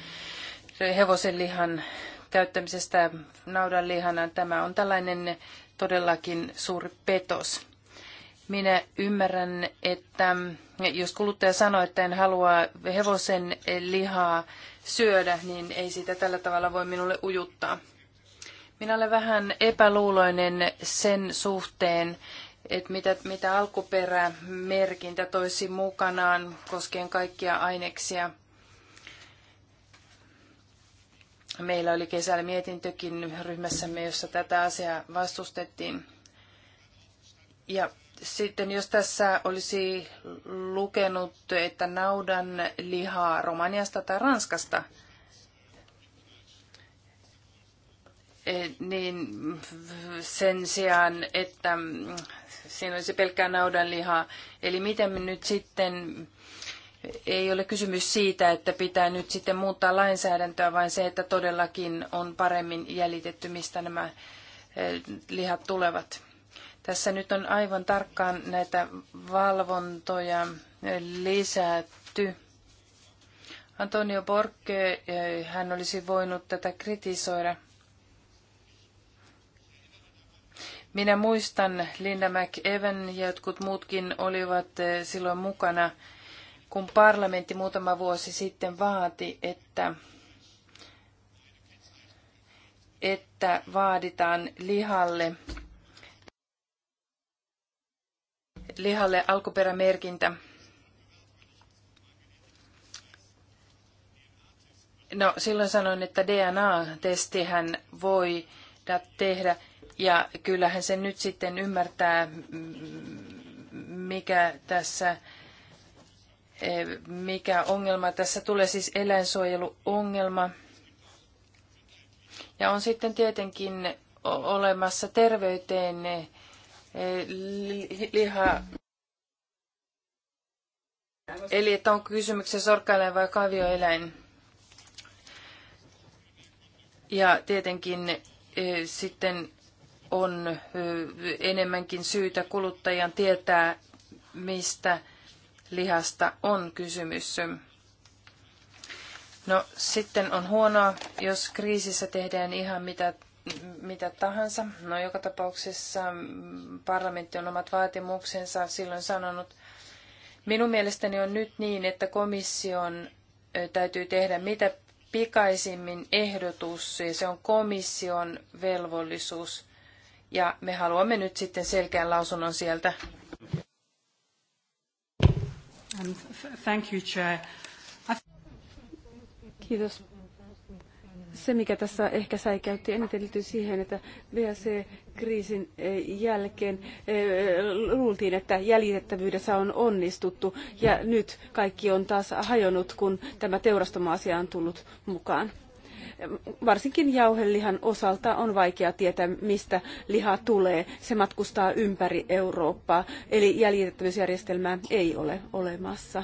hevosenlihan käyttämisestä naudanlihana, tämä on tällainen todellakin suuri petos. Minä ymmärrän, että jos kuluttaja sanoo, että en halua hevosen lihaa syödä, niin ei sitä tällä tavalla voi minulle ujuttaa. Minä olen vähän epäluuloinen sen suhteen, että mitä, mitä alkuperämerkintä toisi mukanaan koskien kaikkia aineksia. Meillä oli kesällä mietintökin ryhmässämme, jossa tätä asiaa vastustettiin. Ja sitten jos tässä olisi lukenut, että naudan lihaa Romaniasta tai Ranskasta, e, niin sen sijaan, että siinä olisi pelkkää lihaa. Eli miten me nyt sitten, ei ole kysymys siitä, että pitää nyt sitten muuttaa lainsäädäntöä, vaan se, että todellakin on paremmin jäljitetty, mistä nämä e, lihat tulevat. Tässä nyt on aivan tarkkaan näitä valvontoja lisätty. Antonio Borke, eh, hän olisi voinut tätä kritisoida. Minä muistan, Linda McEwen ja jotkut muutkin olivat eh, silloin mukana, kun parlamentti muutama vuosi sitten vaati, että, että vaaditaan lihalle lihalle alkuperämerkintä. No silloin sanoin, että DNA-testihän voi tehdä ja kyllähän se nyt sitten ymmärtää, mikä tässä e, mikä ongelma tässä tulee, siis eläinsuojeluongelma. Ja on sitten tietenkin olemassa terveyteen liha, eli että onko kysymyksessä sorkkaeläin vai kavioeläin. Ja tietenkin sitten on enemmänkin syytä kuluttajan tietää, mistä lihasta on kysymys. No sitten on huonoa, jos kriisissä tehdään ihan mitä mitä tahansa. No joka tapauksessa mm, parlamentti on omat vaatimuksensa silloin sanonut. Minun mielestäni on nyt niin, että komission täytyy tehdä mitä pikaisimmin ehdotus, ja se on komission velvollisuus. Ja me haluamme nyt sitten selkeän lausunnon sieltä. Thank you, Chair. Kiitos se, mikä tässä ehkä säikäytti eniten liittyy siihen, että VAC-kriisin eh, jälkeen eh, luultiin, että jäljitettävyydessä on onnistuttu ja nyt kaikki on taas hajonnut, kun tämä teurastoma-asia on tullut mukaan varsinkin jauhelihan osalta on vaikea tietää, mistä liha tulee. Se matkustaa ympäri Eurooppaa, eli jäljitettävyysjärjestelmää ei ole olemassa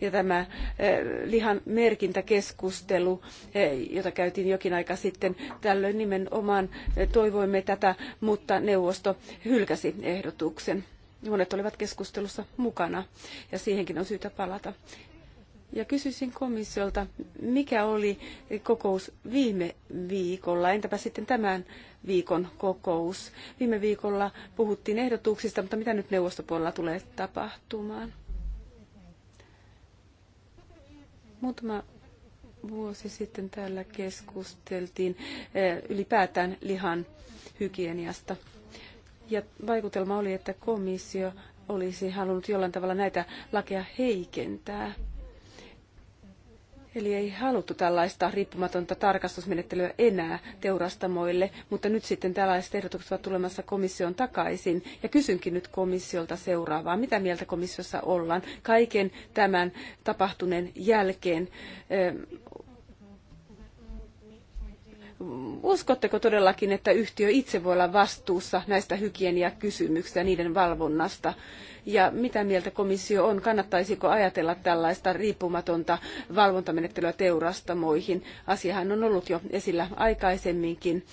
ja tämä eh, lihan merkintäkeskustelu, eh, jota käytiin jokin aika sitten, tällöin nimenomaan eh, toivoimme tätä, mutta neuvosto hylkäsi ehdotuksen. Monet olivat keskustelussa mukana ja siihenkin on syytä palata. Ja kysyisin komissiolta, mikä oli kokous viime viikolla, entäpä sitten tämän viikon kokous. Viime viikolla puhuttiin ehdotuksista, mutta mitä nyt neuvostopuolella tulee tapahtumaan? Muutama vuosi sitten täällä keskusteltiin eh, ylipäätään lihan hygieniasta. Ja vaikutelma oli, että komissio olisi halunnut jollain tavalla näitä lakeja heikentää. Eli ei haluttu tällaista riippumatonta tarkastusmenettelyä enää teurastamoille, mutta nyt sitten tällaiset ehdotukset ovat tulemassa komission takaisin. Ja kysynkin nyt komissiolta seuraavaa. Mitä mieltä komissiossa ollaan kaiken tämän tapahtuneen jälkeen? Uskotteko todellakin, että yhtiö itse voi olla vastuussa näistä hygieniakysymyksistä ja niiden valvonnasta? ja mitä mieltä komissio on, kannattaisiko ajatella tällaista riippumatonta valvontamenettelyä teurastamoihin. Asiahan on ollut jo esillä aikaisemminkin.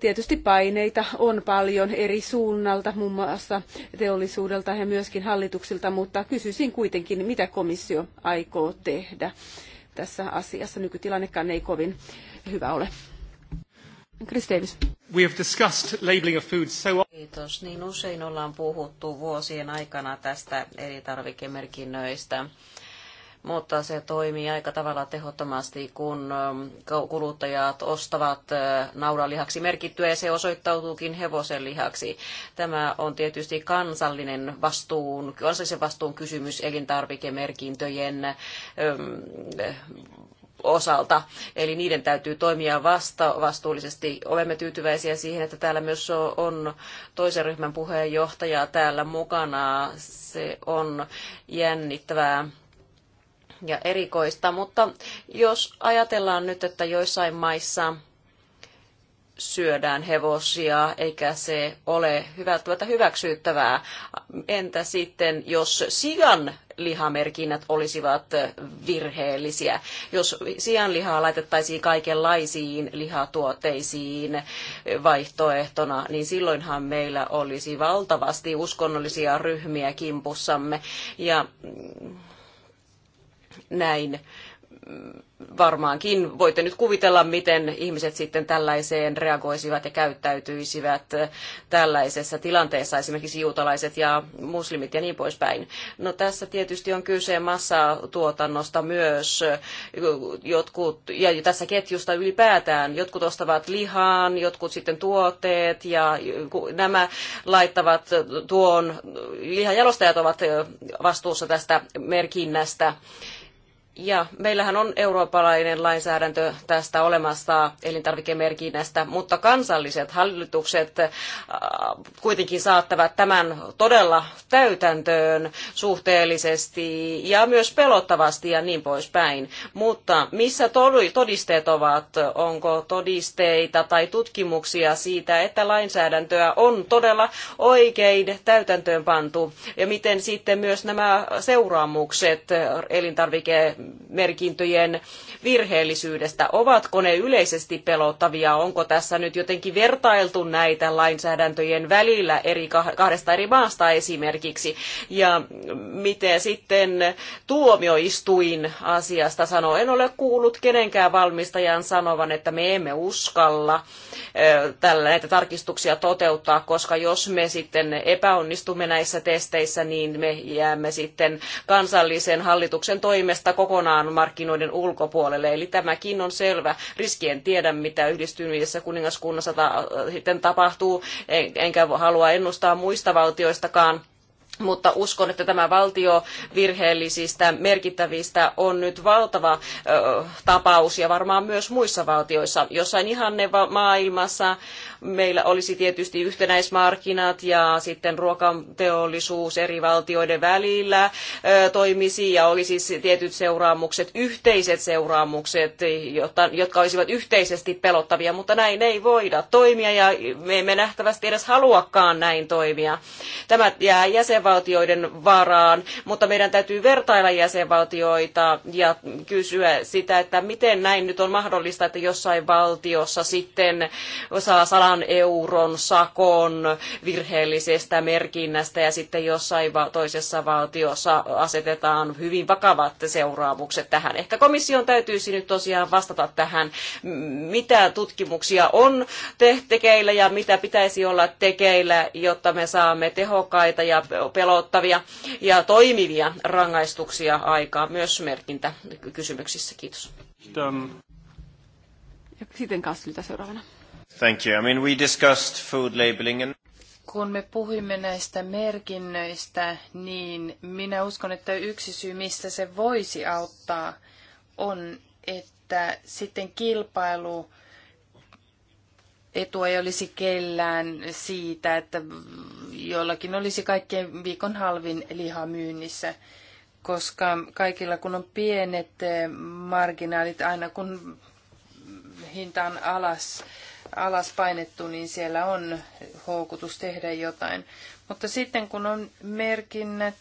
Tietysti paineita on paljon eri suunnalta, muun muassa teollisuudelta ja myöskin hallituksilta, mutta kysyisin kuitenkin, mitä komissio aikoo tehdä tässä asiassa. Nykytilannekaan ei kovin hyvä ole. Chris Davis. We have discussed labeling of food so Kiitos. Niin usein ollaan puhuttu vuosien aikana tästä elintarvikemerkinnöistä, mutta se toimii aika tavalla tehottomasti, kun ähm, kuluttajat ostavat äh, naudanlihaksi merkittyä ja se osoittautuukin hevosen lihaksi. Tämä on tietysti kansallinen vastuun, kansallisen vastuun kysymys elintarvikemerkintöjen ähm, osalta, eli niiden täytyy toimia vasta vastuullisesti. Olemme tyytyväisiä siihen, että täällä myös on toisen ryhmän puheenjohtaja täällä mukana. Se on jännittävää ja erikoista, mutta jos ajatellaan nyt, että joissain maissa syödään hevosia, eikä se ole välttämättä hyväksyttävää. Entä sitten, jos sian lihamerkinnät olisivat virheellisiä. Jos sianlihaa laitettaisiin kaikenlaisiin lihatuoteisiin vaihtoehtona, niin silloinhan meillä olisi valtavasti uskonnollisia ryhmiä kimpussamme ja näin varmaankin voitte nyt kuvitella, miten ihmiset sitten tällaiseen reagoisivat ja käyttäytyisivät tällaisessa tilanteessa, esimerkiksi juutalaiset ja muslimit ja niin poispäin. No tässä tietysti on kyse massatuotannosta myös, jotkut, ja tässä ketjusta ylipäätään, jotkut ostavat lihan, jotkut sitten tuotteet, ja nämä laittavat tuon, lihajalostajat ovat vastuussa tästä merkinnästä ja meillähän on eurooppalainen lainsäädäntö tästä olemassa elintarvikemerkinnästä, mutta kansalliset hallitukset äh, kuitenkin saattavat tämän todella täytäntöön suhteellisesti ja myös pelottavasti ja niin poispäin. Mutta missä todisteet ovat? Onko todisteita tai tutkimuksia siitä, että lainsäädäntöä on todella oikein täytäntöön pantu? Ja miten sitten myös nämä seuraamukset elintarvikemerkinnästä merkintöjen virheellisyydestä. Ovatko ne yleisesti pelottavia? Onko tässä nyt jotenkin vertailtu näitä lainsäädäntöjen välillä eri kahdesta eri maasta esimerkiksi? Ja miten sitten tuomioistuin asiasta sanoo? En ole kuullut kenenkään valmistajan sanovan, että me emme uskalla tällä näitä tarkistuksia toteuttaa, koska jos me sitten epäonnistumme näissä testeissä, niin me jäämme sitten kansallisen hallituksen toimesta koko kokonaan markkinoiden ulkopuolelle. Eli tämäkin on selvä. Riskien tiedä, mitä yhdistyneessä kuningaskunnassa ta- sitten tapahtuu, enkä halua ennustaa muista valtioistakaan mutta uskon, että tämä valtio virheellisistä merkittävistä on nyt valtava ö, tapaus ja varmaan myös muissa valtioissa. Jossain ihanne maailmassa meillä olisi tietysti yhtenäismarkkinat ja sitten ruokateollisuus eri valtioiden välillä ö, toimisi ja olisi tietyt seuraamukset, yhteiset seuraamukset, jotta, jotka olisivat yhteisesti pelottavia, mutta näin ei voida toimia ja me emme nähtävästi edes haluakaan näin toimia. Tämä jää jäsenvaltioiden jäsenvaltioiden varaan, mutta meidän täytyy vertailla jäsenvaltioita ja kysyä sitä, että miten näin nyt on mahdollista, että jossain valtiossa sitten saa sadan euron sakon virheellisestä merkinnästä ja sitten jossain toisessa valtiossa asetetaan hyvin vakavat seuraamukset tähän. Ehkä komission täytyisi nyt tosiaan vastata tähän, mitä tutkimuksia on tekeillä ja mitä pitäisi olla tekeillä, jotta me saamme tehokkaita ja pelottavia ja toimivia rangaistuksia aikaan myös merkintä kysymyksissä. Kiitos. Ja sitten Kassilta seuraavana. Thank you. I mean, we discussed food labeling and kun me puhuimme näistä merkinnöistä, niin minä uskon, että yksi syy, mistä se voisi auttaa, on, että sitten kilpailu etua ei olisi kellään siitä, että jollakin olisi kaikkien viikon halvin liha myynnissä, koska kaikilla kun on pienet eh, marginaalit, aina kun hinta on alas, alas painettu, niin siellä on houkutus tehdä jotain. Mutta sitten kun on merkinnät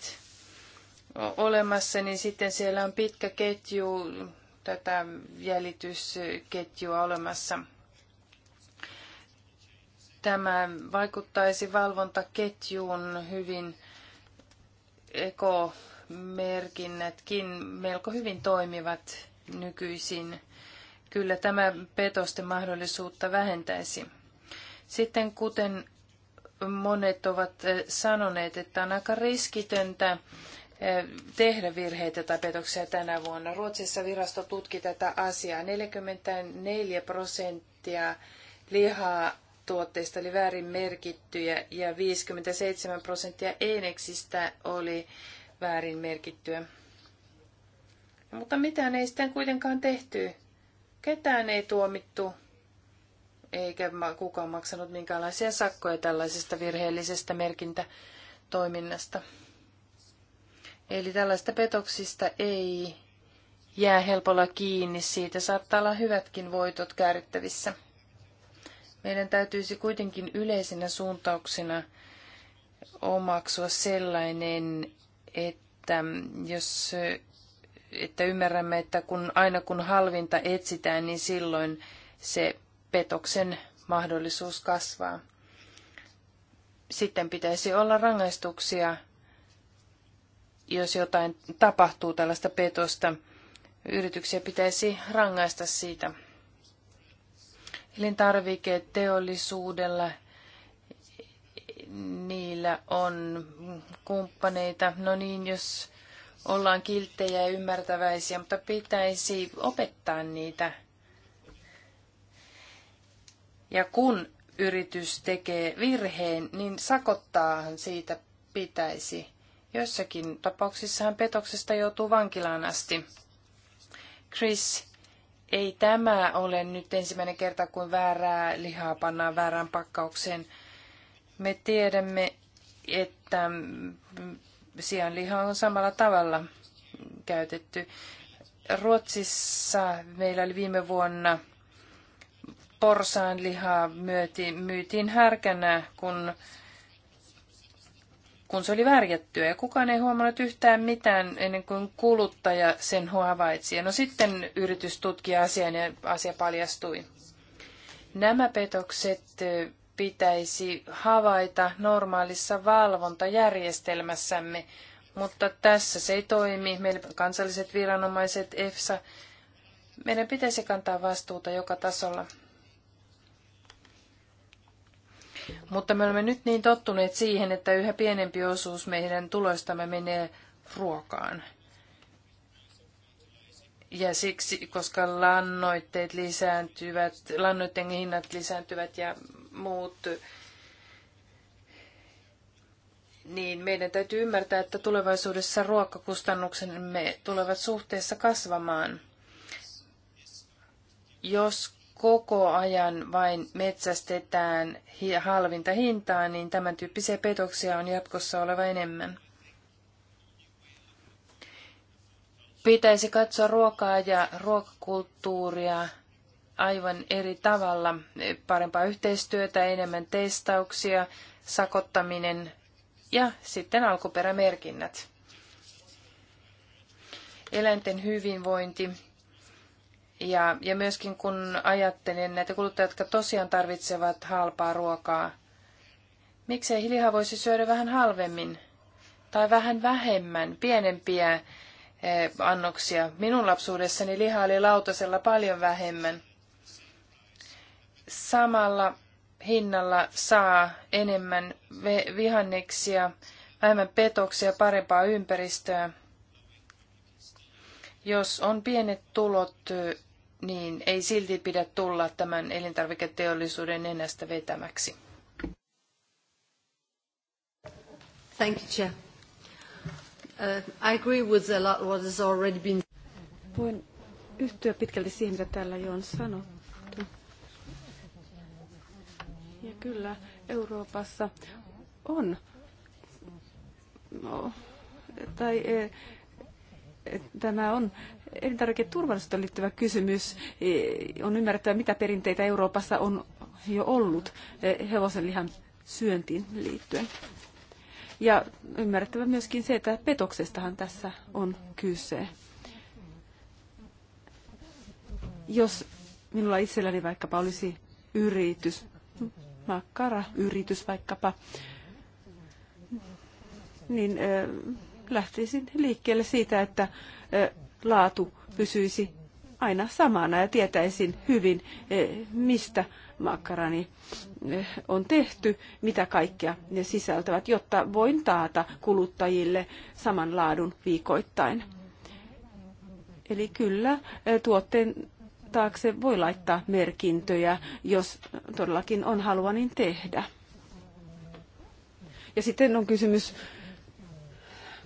olemassa, niin sitten siellä on pitkä ketju, tätä jäljitysketjua olemassa – Tämä vaikuttaisi valvontaketjuun hyvin ekomerkinnätkin melko hyvin toimivat nykyisin. Kyllä tämä petosten mahdollisuutta vähentäisi. Sitten kuten monet ovat eh, sanoneet, että on aika riskitöntä eh, tehdä virheitä tai petoksia tänä vuonna. Ruotsissa virasto tutki tätä asiaa. 44 prosenttia lihaa tuotteista oli väärin merkittyjä ja 57 prosenttia Eneksistä oli väärin merkittyä. No, mutta mitään ei sitten kuitenkaan tehty. Ketään ei tuomittu, eikä kukaan maksanut minkäänlaisia sakkoja tällaisesta virheellisestä merkintätoiminnasta. Eli tällaista petoksista ei jää helpolla kiinni, siitä saattaa olla hyvätkin voitot käärittävissä meidän täytyisi kuitenkin yleisenä suuntauksena omaksua sellainen, että jos että ymmärrämme, että kun, aina kun halvinta etsitään, niin silloin se petoksen mahdollisuus kasvaa. Sitten pitäisi olla rangaistuksia, jos jotain tapahtuu tällaista petosta. Yrityksiä pitäisi rangaista siitä elintarviketeollisuudella niillä on kumppaneita. No niin, jos ollaan kilttejä ja ymmärtäväisiä, mutta pitäisi opettaa niitä. Ja kun yritys tekee virheen, niin sakottaahan siitä pitäisi. Joissakin tapauksissahan petoksesta joutuu vankilaan asti. Chris, ei tämä ole nyt ensimmäinen kerta, kun väärää lihaa pannaan väärään pakkaukseen. Me tiedämme, että liha on samalla tavalla käytetty. Ruotsissa meillä oli viime vuonna lihaa myytiin härkänä, kun kun se oli värjättyä ja kukaan ei huomannut yhtään mitään ennen kuin kuluttaja sen havaitsi. No sitten yritys tutki asian ja asia paljastui. Nämä petokset pitäisi havaita normaalissa valvontajärjestelmässämme, mutta tässä se ei toimi. Meillä kansalliset viranomaiset, EFSA, meidän pitäisi kantaa vastuuta joka tasolla. Mutta me olemme nyt niin tottuneet siihen, että yhä pienempi osuus meidän tuloistamme menee ruokaan. Ja siksi, koska lannoitteet lisääntyvät, lannoitteen hinnat lisääntyvät ja muut, niin meidän täytyy ymmärtää, että tulevaisuudessa ruokakustannuksemme tulevat suhteessa kasvamaan. Jos koko ajan vain metsästetään halvinta hintaa, niin tämän tyyppisiä petoksia on jatkossa oleva enemmän. Pitäisi katsoa ruokaa ja ruokakulttuuria aivan eri tavalla. Parempaa yhteistyötä, enemmän testauksia, sakottaminen ja sitten alkuperämerkinnät. Eläinten hyvinvointi ja, ja myöskin kun ajattelin näitä kuluttajia, jotka tosiaan tarvitsevat halpaa ruokaa, miksei hiliha voisi syödä vähän halvemmin tai vähän vähemmän, pienempiä eh, annoksia. Minun lapsuudessani liha oli lautasella paljon vähemmän. Samalla hinnalla saa enemmän vihanneksia, vähemmän petoksia, parempaa ympäristöä. Jos on pienet tulot, eh, niin ei silti pidä tulla tämän elintarviketeollisuuden nenästä vetämäksi. Thank you, Chair. Uh, I agree with a lot what has already been... Voin yhtyä pitkälti siihen, mitä täällä jo on sanottu. Ja kyllä, Euroopassa on, no, tai eh, tämä on elintarviketurvallisuuteen liittyvä kysymys. E, on ymmärrettävä, mitä perinteitä Euroopassa on jo ollut e, hevosenlihan syöntiin liittyen. Ja ymmärrettävä myöskin se, että petoksestahan tässä on kyse. Jos minulla itselläni vaikkapa olisi yritys, makkara yritys vaikkapa, niin e, lähtisin liikkeelle siitä, että laatu pysyisi aina samana ja tietäisin hyvin, mistä makkarani on tehty, mitä kaikkea ne sisältävät, jotta voin taata kuluttajille saman laadun viikoittain. Eli kyllä tuotteen taakse voi laittaa merkintöjä, jos todellakin on halua niin tehdä. Ja sitten on kysymys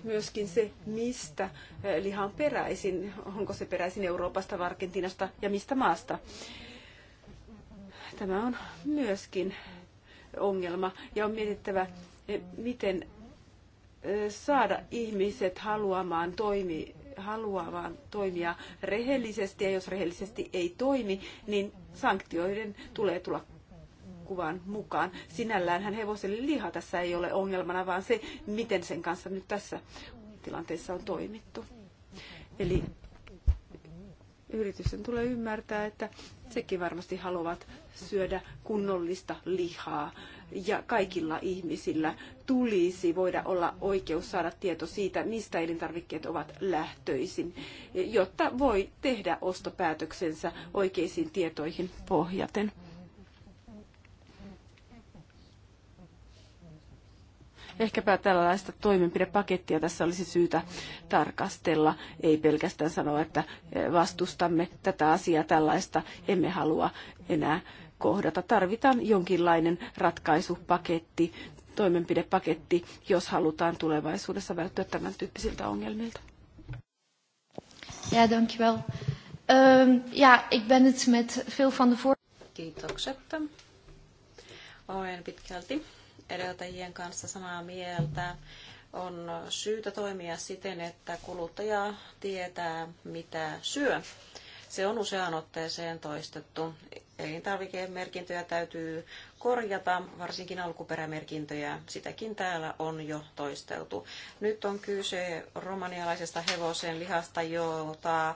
myöskin se, mistä eh, liha on peräisin, onko se peräisin Euroopasta, Argentiinasta ja mistä maasta. Tämä on myöskin ongelma ja on mietittävä, eh, miten eh, saada ihmiset haluamaan toimi haluamaan toimia rehellisesti ja jos rehellisesti ei toimi, niin sanktioiden tulee tulla kuvan mukaan. Sinällään hevoselle liha tässä ei ole ongelmana, vaan se, miten sen kanssa nyt tässä tilanteessa on toimittu. Eli yritysten tulee ymmärtää, että sekin varmasti haluavat syödä kunnollista lihaa. Ja kaikilla ihmisillä tulisi voida olla oikeus saada tieto siitä, mistä elintarvikkeet ovat lähtöisin, jotta voi tehdä ostopäätöksensä oikeisiin tietoihin pohjaten. Ehkäpä tällaista toimenpidepakettia tässä olisi syytä tarkastella. Ei pelkästään sanoa, että eh, vastustamme tätä asiaa tällaista, emme halua enää kohdata. Tarvitaan jonkinlainen ratkaisupaketti, toimenpidepaketti, jos halutaan tulevaisuudessa välttyä tämän tyyppisiltä ongelmilta. Ja, dankjewel. Um, ehm, ja, ik ben het met veel van de voor... Kiitokset. Olen pitkälti edeltäjien kanssa samaa mieltä. On syytä toimia siten, että kuluttaja tietää, mitä syö. Se on useaan otteeseen toistettu. Elintarvikemerkintöjä täytyy korjata, varsinkin alkuperämerkintöjä. Sitäkin täällä on jo toisteltu. Nyt on kyse romanialaisesta hevosen lihasta, jota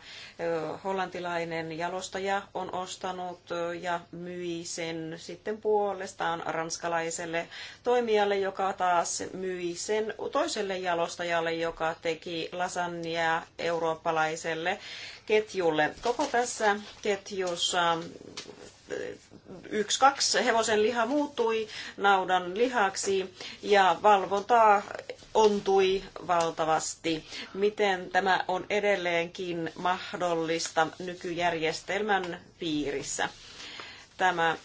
hollantilainen jalostaja on ostanut ja myi sen sitten puolestaan ranskalaiselle toimijalle, joka taas myi sen toiselle jalostajalle, joka teki lasannia eurooppalaiselle ketjulle. Koko tässä ketjussa yksi, kaksi hevosen liha muuttui naudan lihaksi ja valvontaa ontui valtavasti. Miten tämä on edelleenkin mahdollista nykyjärjestelmän piirissä? Tämä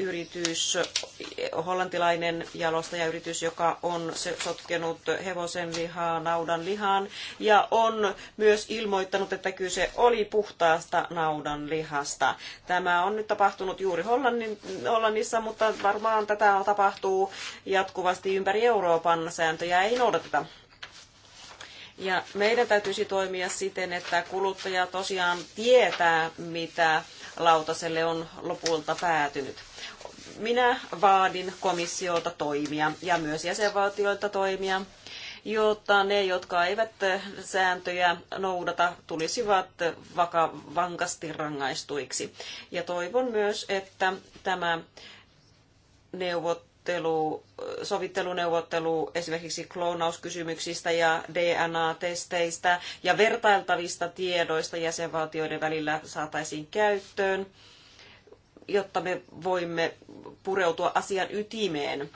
yritys, hollantilainen jalostajayritys, joka on sotkenut hevosen lihaa naudan lihaan ja on myös ilmoittanut, että kyse oli puhtaasta naudan lihasta. Tämä on nyt tapahtunut juuri Hollannin, Hollannissa, mutta varmaan tätä tapahtuu jatkuvasti ympäri Euroopan. Sääntöjä ei noudateta. Ja meidän täytyisi toimia siten, että kuluttaja tosiaan tietää, mitä lautaselle on lopulta päätynyt minä vaadin komissiolta toimia ja myös jäsenvaltioilta toimia, jotta ne, jotka eivät sääntöjä noudata, tulisivat vaka- vankasti rangaistuiksi. Ja toivon myös, että tämä neuvottelu, sovitteluneuvottelu esimerkiksi kloonauskysymyksistä ja DNA-testeistä ja vertailtavista tiedoista jäsenvaltioiden välillä saataisiin käyttöön jotta me voimme pureutua asian ytimeen.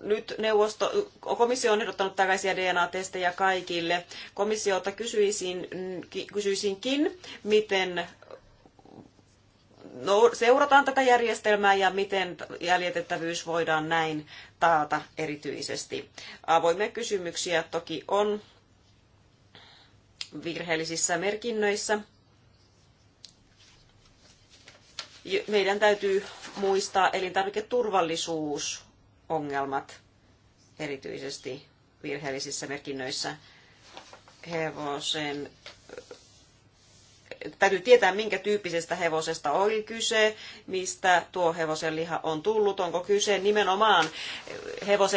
Nyt neuvosto, komissio on ehdottanut takaisin DNA-testejä kaikille. Komissiolta kysyisin, kysyisinkin, miten no, seurataan tätä järjestelmää ja miten jäljitettävyys voidaan näin taata erityisesti. Avoimia kysymyksiä toki on virheellisissä merkinnöissä meidän täytyy muistaa elintarviketurvallisuusongelmat erityisesti virheellisissä merkinnöissä. Hevosen täytyy tietää, minkä tyyppisestä hevosesta oli kyse, mistä tuo hevosen liha on tullut, onko kyse nimenomaan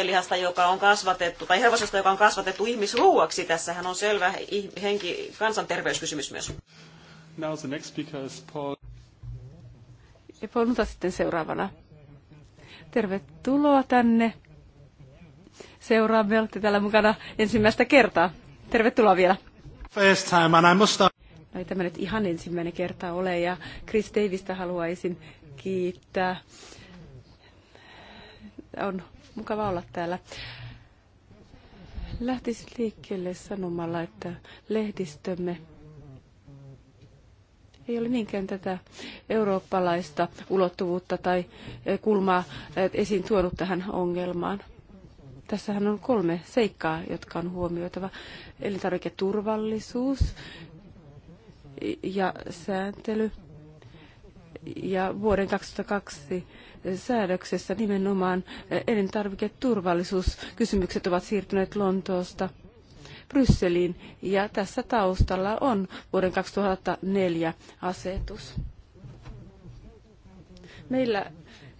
lihasta, joka on kasvatettu, tai hevosesta, joka on kasvatettu ihmisruuaksi. Tässähän on selvä henki, kansanterveyskysymys myös. Now the next speaker is Paul. Eponuta sitten seuraavana. Tervetuloa tänne. Seuraamme, olette täällä mukana ensimmäistä kertaa. Tervetuloa vielä. First time and I must... No ei tämä nyt ihan ensimmäinen kerta ole ja Chris Davista haluaisin kiittää. On mukava olla täällä. Lähtisin liikkeelle sanomalla, että lehdistömme ei ole niinkään tätä eurooppalaista ulottuvuutta tai eh, kulmaa eh, esiin tuonut tähän ongelmaan. Tässähän on kolme seikkaa, jotka on huomioitava. Elintarviketurvallisuus ja sääntely. Ja vuoden 2002 säädöksessä nimenomaan eh, elintarviketurvallisuuskysymykset ovat siirtyneet Lontoosta – Brysseliin ja tässä taustalla on vuoden 2004 asetus. Meillä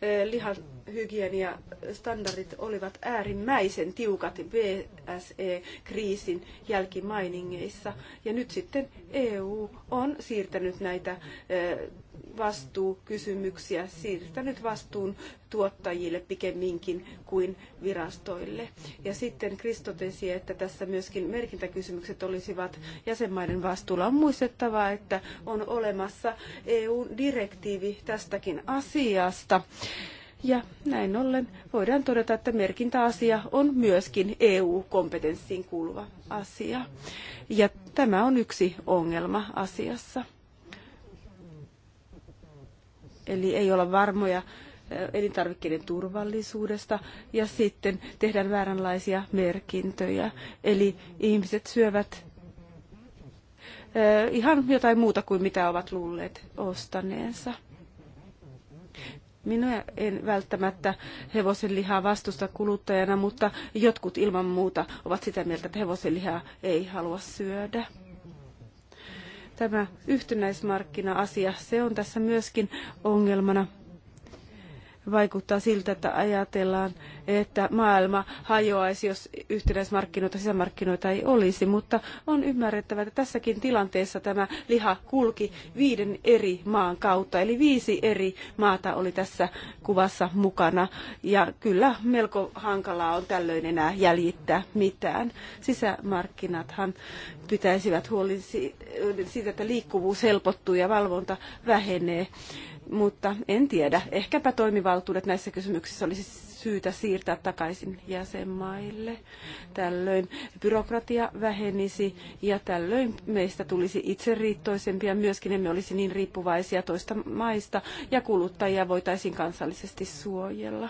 eh, lihan hygieniastandardit olivat äärimmäisen tiukat BSE-kriisin jälkimainingeissa. Ja nyt sitten EU on siirtänyt näitä vastuukysymyksiä, siirtänyt vastuun tuottajille pikemminkin kuin virastoille. Ja sitten Kristotesi, totesi, että tässä myöskin merkintäkysymykset olisivat jäsenmaiden vastuulla. On muistettava, että on olemassa EU-direktiivi tästäkin asiasta. Ja näin ollen voidaan todeta, että merkintäasia on myöskin EU-kompetenssiin kuuluva asia. Ja tämä on yksi ongelma asiassa. Eli ei olla varmoja elintarvikkeiden turvallisuudesta ja sitten tehdään vääränlaisia merkintöjä. Eli ihmiset syövät ihan jotain muuta kuin mitä ovat luulleet ostaneensa. Minä en välttämättä hevosen lihaa vastusta kuluttajana, mutta jotkut ilman muuta ovat sitä mieltä, että hevosen lihaa ei halua syödä. Tämä yhtenäismarkkina-asia, se on tässä myöskin ongelmana vaikuttaa siltä, että ajatellaan, että maailma hajoaisi, jos yhtenäismarkkinoita, sisämarkkinoita ei olisi, mutta on ymmärrettävä, että tässäkin tilanteessa tämä liha kulki viiden eri maan kautta, eli viisi eri maata oli tässä kuvassa mukana, ja kyllä melko hankalaa on tällöin enää jäljittää mitään. Sisämarkkinathan pitäisivät huolin siitä, että liikkuvuus helpottuu ja valvonta vähenee mutta en tiedä. Ehkäpä toimivaltuudet näissä kysymyksissä olisi syytä siirtää takaisin jäsenmaille. Tällöin byrokratia vähenisi ja tällöin meistä tulisi itseriittoisempia. Myöskin emme olisi niin riippuvaisia toista maista ja kuluttajia voitaisiin kansallisesti suojella.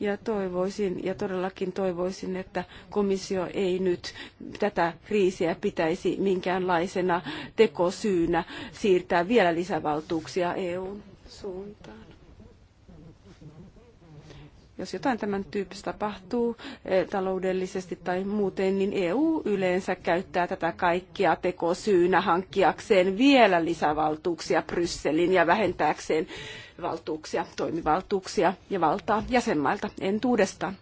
Ja toivoisin, ja todellakin toivoisin, että komissio ei nyt tätä kriisiä pitäisi minkäänlaisena tekosyynä siirtää vielä lisävaltuuksia EUn suuntaan jos jotain tämän tyyppistä tapahtuu eh, taloudellisesti tai muuten, niin EU yleensä käyttää tätä kaikkia tekosyynä hankkiakseen vielä lisävaltuuksia Brysselin ja vähentääkseen valtuuksia, toimivaltuuksia ja valtaa jäsenmailta entuudestaan.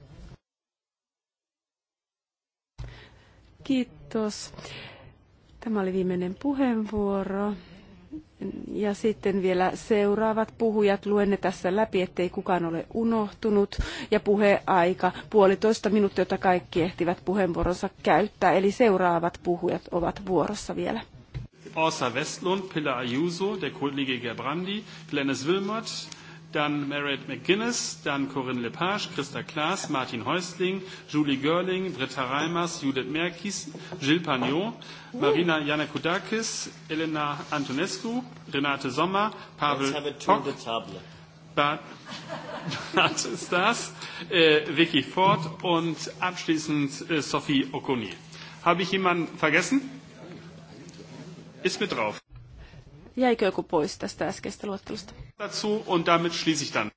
Kiitos. Tämä oli viimeinen puheenvuoro. Ja sitten vielä seuraavat puhujat. Luen ne tässä läpi, ettei kukaan ole unohtunut. Ja puheaika puolitoista minuuttia, jota kaikki ehtivät puheenvuoronsa käyttää. Eli seuraavat puhujat ovat vuorossa vielä. Orsa Westlund, Pilar Ayuso, der Kollege Gerbrandi, Glennis Wilmot, dann Merit McGuinness, dann Corinne Lepage, Christa Klaas, Martin Häusling, Julie Görling, Britta Reimers, Judith Merkis, Gilles Pagnot, Marina Janakudakis, Elena Antonescu, Renate Sommer, Pavel Pock, Bart [laughs] ist das, äh, Vicky Ford und abschließend äh, Sophie Okoni. Habe ich jemanden vergessen? Iskö drauf? Jäikö joku pois tästä äskeistä luettelosta? Dazu und damit schließe ich dann.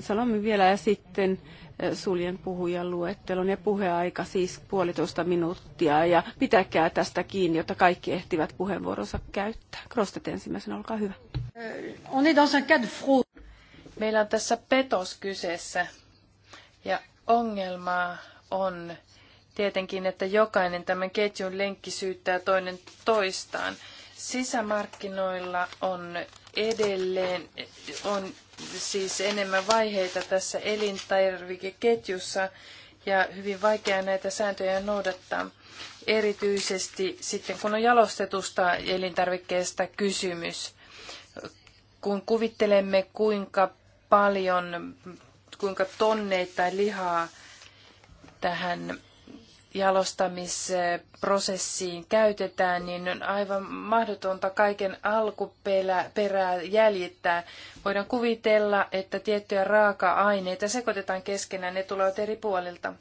Sanomme vielä ja sitten eh, suljen puhujan luettelon ja puheaika siis puolitoista minuuttia ja pitäkää tästä kiinni, jotta kaikki ehtivät puheenvuoronsa käyttää. Krostet ensimmäisenä, olkaa hyvä. Eh, Meillä on tässä petos kyseessä ja ongelma on tietenkin, että jokainen tämän ketjun lenkki syyttää toinen toistaan. Sisämarkkinoilla on edelleen, on siis enemmän vaiheita tässä elintarvikeketjussa ja hyvin vaikea näitä sääntöjä noudattaa. Erityisesti sitten, kun on jalostetusta elintarvikkeesta kysymys. Kun kuvittelemme, kuinka paljon, kuinka tonneita lihaa tähän jalostamisprosessiin käytetään, niin on aivan mahdotonta kaiken alkuperää jäljittää. Voidaan kuvitella, että tiettyjä raaka-aineita sekoitetaan keskenään, ne tulevat eri puolilta.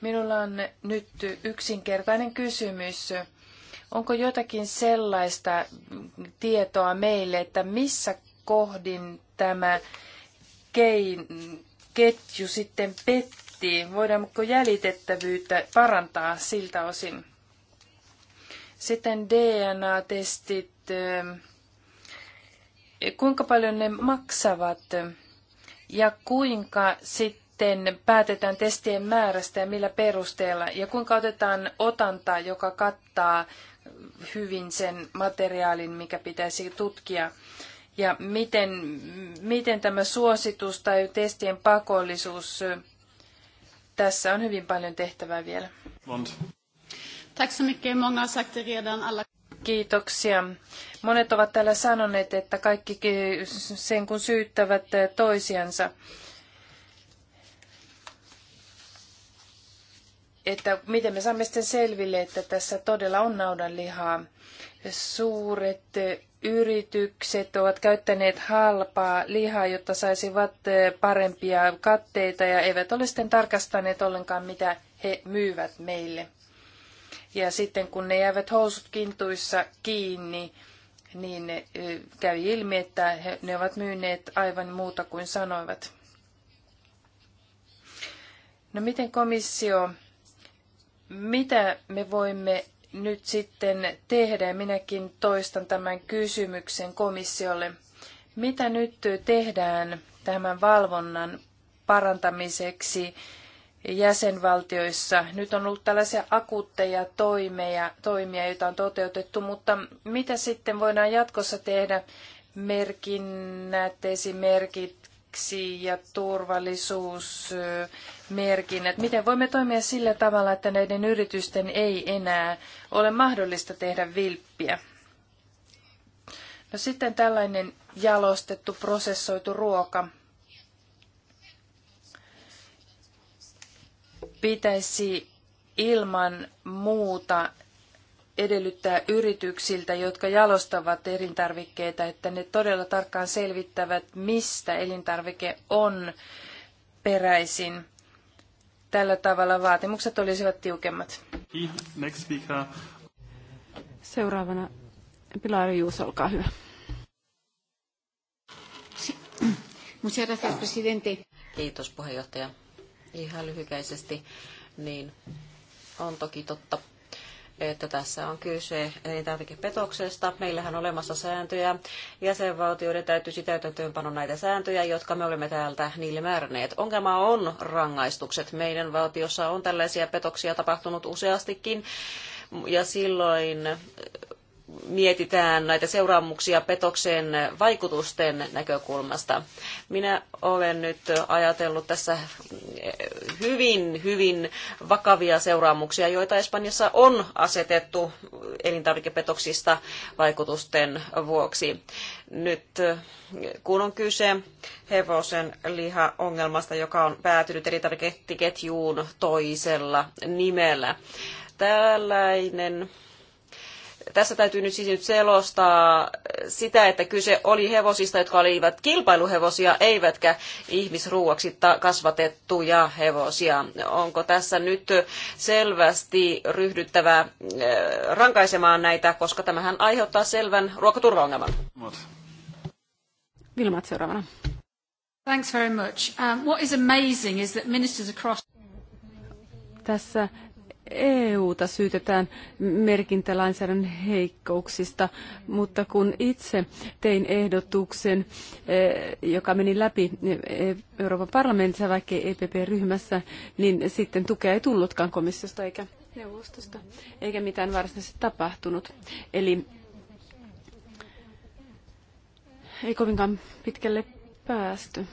Minulla on nyt yksinkertainen kysymys. Onko jotakin sellaista tietoa meille, että missä kohdin tämä kein, ketju sitten pettää? miettii, voidaanko jäljitettävyyttä parantaa siltä osin. Sitten DNA-testit, kuinka paljon ne maksavat ja kuinka sitten päätetään testien määrästä ja millä perusteella ja kuinka otetaan otanta, joka kattaa hyvin sen materiaalin, mikä pitäisi tutkia. Ja miten, miten tämä suositus tai testien pakollisuus tässä on hyvin paljon tehtävää vielä. Mont. Tack så mycket. Många har sagt det redan. Alla... Kiitoksia. Monet ovat täällä sanoneet, että kaikki sen kun syyttävät eh, toisiansa. Että miten me saamme sitten selville, että tässä todella on naudanlihaa. Suuret eh, yritykset ovat käyttäneet halpaa lihaa, jotta saisivat eh, parempia katteita ja eivät ole sitten tarkastaneet ollenkaan, mitä he myyvät meille. Ja sitten kun ne jäävät housut kintuissa kiinni, niin eh, kävi ilmi, että he, ne ovat myyneet aivan muuta kuin sanoivat. No miten komissio, mitä me voimme nyt sitten tehdä? Minäkin toistan tämän kysymyksen komissiolle. Mitä nyt tehdään tämän valvonnan parantamiseksi jäsenvaltioissa? Nyt on ollut tällaisia akuutteja toimeja, toimia, joita on toteutettu, mutta mitä sitten voidaan jatkossa tehdä? Merkinnät esimerkit, taksi- ja turvallisuusmerkinnät. Miten voimme toimia sillä tavalla, että näiden yritysten ei enää ole mahdollista tehdä vilppiä? No sitten tällainen jalostettu, prosessoitu ruoka. Pitäisi ilman muuta edellyttää yrityksiltä, jotka jalostavat elintarvikkeita, että ne todella tarkkaan selvittävät, mistä elintarvike on peräisin. Tällä tavalla vaatimukset olisivat tiukemmat. Next speaker. Seuraavana Pilari Juus, olkaa hyvä. Muchas gracias, presidente. Kiitos puheenjohtaja. Ihan lyhykäisesti, niin on toki totta, että tässä on kyse elintarvikepetoksesta. Meillähän on olemassa sääntöjä. Jäsenvaltioiden täytyisi täytäntöönpano näitä sääntöjä, jotka me olemme täältä niille määränneet. Ongelma on rangaistukset. Meidän valtiossa on tällaisia petoksia tapahtunut useastikin, ja silloin mietitään näitä seuraamuksia petoksen vaikutusten näkökulmasta. Minä olen nyt ajatellut tässä hyvin, hyvin vakavia seuraamuksia, joita Espanjassa on asetettu elintarvikepetoksista vaikutusten vuoksi. Nyt kun on kyse hevosen lihaongelmasta, joka on päätynyt elintarvikeketjuun toisella nimellä. Tällainen tässä täytyy nyt siis nyt selostaa sitä, että kyse oli hevosista, jotka olivat kilpailuhevosia, eivätkä ihmisruuaksi kasvatettuja hevosia. Onko tässä nyt selvästi ryhdyttävä äh, rankaisemaan näitä, koska tämähän aiheuttaa selvän ruokaturvaongelman? Vilmat seuraavana. Thanks very much. Um, what is amazing is that ministers across... Tässä EUta syytetään merkintälainsäädännön heikkouksista, mutta kun itse tein ehdotuksen, eh, joka meni läpi eh, Euroopan parlamentissa, vaikka EPP-ryhmässä, niin sitten tukea ei tullutkaan komissiosta eikä neuvostosta, eikä mitään varsinaisesti tapahtunut. Eli ei kovinkaan pitkälle päästy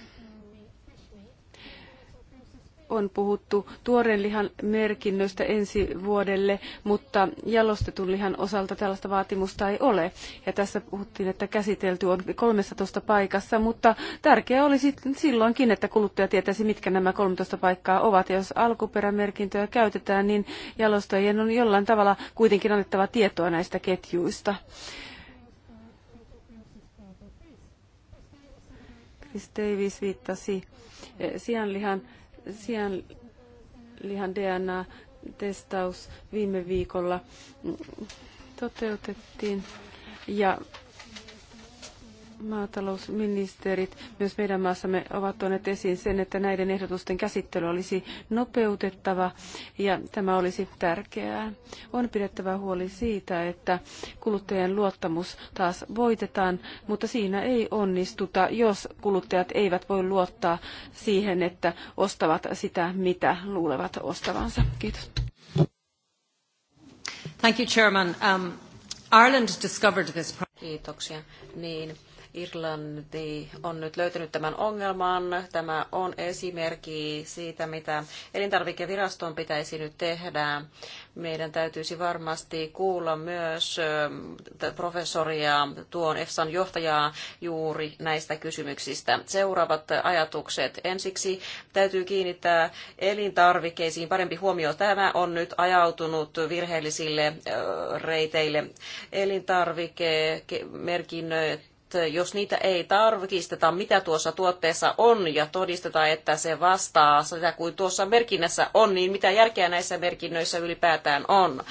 on puhuttu tuoreen lihan merkinnöistä ensi vuodelle, mutta jalostetun lihan osalta tällaista vaatimusta ei ole. Ja tässä puhuttiin, että käsitelty on 13 paikassa, mutta tärkeää olisi silloinkin, että kuluttaja tietäisi, mitkä nämä 13 paikkaa ovat. Ja jos alkuperämerkintöjä käytetään, niin jalostajien on jollain tavalla kuitenkin annettava tietoa näistä ketjuista. Chris Davis viittasi sianlihan sian lihan DNA-testaus viime viikolla toteutettiin ja maatalousministerit myös meidän maassamme ovat tuoneet esiin sen, että näiden ehdotusten käsittely olisi nopeutettava ja tämä olisi tärkeää. On pidettävä huoli siitä, että kuluttajien luottamus taas voitetaan, mutta siinä ei onnistuta, jos kuluttajat eivät voi luottaa siihen, että ostavat sitä, mitä luulevat ostavansa. Kiitos. Thank you, Chairman. Um, Ireland discovered this. Kiitoksia. Niin, Irlanti on nyt löytänyt tämän ongelman. Tämä on esimerkki siitä, mitä elintarvikeviraston pitäisi nyt tehdä. Meidän täytyisi varmasti kuulla myös professoria, tuon EFSAn johtajaa juuri näistä kysymyksistä. Seuraavat ajatukset. Ensiksi täytyy kiinnittää elintarvikkeisiin parempi huomio. Tämä on nyt ajautunut virheellisille reiteille. Elintarvikemerkinnöt jos niitä ei tarkisteta, mitä tuossa tuotteessa on, ja todistetaan, että se vastaa sitä kuin tuossa merkinnässä on, niin mitä järkeä näissä merkinnöissä ylipäätään on.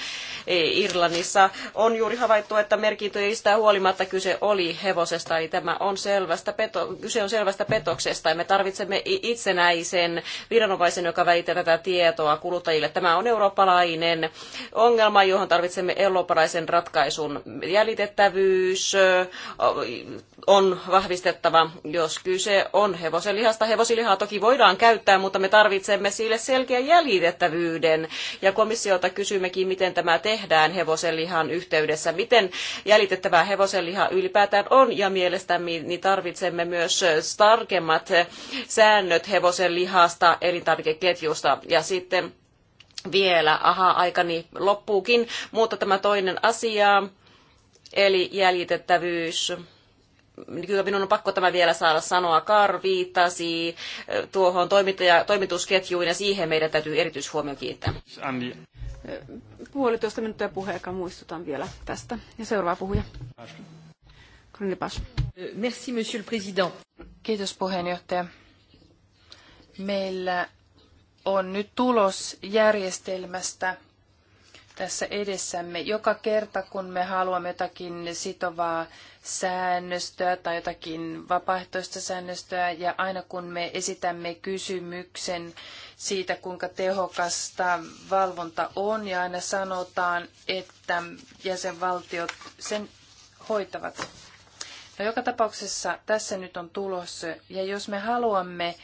E, Irlannissa on juuri havaittu, että merkintöistä huolimatta kyse oli hevosesta, eli tämä on selvästä peto- kyse on selvästä petoksesta, ja me tarvitsemme itsenäisen viranomaisen, joka välittää tätä tietoa kuluttajille. Tämä on eurooppalainen ongelma, johon tarvitsemme eurooppalaisen ratkaisun. Jäljitettävyys, on vahvistettava, jos kyse on hevoselihasta. Hevosilihaa toki voidaan käyttää, mutta me tarvitsemme sille selkeän jäljitettävyyden. Ja komissiolta kysymmekin, miten tämä tehdään hevosenlihan yhteydessä. Miten jäljitettävää hevosenliha ylipäätään on ja mielestäni niin tarvitsemme myös tarkemmat säännöt hevosenlihasta elintarvikeketjusta. Ja sitten vielä, aha, aikani loppuukin, mutta tämä toinen asia, eli jäljitettävyys kyllä minun on pakko tämä vielä saada sanoa, Kar viittasi tuohon toimittaja, toimitusketjuun ja siihen meidän täytyy erityishuomio kiinnittää. Andi. Puolitoista minuuttia puheenjohtaja muistutan vielä tästä. Ja seuraava puhuja. Merci, monsieur le président. Kiitos puheenjohtaja. Meillä on nyt tulos järjestelmästä tässä edessämme. Joka kerta, kun me haluamme jotakin sitovaa säännöstöä tai jotakin vapaaehtoista säännöstöä. Ja aina kun me esitämme kysymyksen siitä, kuinka tehokasta valvonta on, ja aina sanotaan, että jäsenvaltiot sen hoitavat. No joka tapauksessa tässä nyt on tulossa. Ja jos me haluamme,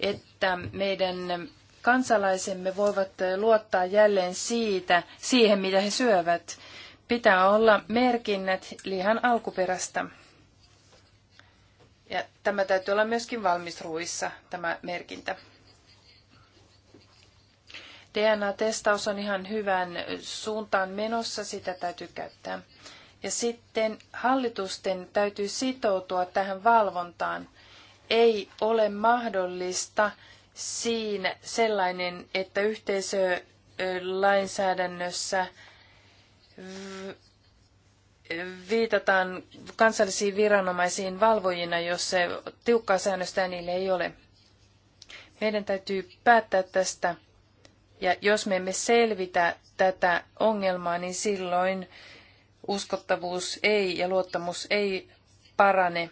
että meidän kansalaisemme voivat luottaa jälleen siitä, siihen, mitä he syövät, pitää olla merkinnät lihan alkuperästä. Ja tämä täytyy olla myöskin ruuissa, tämä merkintä. DNA-testaus on ihan hyvän suuntaan menossa, sitä täytyy käyttää. Ja sitten hallitusten täytyy sitoutua tähän valvontaan. Ei ole mahdollista siinä sellainen, että yhteisölainsäädännössä lainsäädännössä viitataan kansallisiin viranomaisiin valvojina, jos se tiukkaa säännöstä niille ei ole. Meidän täytyy päättää tästä. Ja jos me emme selvitä tätä ongelmaa, niin silloin uskottavuus ei ja luottamus ei parane.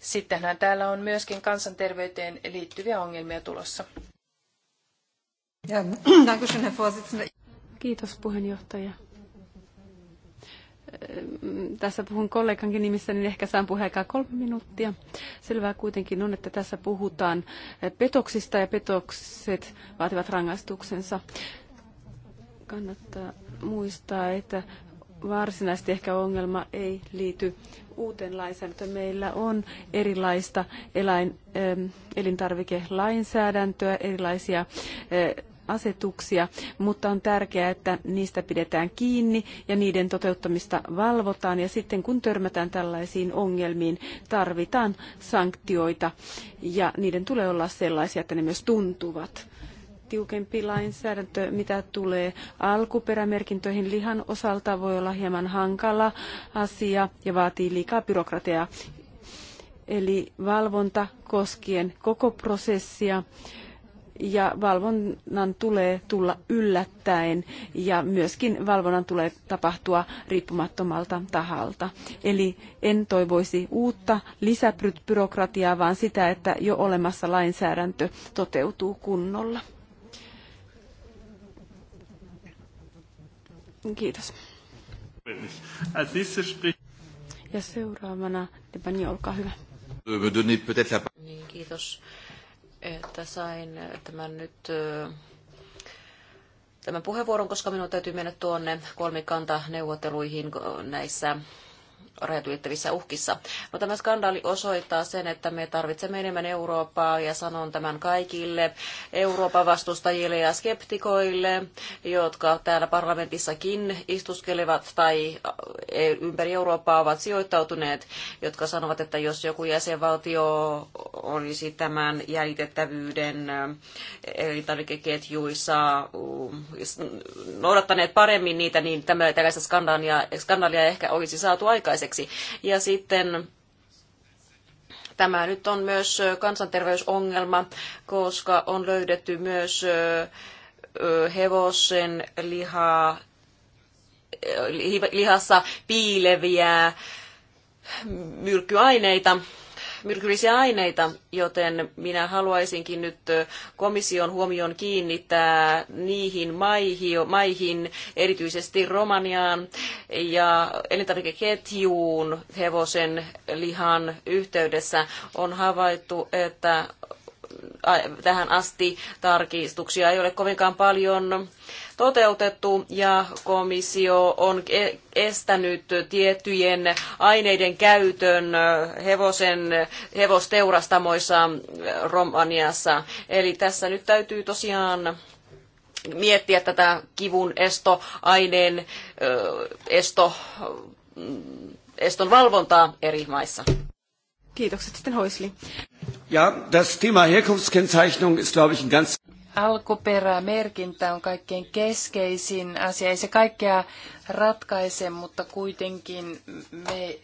Sittenhän täällä on myöskin kansanterveyteen liittyviä ongelmia tulossa. Kiitos puheenjohtaja tässä puhun kollegankin nimissä, niin ehkä saan aikaa kolme minuuttia. Selvää kuitenkin on, että tässä puhutaan petoksista ja petokset vaativat rangaistuksensa. Kannattaa muistaa, että varsinaisesti ehkä ongelma ei liity uuteen lainsäädäntöön. Meillä on erilaista eläin, elintarvikelainsäädäntöä, erilaisia asetuksia, mutta on tärkeää, että niistä pidetään kiinni ja niiden toteuttamista valvotaan. Ja sitten kun törmätään tällaisiin ongelmiin, tarvitaan sanktioita ja niiden tulee olla sellaisia, että ne myös tuntuvat tiukempi lainsäädäntö, mitä tulee alkuperämerkintöihin lihan osalta, voi olla hieman hankala asia ja vaatii liikaa byrokratiaa. Eli valvonta koskien koko prosessia ja valvonnan tulee tulla yllättäen ja myöskin valvonnan tulee tapahtua riippumattomalta tahalta. Eli en toivoisi uutta lisäbyrokratiaa, vaan sitä, että jo olemassa lainsäädäntö toteutuu kunnolla. Kiitos. Ja seuraavana Debani, olkaa hyvä. Niin, kiitos että sain tämän nyt tämän puheenvuoron, koska minun täytyy mennä tuonne kolmikanta neuvotteluihin näissä rajat ylittävissä uhkissa. No, tämä skandaali osoittaa sen, että me tarvitsemme enemmän Eurooppaa ja sanon tämän kaikille Euroopan vastustajille ja skeptikoille, jotka täällä parlamentissakin istuskelevat tai e, ympäri Eurooppaa ovat sijoittautuneet, jotka sanovat, että jos joku jäsenvaltio olisi tämän jäljitettävyyden elintarvikeketjuissa noudattaneet paremmin niitä, niin tämä, tällaista skandaalia, skandaalia ehkä olisi saatu aikaan aikaiseksi. Ja sitten tämä nyt on myös kansanterveysongelma, koska on löydetty myös hevosen lihaa, lihassa piileviä myrkyaineita, myrkyllisiä aineita, joten minä haluaisinkin nyt komission huomion kiinnittää niihin maihin, maihin erityisesti Romaniaan ja elintarvikeketjuun hevosen lihan yhteydessä on havaittu, että tähän asti tarkistuksia ei ole kovinkaan paljon toteutettu ja komissio on e, estänyt tiettyjen aineiden käytön hevosen, hevosteurastamoissa Romaniassa. Eli tässä nyt täytyy tosiaan miettiä tätä kivun estoaineen esto, mm, eston valvontaa eri maissa. Kiitokset sitten Hoisli. Ja, das Thema Herkunftskennzeichnung ist, glaube ich, ein ganz... Alkuperämerkintä on kaikkein keskeisin asia. Ei se kaikkea ratkaise, mutta kuitenkin me,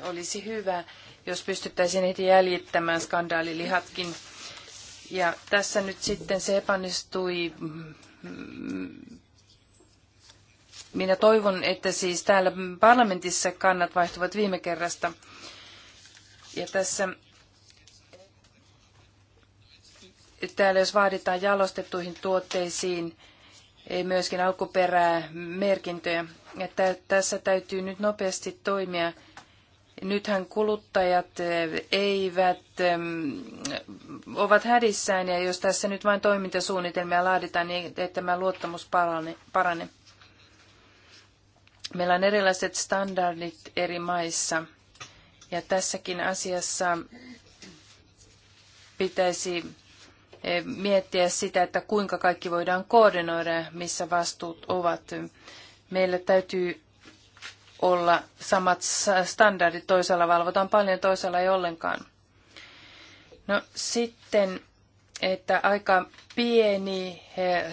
olisi hyvä, jos pystyttäisiin heti jäljittämään skandaalilihatkin. Ja tässä nyt sitten se epäonnistui. Mm, minä toivon, että siis täällä parlamentissa kannat vaihtuvat viime kerrasta. Ja tässä täällä jos vaaditaan jalostettuihin tuotteisiin myöskin merkintöjä. että tässä täytyy nyt nopeasti toimia. Nythän kuluttajat eh, eivät, ovat hädissään ja jos tässä nyt vain toimintasuunnitelmia laaditaan, niin ei tämä luottamus parane. Meillä on erilaiset standardit eri maissa ja tässäkin asiassa pitäisi miettiä sitä, että kuinka kaikki voidaan koordinoida ja missä vastuut ovat. Meillä täytyy olla samat standardit. Toisella valvotaan paljon, toisella ei ollenkaan. No sitten, että aika pieni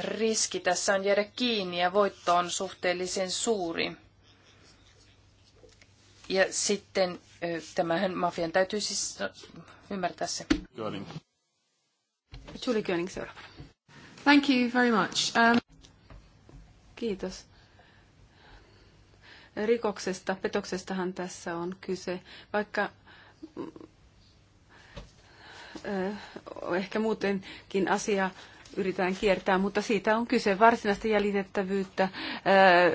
riski tässä on jäädä kiinni ja voitto on suhteellisen suuri. Ja sitten tämähän mafian täytyy siis no, ymmärtää se. Niin. Julie König seuraavana. Thank you very much. Um... Kiitos. Rikoksesta, petoksestahan tässä on kyse. Vaikka äh, ehkä muutenkin asia yritetään kiertää, mutta siitä on kyse varsinaista jäljitettävyyttä, äh,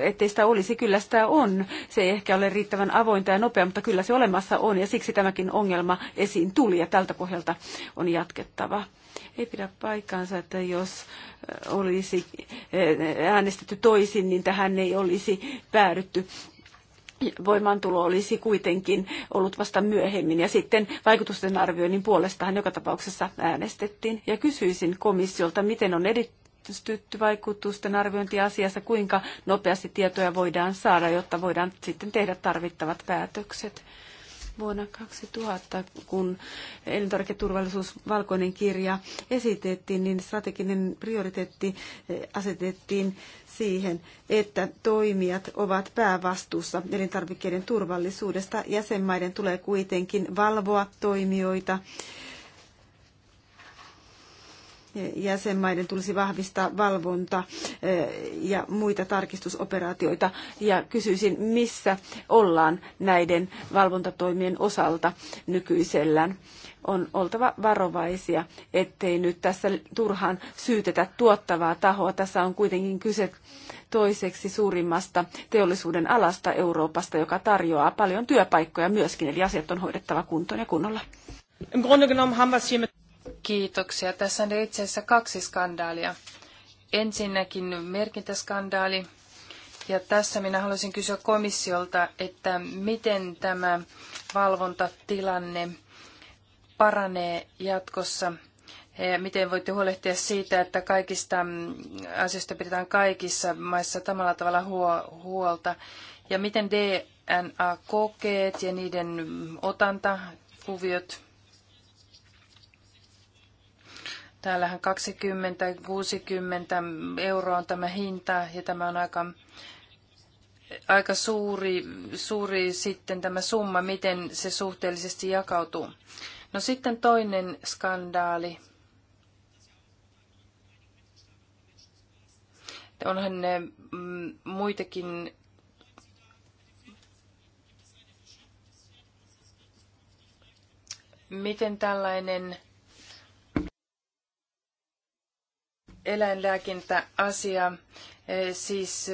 ettei sitä olisi. Kyllä sitä on. Se ei ehkä ole riittävän avointa ja nopea, mutta kyllä se olemassa on ja siksi tämäkin ongelma esiin tuli ja tältä pohjalta on jatkettava. Ei pidä paikkaansa, että jos äh, olisi äh, äänestetty toisin, niin tähän ei olisi päädytty voimaantulo olisi kuitenkin ollut vasta myöhemmin ja sitten vaikutusten arvioinnin puolestahan joka tapauksessa äänestettiin. Ja kysyisin komissiolta, miten on edistytty vaikutusten arviointiasiassa, kuinka nopeasti tietoja voidaan saada, jotta voidaan sitten tehdä tarvittavat päätökset vuonna 2000, kun elintarviketurvallisuus valkoinen kirja esitettiin, niin strateginen prioriteetti eh, asetettiin siihen, että toimijat ovat päävastuussa elintarvikkeiden turvallisuudesta. Jäsenmaiden tulee kuitenkin valvoa toimijoita jäsenmaiden tulisi vahvistaa valvonta eh, ja muita tarkistusoperaatioita. Ja kysyisin, missä ollaan näiden valvontatoimien osalta nykyisellään. On oltava varovaisia, ettei nyt tässä turhaan syytetä tuottavaa tahoa. Tässä on kuitenkin kyse toiseksi suurimmasta teollisuuden alasta Euroopasta, joka tarjoaa paljon työpaikkoja myöskin, eli asiat on hoidettava kuntoon ja kunnolla. Im Grunde genommen haben wir es hier mit Kiitoksia. Tässä on itse asiassa kaksi skandaalia. Ensinnäkin merkintäskandaali. Ja tässä minä haluaisin kysyä komissiolta, että miten tämä valvontatilanne paranee jatkossa. Ja miten voitte huolehtia siitä, että kaikista mm, asioista pidetään kaikissa maissa samalla tavalla huolta? Ja miten DNA-kokeet ja niiden otantakuviot Täällähän 20-60 euroa on tämä hinta ja tämä on aika, aika suuri, suuri sitten tämä summa, miten se suhteellisesti jakautuu. No sitten toinen skandaali. Onhan ne eh, mm, muitakin miten tällainen eläinlääkintäasia, eh, siis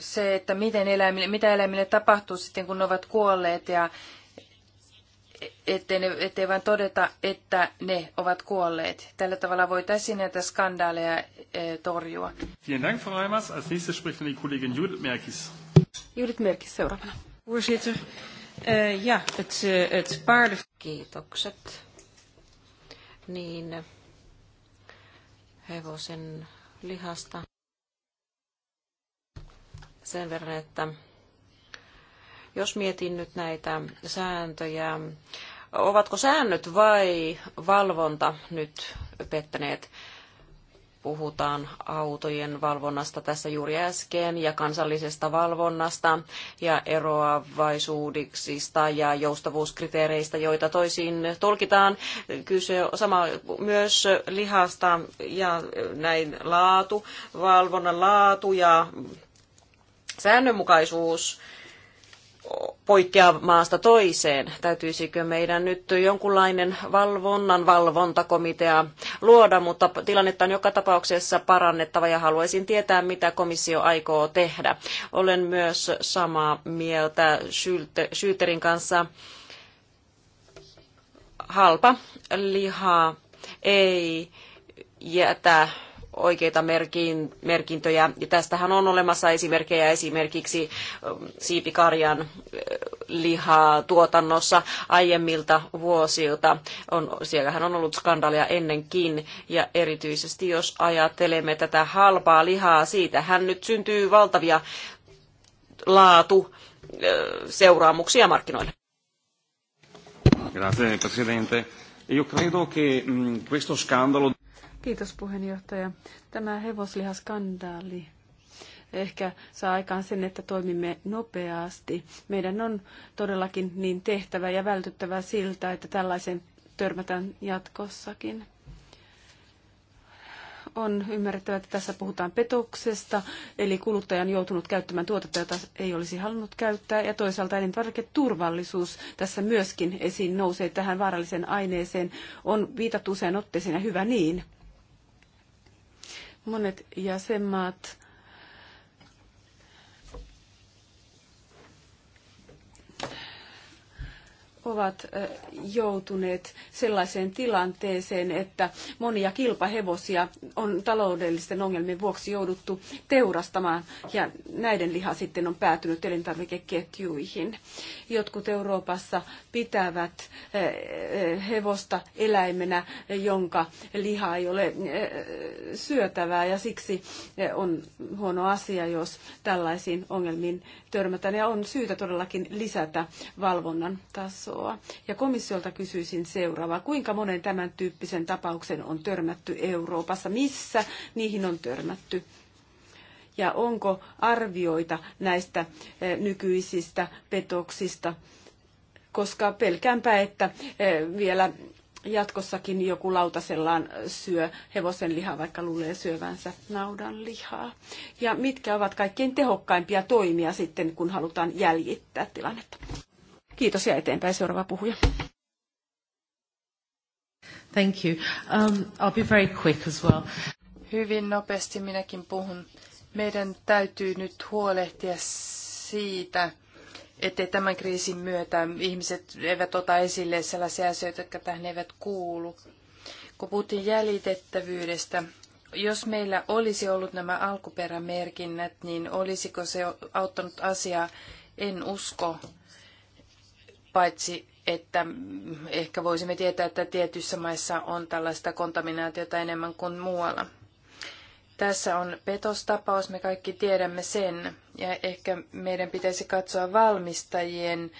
se, että miten eläimille, mitä eläimille tapahtuu sitten, kun ne ovat kuolleet ja ettei, ne, ettei vain todeta, että ne ovat kuolleet. Tällä tavalla voitaisiin näitä skandaaleja eh, torjua. Vielen Dank, Frau Reimers. Als nächstes spricht die Kollegin Judith Merkis. Judith Merkis seuraavana. Voorzitter, eh, ja, het, het paarden... Kiitokset. Niin, hevosen lihasta sen verran, että jos mietin nyt näitä sääntöjä, ovatko säännöt vai valvonta nyt pettäneet? puhutaan autojen valvonnasta tässä juuri äsken ja kansallisesta valvonnasta ja eroavaisuudiksista ja joustavuuskriteereistä, joita toisiin tulkitaan. Kyse on sama myös lihasta ja näin laatu, valvonnan laatu ja säännönmukaisuus poikkeaa maasta toiseen. Täytyisikö meidän nyt jonkunlainen valvonnan valvontakomitea luoda, mutta tilannetta on joka tapauksessa parannettava ja haluaisin tietää, mitä komissio aikoo tehdä. Olen myös samaa mieltä Syyterin kanssa. Halpa liha ei jätä oikeita merkintöjä. Ja tästähän on olemassa esimerkkejä esimerkiksi ähm, siipikarjan äh, lihaa tuotannossa aiemmilta vuosilta. On, siellähän on ollut skandaalia ennenkin ja erityisesti jos ajattelemme tätä halpaa lihaa, siitähän nyt syntyy valtavia laatu äh, seuraamuksia markkinoille. Grazie Presidente. Io credo che mm, questo scandalo Kiitos puheenjohtaja. Tämä hevoslihaskandaali ehkä saa aikaan sen, että toimimme nopeasti. Meidän on todellakin niin tehtävä ja vältyttävä siltä, että tällaisen törmätään jatkossakin. On ymmärrettävä, että tässä puhutaan petoksesta, eli kuluttaja on joutunut käyttämään tuotetta, jota ei olisi halunnut käyttää, ja toisaalta elintarviketurvallisuus tässä myöskin esiin nousee tähän vaaralliseen aineeseen. On viitattu usein otteeseen, ja hyvä niin Monet jäsenmaat ovat joutuneet sellaiseen tilanteeseen, että monia kilpahevosia on taloudellisten ongelmien vuoksi jouduttu teurastamaan ja näiden liha sitten on päätynyt elintarvikeketjuihin. Jotkut Euroopassa pitävät hevosta eläimenä, jonka liha ei ole syötävää ja siksi on huono asia, jos tällaisiin ongelmiin törmätään ja on syytä todellakin lisätä valvonnan tasoa tietoa. Ja komissiolta kysyisin seuraavaa. Kuinka monen tämän tyyppisen tapauksen on törmätty Euroopassa? Missä niihin on törmätty? Ja onko arvioita näistä eh, nykyisistä petoksista? Koska pelkäänpä, että eh, vielä jatkossakin joku lautasellaan syö hevosen lihaa, vaikka luulee syövänsä naudan lihaa. Ja mitkä ovat kaikkein tehokkaimpia toimia sitten, kun halutaan jäljittää tilannetta? Kiitos ja eteenpäin seuraava puhuja. Thank you. Um, I'll be very quick as well. Hyvin nopeasti minäkin puhun. Meidän täytyy nyt huolehtia siitä, ettei tämän kriisin myötä ihmiset eivät ota esille sellaisia asioita, jotka tähän eivät kuulu. Kun puhuttiin jäljitettävyydestä, jos meillä olisi ollut nämä alkuperämerkinnät, niin olisiko se auttanut asiaa? En usko paitsi että ehkä voisimme tietää, että tietyissä maissa on tällaista kontaminaatiota enemmän kuin muualla. Tässä on petostapaus, me kaikki tiedämme sen, ja ehkä meidän pitäisi katsoa valmistajien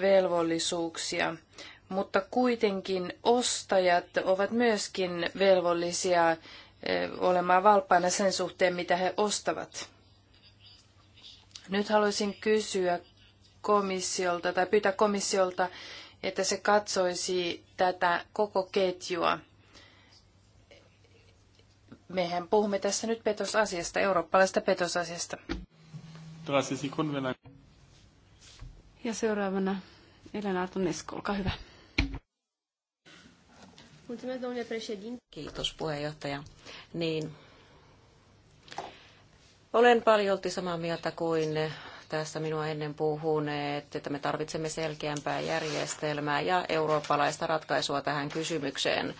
velvollisuuksia. Mutta kuitenkin ostajat ovat myöskin velvollisia eh, olemaan valppaina sen suhteen, mitä he ostavat. Nyt haluaisin kysyä komissiolta tai pyytää komissiolta, että se katsoisi tätä koko ketjua. Mehän puhumme tässä nyt petosasiasta, eurooppalaisesta petosasiasta. Ja seuraavana Elena Artonesko, olkaa hyvä. Kiitos puheenjohtaja. Niin, olen paljolti samaa mieltä kuin tässä minua ennen puhuneet, että me tarvitsemme selkeämpää järjestelmää ja eurooppalaista ratkaisua tähän kysymykseen.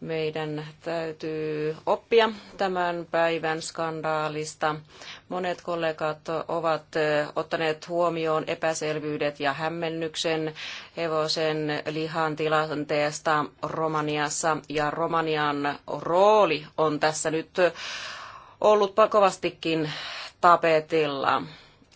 Meidän täytyy oppia tämän päivän skandaalista. Monet kollegat ovat ottaneet huomioon epäselvyydet ja hämmennyksen hevosen lihan tilanteesta Romaniassa. Ja Romanian rooli on tässä nyt ollut kovastikin tapetilla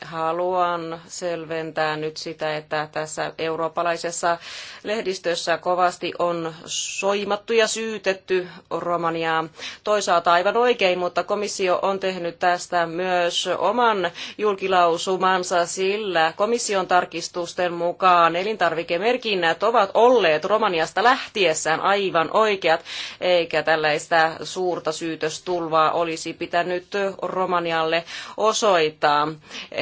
haluan selventää nyt sitä, että tässä eurooppalaisessa lehdistössä kovasti on soimattu ja syytetty Romaniaa. Toisaalta aivan oikein, mutta komissio on tehnyt tästä myös oman julkilausumansa, sillä komission tarkistusten mukaan elintarvikemerkinnät ovat olleet Romaniasta lähtiessään aivan oikeat, eikä tällaista suurta syytöstulvaa olisi pitänyt Romanialle osoittaa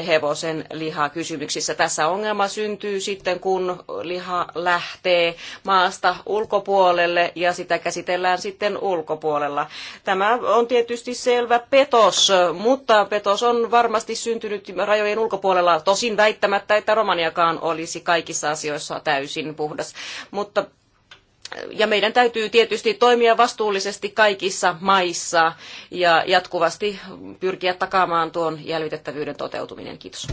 hevosen liha kysymyksissä. Tässä ongelma syntyy sitten, kun liha lähtee maasta ulkopuolelle ja sitä käsitellään sitten ulkopuolella. Tämä on tietysti selvä petos, mutta petos on varmasti syntynyt rajojen ulkopuolella, tosin väittämättä, että Romaniakaan olisi kaikissa asioissa täysin puhdas. Mutta ja meidän täytyy tietysti toimia vastuullisesti kaikissa maissa ja jatkuvasti pyrkiä takaamaan tuon jäljitettävyyden toteutuminen. Kiitos.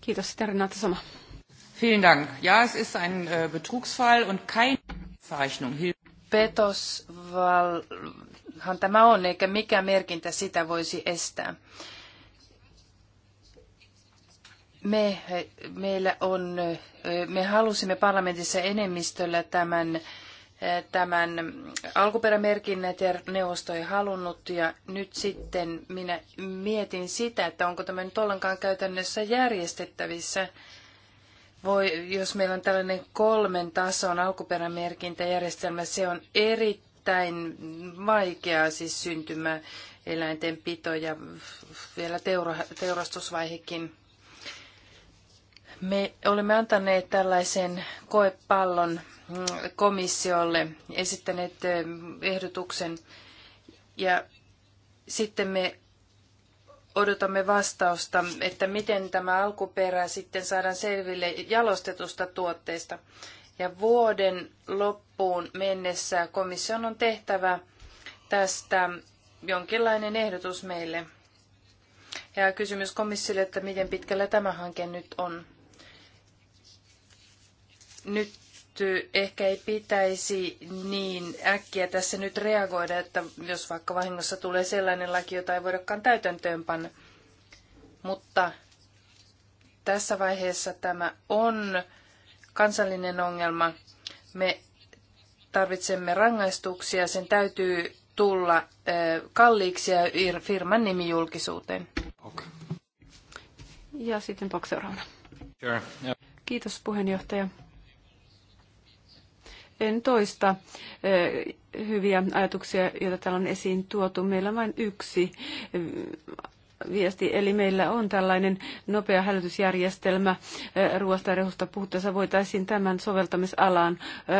Kiitos, sitten Renate Sama. Vielen Dank. Ja, es ist ein äh, Betrugsfall und keine Petosvalhan tämä on, eikä mikä merkintä sitä voisi estää. Me, meillä on, me halusimme parlamentissa enemmistöllä tämän, tämän alkuperämerkinnät ja neuvosto ei halunnut. Ja nyt sitten minä mietin sitä, että onko tämä nyt ollenkaan käytännössä järjestettävissä. Voi, jos meillä on tällainen kolmen tason alkuperämerkintäjärjestelmä, se on erittäin vaikeaa siis syntymä eläinten pito ja vielä teura, teurastusvaihekin. Me olemme antaneet tällaisen koepallon mm, komissiolle, esittäneet ehdotuksen ja sitten me odotamme vastausta, että miten tämä alkuperä sitten saadaan selville jalostetusta tuotteesta. Ja vuoden loppuun mennessä komission on tehtävä tästä jonkinlainen ehdotus meille. Ja kysymys komissiolle, että miten pitkällä tämä hanke nyt on nyt ehkä ei pitäisi niin äkkiä tässä nyt reagoida, että jos vaikka vahingossa tulee sellainen laki, jota ei voidakaan täytäntöönpanna. Mutta tässä vaiheessa tämä on kansallinen ongelma. Me tarvitsemme rangaistuksia, sen täytyy tulla kalliiksi ja firman nimi julkisuuteen. Okay. Ja sitten Pak seuraavana. Sure. Yeah. Kiitos puheenjohtaja. En toista eh, hyviä ajatuksia, joita täällä on esiin tuotu. Meillä on vain yksi eh, viesti. Eli meillä on tällainen nopea hälytysjärjestelmä eh, ruoasta ja rehusta puhuttaessa. Voitaisiin tämän soveltamisalaan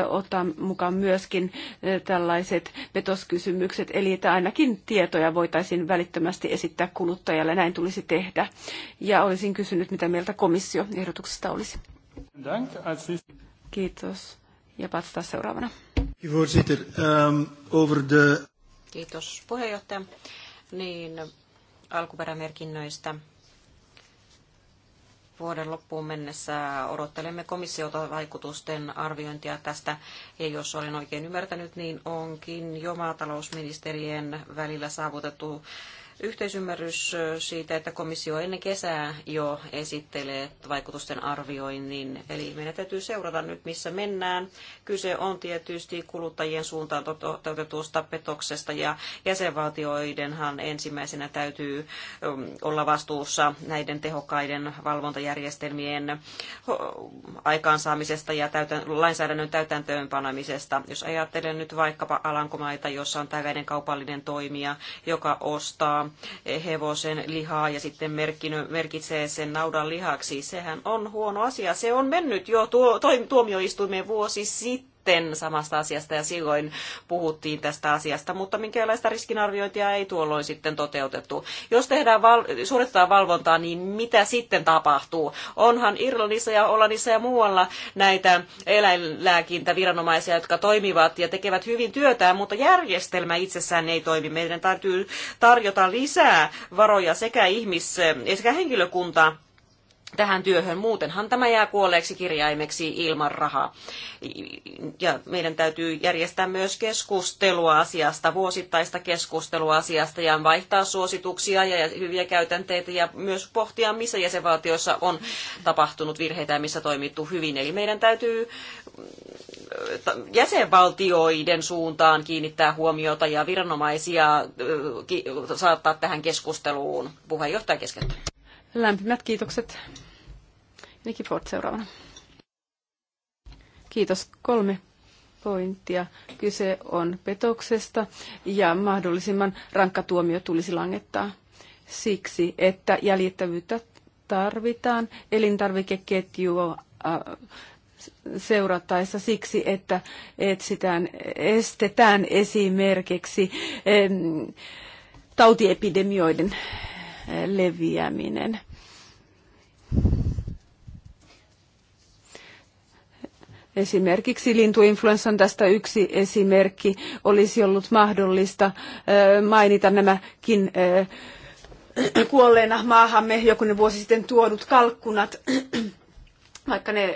ottaa mukaan myöskin tällaiset petoskysymykset. Eli että ainakin tietoja voitaisiin välittömästi esittää kuluttajalle. Näin tulisi tehdä. Ja olisin kysynyt, mitä mieltä komissio ehdotuksesta olisi. Kiitos ja vastaa seuraavana. Ehm, Kiitos puheenjohtaja. Niin, alkuperämerkinnöistä vuoden loppuun mennessä odottelemme komissiota vaikutusten arviointia tästä. Ja jos olen oikein ymmärtänyt, niin onkin jo maatalousministerien välillä saavutettu yhteisymmärrys siitä, että komissio ennen kesää jo esittelee vaikutusten arvioinnin. Eli meidän täytyy seurata nyt, missä mennään. Kyse on tietysti kuluttajien suuntaan toteutetusta petoksesta ja jäsenvaltioidenhan ensimmäisenä täytyy olla vastuussa näiden tehokkaiden valvontajärjestelmien aikaansaamisesta ja lainsäädännön täytäntöönpanamisesta. Jos ajattelen nyt vaikkapa Alankomaita, jossa on tällainen kaupallinen toimija, joka ostaa hevosen lihaa ja sitten merkitsee sen naudan lihaksi. Sehän on huono asia. Se on mennyt jo tuo, tuomioistuimeen vuosi sitten sitten samasta asiasta ja silloin puhuttiin tästä asiasta, mutta minkäänlaista riskinarviointia ei tuolloin sitten toteutettu. Jos tehdään val- suoritetaan valvontaa, niin mitä sitten tapahtuu? Onhan Irlannissa ja Olanissa ja muualla näitä eläinlääkintäviranomaisia, jotka toimivat ja tekevät hyvin työtään, mutta järjestelmä itsessään ei toimi. Meidän täytyy tarjota lisää varoja sekä ihmis- sekä henkilökuntaa tähän työhön. Muutenhan tämä jää kuolleeksi kirjaimeksi ilman rahaa. Ja meidän täytyy järjestää myös keskustelua asiasta, vuosittaista keskustelua asiasta ja vaihtaa suosituksia ja hyviä käytänteitä ja myös pohtia, missä jäsenvaltioissa on tapahtunut virheitä ja missä toimittu hyvin. Eli meidän täytyy mm, jäsenvaltioiden suuntaan kiinnittää huomiota ja viranomaisia saattaa tähän keskusteluun. Puheenjohtaja keskeyttää. Lämpimät kiitokset. Niki Ford seuraavana. Kiitos. Kolme pointtia. Kyse on petoksesta ja mahdollisimman rankka tuomio tulisi langettaa siksi, että jäljittävyyttä tarvitaan elintarvikeketjua äh, seurattaessa siksi, että etsitään, estetään esimerkiksi tautiepidemioiden leviäminen. Esimerkiksi lintuinfluenssan tästä yksi esimerkki olisi ollut mahdollista mainita nämäkin kuolleena maahamme ne vuosi sitten tuodut kalkkunat vaikka ne,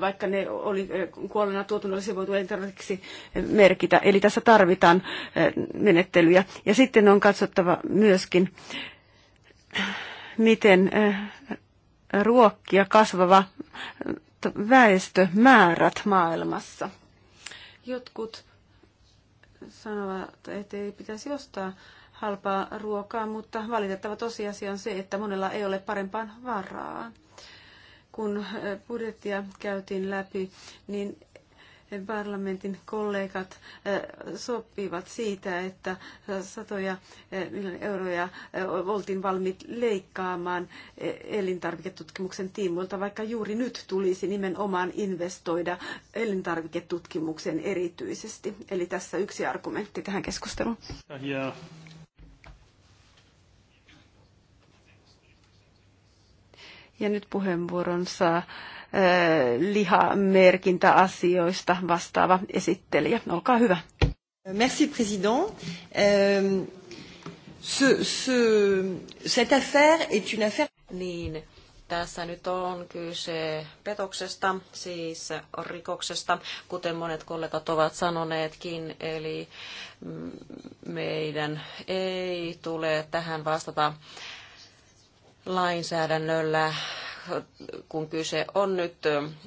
vaikka ne oli kuolleena tuotuna, olisi voitu elintarvikkeeksi merkitä. Eli tässä tarvitaan menettelyjä. Ja sitten on katsottava myöskin miten ruokkia kasvava väestömäärät maailmassa. Jotkut sanovat, että ei pitäisi ostaa halpaa ruokaa, mutta valitettava tosiasia on se, että monella ei ole parempaan varaa. Kun budjettia käytiin läpi, niin parlamentin kollegat eh, sopivat siitä, että satoja eh, euroja eh, oltiin valmiit leikkaamaan elintarviketutkimuksen tiimoilta, vaikka juuri nyt tulisi nimenomaan investoida elintarviketutkimukseen erityisesti. Eli tässä yksi argumentti tähän keskusteluun. Ja. Ja nyt puheenvuoron saa lihamerkintäasioista vastaava esittelijä. Olkaa hyvä. Merci, président. ce, ce, cette affaire est une affaire... Niin, tässä nyt on kyse petoksesta, siis rikoksesta, kuten monet kollegat ovat sanoneetkin. Eli meidän ei tule tähän vastata lainsäädännöllä kun kyse on nyt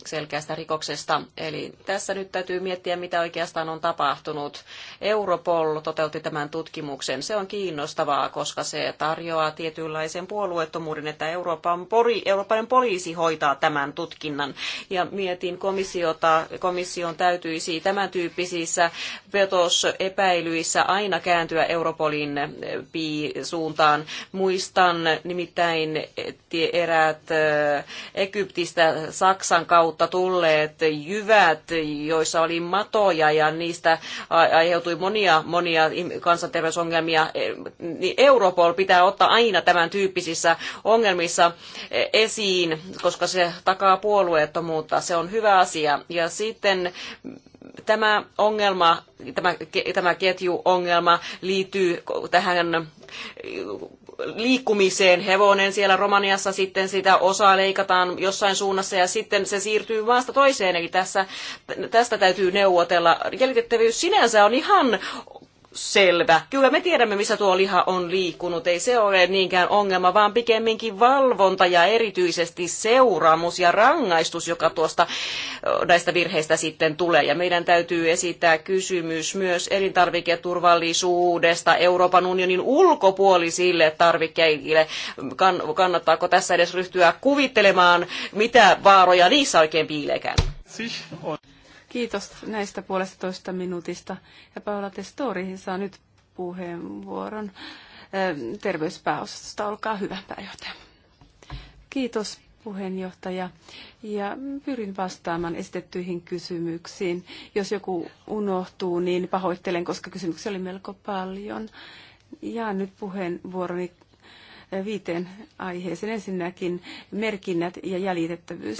selkeästä rikoksesta. Eli tässä nyt täytyy miettiä, mitä oikeastaan on tapahtunut. Europol toteutti tämän tutkimuksen. Se on kiinnostavaa, koska se tarjoaa tietynlaisen puolueettomuuden, että Euroopan pori, Euroopan poliisi hoitaa tämän tutkinnan. Ja mietin komissiota, komission täytyisi tämän tyyppisissä petosepäilyissä aina kääntyä Europolin suuntaan. Muistan nimittäin eräät Egyptistä Saksan kautta tulleet jyvät, joissa oli matoja ja niistä aiheutui monia, monia kansanterveysongelmia. E, niin Europol pitää ottaa aina tämän tyyppisissä ongelmissa e, esiin, koska se takaa puolueettomuutta. Se on hyvä asia. Ja sitten tämä ongelma, tämä, tämä ketjuongelma liittyy tähän liikkumiseen hevonen siellä Romaniassa, sitten sitä osaa leikataan jossain suunnassa ja sitten se siirtyy maasta toiseen. Eli tässä, tästä täytyy neuvotella. Jäljitettävyys sinänsä on ihan selvä. Kyllä me tiedämme, missä tuo liha on liikkunut. Ei se ole niinkään ongelma, vaan pikemminkin valvonta ja erityisesti seuraamus ja rangaistus, joka tuosta näistä virheistä sitten tulee. Ja meidän täytyy esittää kysymys myös elintarviketurvallisuudesta Euroopan unionin ulkopuolisille tarvikkeille. kannattaako tässä edes ryhtyä kuvittelemaan, mitä vaaroja niissä oikein piileekään? Siis Kiitos näistä puolestatoista minuutista. Ja Paula Testori saa nyt puheenvuoron äh, terveyspääosastosta. Olkaa hyvä, pääjohtaja. Kiitos puheenjohtaja. Ja pyrin vastaamaan esitettyihin kysymyksiin. Jos joku unohtuu, niin pahoittelen, koska kysymyksiä oli melko paljon. Ja nyt puheenvuoroni äh, viiteen aiheeseen. Ensinnäkin merkinnät ja jäljitettävyys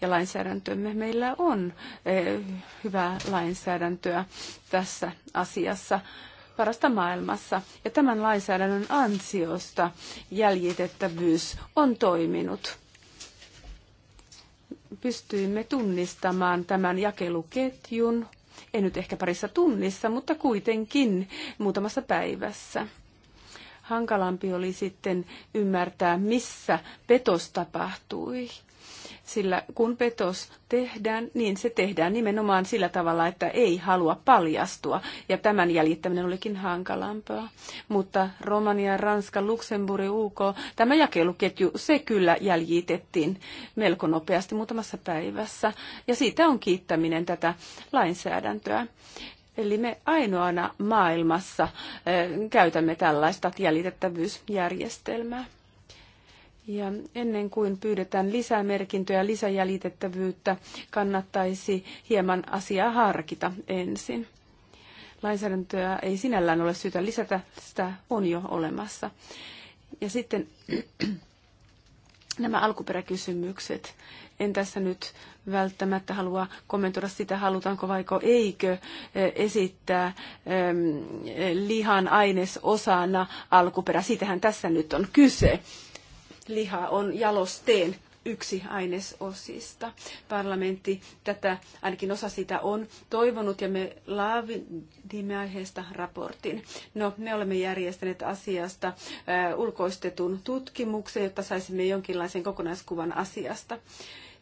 ja lainsäädäntömme. Meillä on eh, hyvää lainsäädäntöä tässä asiassa parasta maailmassa. Ja tämän lainsäädännön ansiosta jäljitettävyys on toiminut. Pystyimme tunnistamaan tämän jakeluketjun, ei nyt ehkä parissa tunnissa, mutta kuitenkin muutamassa päivässä. Hankalampi oli sitten ymmärtää, missä petos tapahtui sillä kun petos tehdään, niin se tehdään nimenomaan sillä tavalla, että ei halua paljastua. Ja tämän jäljittäminen olikin hankalampaa. Mutta Romania, Ranska, Luxemburg, UK, tämä jakeluketju, se kyllä jäljitettiin melko nopeasti muutamassa päivässä. Ja siitä on kiittäminen tätä lainsäädäntöä. Eli me ainoana maailmassa eh, käytämme tällaista jäljitettävyysjärjestelmää. Ja ennen kuin pyydetään lisää merkintöjä, lisäjäljitettävyyttä, kannattaisi hieman asiaa harkita ensin. Lainsäädäntöä ei sinällään ole syytä lisätä, sitä on jo olemassa. Ja sitten [clears throat] nämä alkuperäkysymykset. En tässä nyt välttämättä halua kommentoida sitä, halutaanko vaiko eikö eh, esittää lihan ainesosana alkuperä. Siitähän tässä nyt on kyse liha on jalosteen yksi ainesosista. Parlamentti tätä, ainakin osa sitä on toivonut ja me laavimme aiheesta raportin. No, me olemme järjestäneet asiasta ä, ulkoistetun tutkimuksen, jotta saisimme jonkinlaisen kokonaiskuvan asiasta.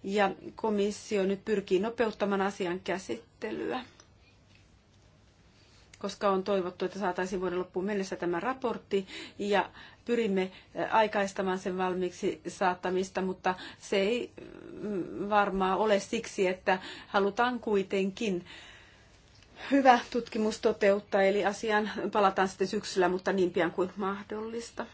Ja komissio nyt pyrkii nopeuttamaan asian käsittelyä koska on toivottu, että saataisiin vuoden loppuun mennessä tämä raportti ja pyrimme eh, aikaistamaan sen valmiiksi saattamista, mutta se ei mm, varmaan ole siksi, että halutaan kuitenkin hyvä tutkimus toteuttaa, eli asiaan palataan sitten syksyllä, mutta niin pian kuin mahdollista.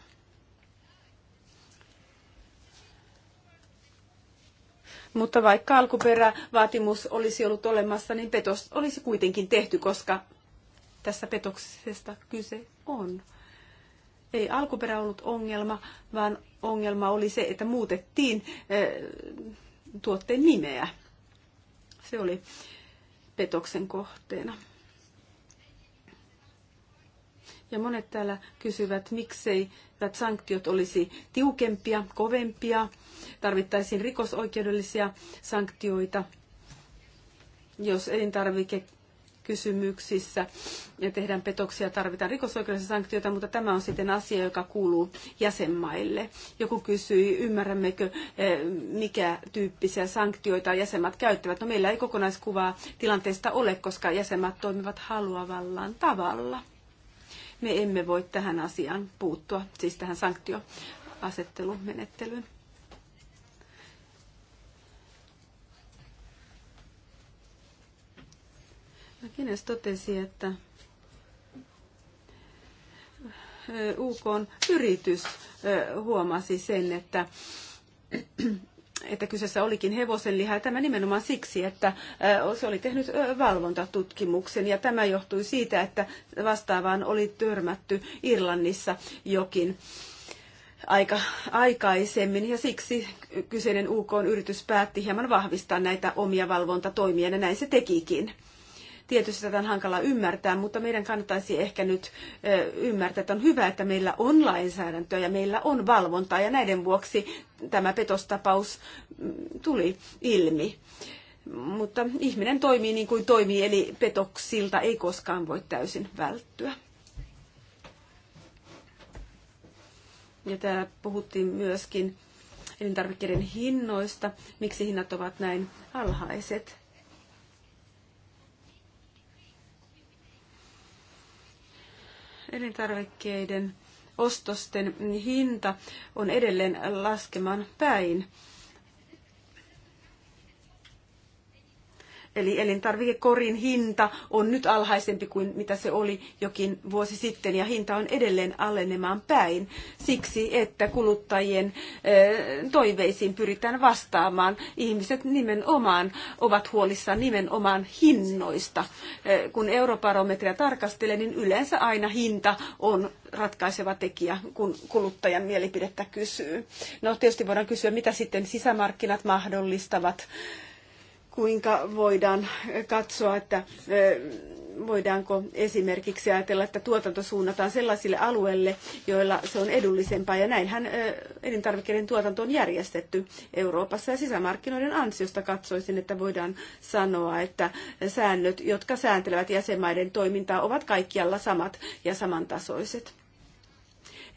Mutta vaikka alkuperävaatimus olisi ollut olemassa, niin petos olisi kuitenkin tehty, koska tässä petoksesta kyse on. Ei alkuperä ollut ongelma, vaan ongelma oli se, että muutettiin eh, tuotteen nimeä. Se oli petoksen kohteena. Ja monet täällä kysyvät, miksei että sanktiot olisi tiukempia, kovempia, tarvittaisiin rikosoikeudellisia sanktioita, jos elintarvike kysymyksissä ja tehdään petoksia, tarvitaan rikosoikeudellisia sanktioita, mutta tämä on sitten asia, joka kuuluu jäsenmaille. Joku kysyi, ymmärrämmekö, eh, mikä tyyppisiä sanktioita jäsenmaat käyttävät. No meillä ei kokonaiskuvaa tilanteesta ole, koska jäsenmaat toimivat haluavallaan tavalla. Me emme voi tähän asiaan puuttua, siis tähän sanktioasettelumenettelyyn. Kines totesi, että UK-yritys huomasi sen, että että kyseessä olikin hevosenliha. Tämä nimenomaan siksi, että se oli tehnyt valvontatutkimuksen ja tämä johtui siitä, että vastaavaan oli törmätty Irlannissa jokin aika aikaisemmin ja siksi kyseinen UK-yritys päätti hieman vahvistaa näitä omia valvontatoimia ja näin se tekikin. Tietysti tätä on hankala ymmärtää, mutta meidän kannattaisi ehkä nyt ymmärtää, että on hyvä, että meillä on lainsäädäntöä ja meillä on valvontaa ja näiden vuoksi tämä petostapaus mm, tuli ilmi. Mutta ihminen toimii niin kuin toimii, eli petoksilta ei koskaan voi täysin välttyä. Ja täällä puhuttiin myöskin elintarvikkeiden hinnoista, miksi hinnat ovat näin alhaiset. elintarvikkeiden ostosten hinta on edelleen laskemaan päin. Eli elintarvikekorin hinta on nyt alhaisempi kuin mitä se oli jokin vuosi sitten ja hinta on edelleen alenemaan päin siksi, että kuluttajien eh, toiveisiin pyritään vastaamaan. Ihmiset nimenomaan ovat huolissaan nimenomaan hinnoista. Eh, kun europarometria tarkastelee, niin yleensä aina hinta on ratkaiseva tekijä, kun kuluttajan mielipidettä kysyy. No tietysti voidaan kysyä, mitä sitten sisämarkkinat mahdollistavat kuinka voidaan katsoa, että voidaanko esimerkiksi ajatella, että tuotanto suunnataan sellaisille alueille, joilla se on edullisempaa. Ja näinhän elintarvikkeiden tuotanto on järjestetty Euroopassa ja sisämarkkinoiden ansiosta katsoisin, että voidaan sanoa, että säännöt, jotka sääntelevät jäsenmaiden toimintaa, ovat kaikkialla samat ja samantasoiset.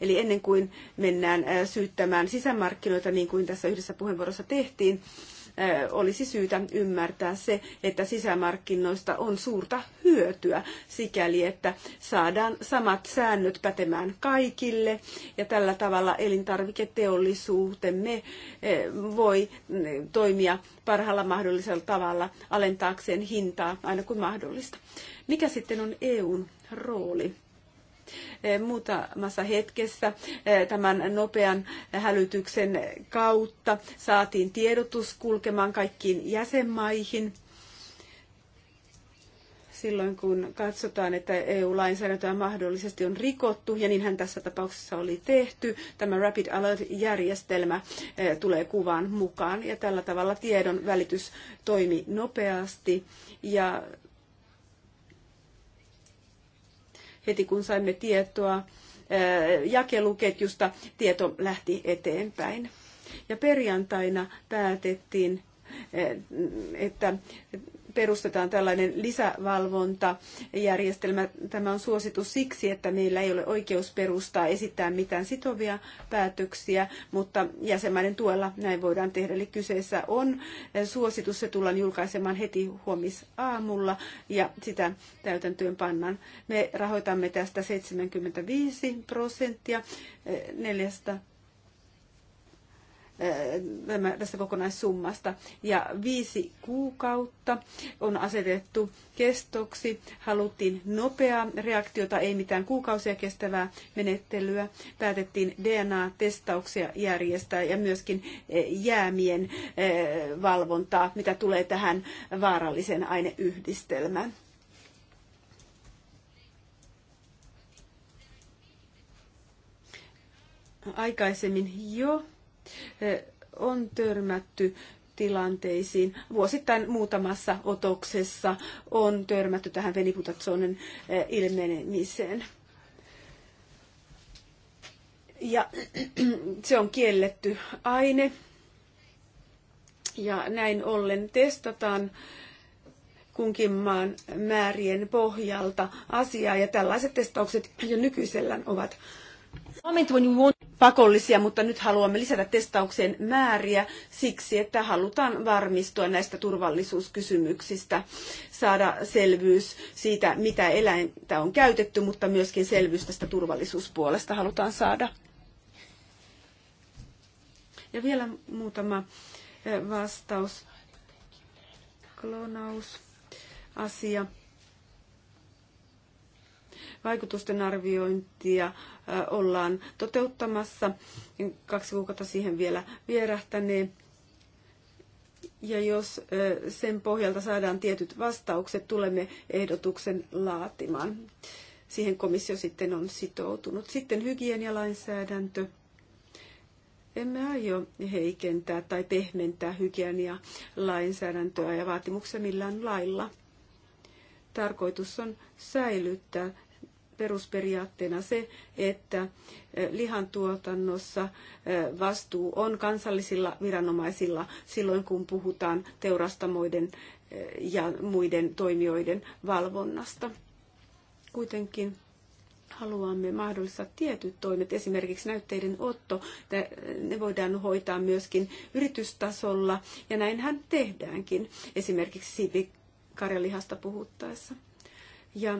Eli ennen kuin mennään syyttämään sisämarkkinoita, niin kuin tässä yhdessä puheenvuorossa tehtiin, olisi syytä ymmärtää se, että sisämarkkinoista on suurta hyötyä sikäli, että saadaan samat säännöt pätemään kaikille ja tällä tavalla elintarviketeollisuutemme voi mm, toimia parhaalla mahdollisella tavalla alentaakseen hintaa aina kun mahdollista. Mikä sitten on EUn rooli? Eh, muutamassa hetkessä eh, tämän nopean hälytyksen kautta saatiin tiedotus kulkemaan kaikkiin jäsenmaihin silloin, kun katsotaan, että EU-lainsäädäntöä mahdollisesti on rikottu, ja niinhän tässä tapauksessa oli tehty, tämä Rapid Alert-järjestelmä eh, tulee kuvan mukaan, ja tällä tavalla tiedon välitys toimi nopeasti, ja heti kun saimme tietoa jakeluketjusta, tieto lähti eteenpäin. Ja perjantaina päätettiin, että perustetaan tällainen lisävalvontajärjestelmä. Tämä on suositus siksi, että meillä ei ole oikeus perustaa esittää mitään sitovia päätöksiä, mutta jäsenmaiden tuella näin voidaan tehdä. Eli kyseessä on suositus, se tullaan julkaisemaan heti huomisaamulla ja sitä täytäntöön pannaan. Me rahoitamme tästä 75 prosenttia neljästä tästä kokonaissummasta. Ja viisi kuukautta on asetettu kestoksi. Haluttiin nopeaa reaktiota, ei mitään kuukausia kestävää menettelyä. Päätettiin DNA-testauksia järjestää ja myöskin jäämien valvontaa, mitä tulee tähän vaarallisen aineyhdistelmään. Aikaisemmin jo on törmätty tilanteisiin. Vuosittain muutamassa otoksessa on törmätty tähän veniputatsonen ilmenemiseen. Ja [clears throat] se on kielletty aine. Ja näin ollen testataan kunkin maan määrien pohjalta asiaa, ja tällaiset testaukset jo nykyisellään ovat pakollisia, mutta nyt haluamme lisätä testauksen määriä siksi, että halutaan varmistua näistä turvallisuuskysymyksistä, saada selvyys siitä, mitä eläintä on käytetty, mutta myöskin selvyys tästä turvallisuuspuolesta halutaan saada. Ja vielä muutama e, vastaus. Klonaus. Asia. Vaikutusten arviointia ollaan toteuttamassa. Kaksi kuukautta siihen vielä vierähtäneen. Ja jos sen pohjalta saadaan tietyt vastaukset, tulemme ehdotuksen laatimaan. Siihen komissio sitten on sitoutunut. Sitten hygienialainsäädäntö. Emme aio heikentää tai pehmentää hygienialainsäädäntöä ja vaatimuksia millään lailla. Tarkoitus on säilyttää perusperiaatteena se, että lihantuotannossa vastuu on kansallisilla viranomaisilla silloin, kun puhutaan teurastamoiden ja muiden toimijoiden valvonnasta. Kuitenkin haluamme mahdollistaa tietyt toimet, esimerkiksi näytteiden otto, ne voidaan hoitaa myöskin yritystasolla, ja näinhän tehdäänkin, esimerkiksi siipikarjalihasta puhuttaessa. Ja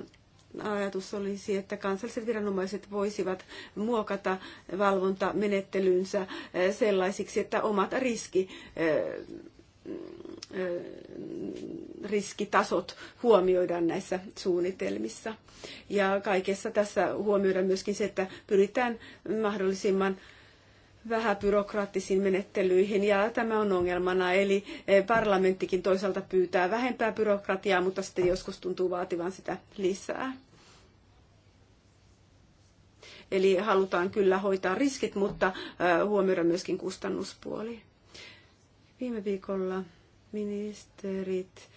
ajatus olisi, että kansalliset viranomaiset voisivat muokata valvontamenettelynsä eh, sellaisiksi, että omat riski eh, eh, riskitasot huomioidaan näissä suunnitelmissa. Ja kaikessa tässä huomioidaan myöskin se, että pyritään mahdollisimman vähäbyrokraattisiin menettelyihin ja tämä on ongelmana. Eli eh, parlamenttikin toisaalta pyytää vähempää byrokratiaa, mutta sitten joskus tuntuu vaativan sitä lisää. Eli halutaan kyllä hoitaa riskit, mutta eh, huomioida myöskin kustannuspuoli. Viime viikolla ministerit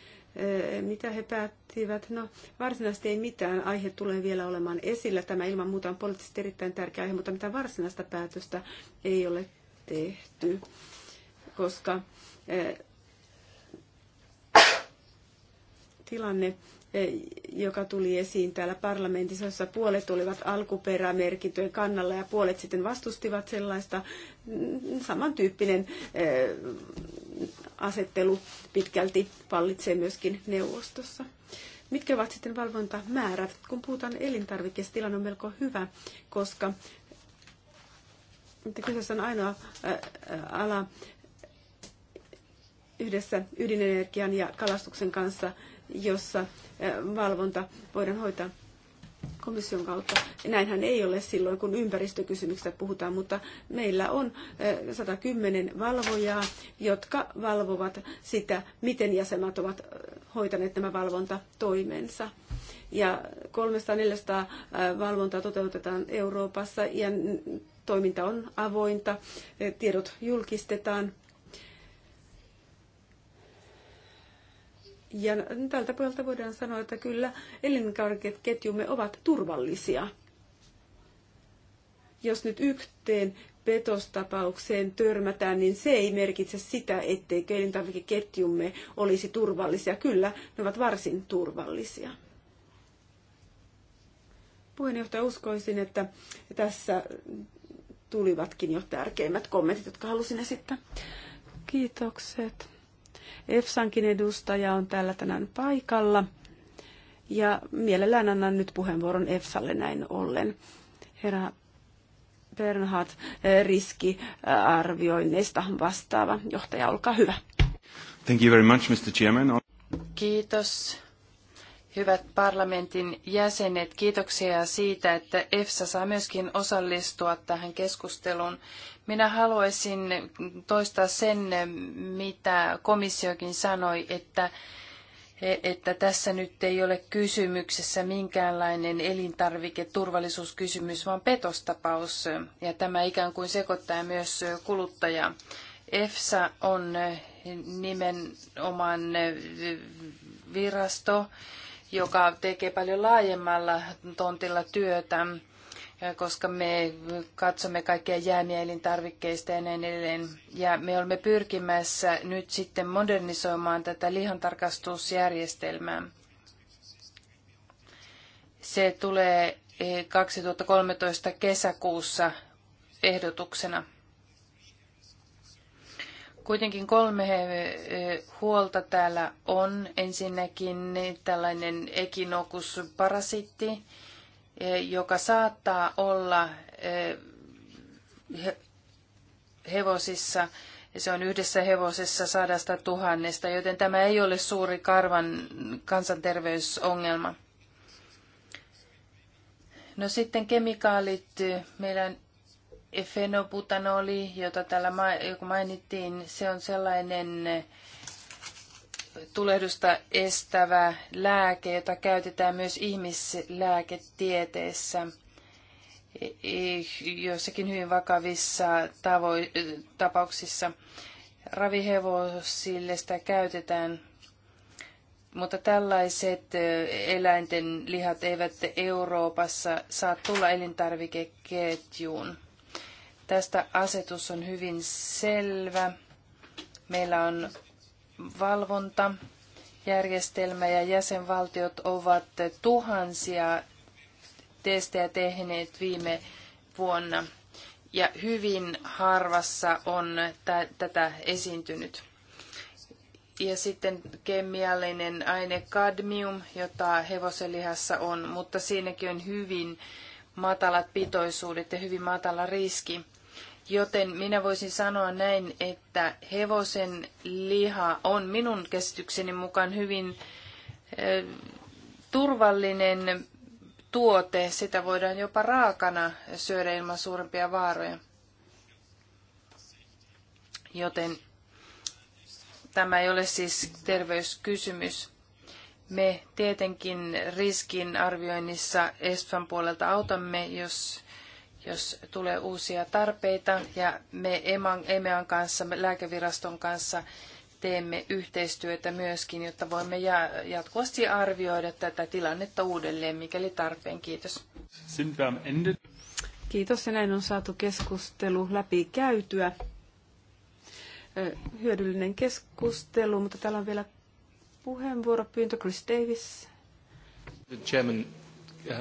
mitä he päättivät? No, varsinaisesti ei mitään. Aihe tulee vielä olemaan esillä. Tämä ilman muuta on poliittisesti erittäin tärkeä aihe, mutta mitä varsinaista päätöstä ei ole tehty, koska tilanne joka tuli esiin täällä parlamentissa, jossa puolet olivat alkuperämerkintöjen kannalla ja puolet sitten vastustivat sellaista mm, samantyyppinen asettelu pitkälti vallitsee myöskin neuvostossa. Mitkä ovat sitten valvontamäärät? Kun puhutaan elintarvikkeista, tilanne on melko hyvä, koska kyseessä on ainoa ala yhdessä ydinenergian ja kalastuksen kanssa, jossa valvonta voidaan hoitaa komission kautta. Näinhän ei ole silloin, kun ympäristökysymyksistä puhutaan, mutta meillä on 110 eh, valvojaa, jotka valvovat sitä, miten jäsenmaat ovat eh, hoitaneet nämä valvontatoimensa. Ja 300-400 eh, valvontaa toteutetaan Euroopassa ja toiminta on avointa, tiedot julkistetaan Ja tältä puolelta voidaan sanoa, että kyllä elinkaariketjumme ovat turvallisia. Jos nyt yhteen petostapaukseen törmätään, niin se ei merkitse sitä, ettei elintarvikeketjumme olisi turvallisia. Kyllä, ne ovat varsin turvallisia. Puheenjohtaja, uskoisin, että tässä tulivatkin jo tärkeimmät kommentit, jotka halusin esittää. Kiitokset. EFSAnkin edustaja on täällä tänään paikalla. Ja mielellään annan nyt puheenvuoron EFSAlle näin ollen. Herra Bernhard, eh, riskiarvioinneista vastaava johtaja, olkaa hyvä. Thank you very much, Mr. Chairman. Kiitos. Hyvät parlamentin jäsenet, kiitoksia siitä, että EFSA saa myöskin osallistua tähän keskusteluun. Minä haluaisin toistaa sen, mitä komissiokin sanoi, että, että tässä nyt ei ole kysymyksessä minkäänlainen elintarviketurvallisuuskysymys, vaan petostapaus. Ja tämä ikään kuin sekoittaa myös kuluttajaa. EFSA on nimenomaan virasto, joka tekee paljon laajemmalla tontilla työtä koska me katsomme kaikkia jäämiä elintarvikkeista ja näin edelleen. Ja me olemme pyrkimässä nyt sitten modernisoimaan tätä lihantarkastusjärjestelmää. Se tulee 2013 kesäkuussa ehdotuksena. Kuitenkin kolme huolta täällä on. Ensinnäkin tällainen ekinokusparasitti. E, joka saattaa olla e, hevosissa, se on yhdessä hevosessa sadasta tuhannesta, joten tämä ei ole suuri karvan kansanterveysongelma. No sitten kemikaalit. Meillä on fenobutanoli, jota täällä mainittiin. Se on sellainen tulehdusta estävä lääke, jota käytetään myös ihmislääketieteessä eh, jossakin hyvin vakavissa tavo- tapauksissa. Ravihevosille sitä käytetään, mutta tällaiset eh, eläinten lihat eivät Euroopassa saa tulla elintarvikeketjuun. Tästä asetus on hyvin selvä. Meillä on valvonta järjestelmä ja jäsenvaltiot ovat tuhansia testejä tehneet viime vuonna ja hyvin harvassa on tätä esiintynyt. Ja sitten kemiallinen aine kadmium, jota hevosenlihassa on, mutta siinäkin on hyvin matalat pitoisuudet ja hyvin matala riski. Joten minä voisin sanoa näin, että hevosen liha on minun käsitykseni mukaan hyvin turvallinen tuote. Sitä voidaan jopa raakana syödä ilman suurempia vaaroja. Joten tämä ei ole siis terveyskysymys. Me tietenkin riskin arvioinnissa Espan puolelta autamme, jos jos tulee uusia tarpeita. Ja me EMAN, EMEAN kanssa, me lääkeviraston kanssa teemme yhteistyötä myöskin, jotta voimme jatkuvasti arvioida tätä tilannetta uudelleen, mikäli tarpeen. Kiitos. Kiitos ja näin on saatu keskustelu läpi käytyä. Hyödyllinen keskustelu, mutta täällä on vielä puheenvuoropyyntö Chris Davis. The chairman,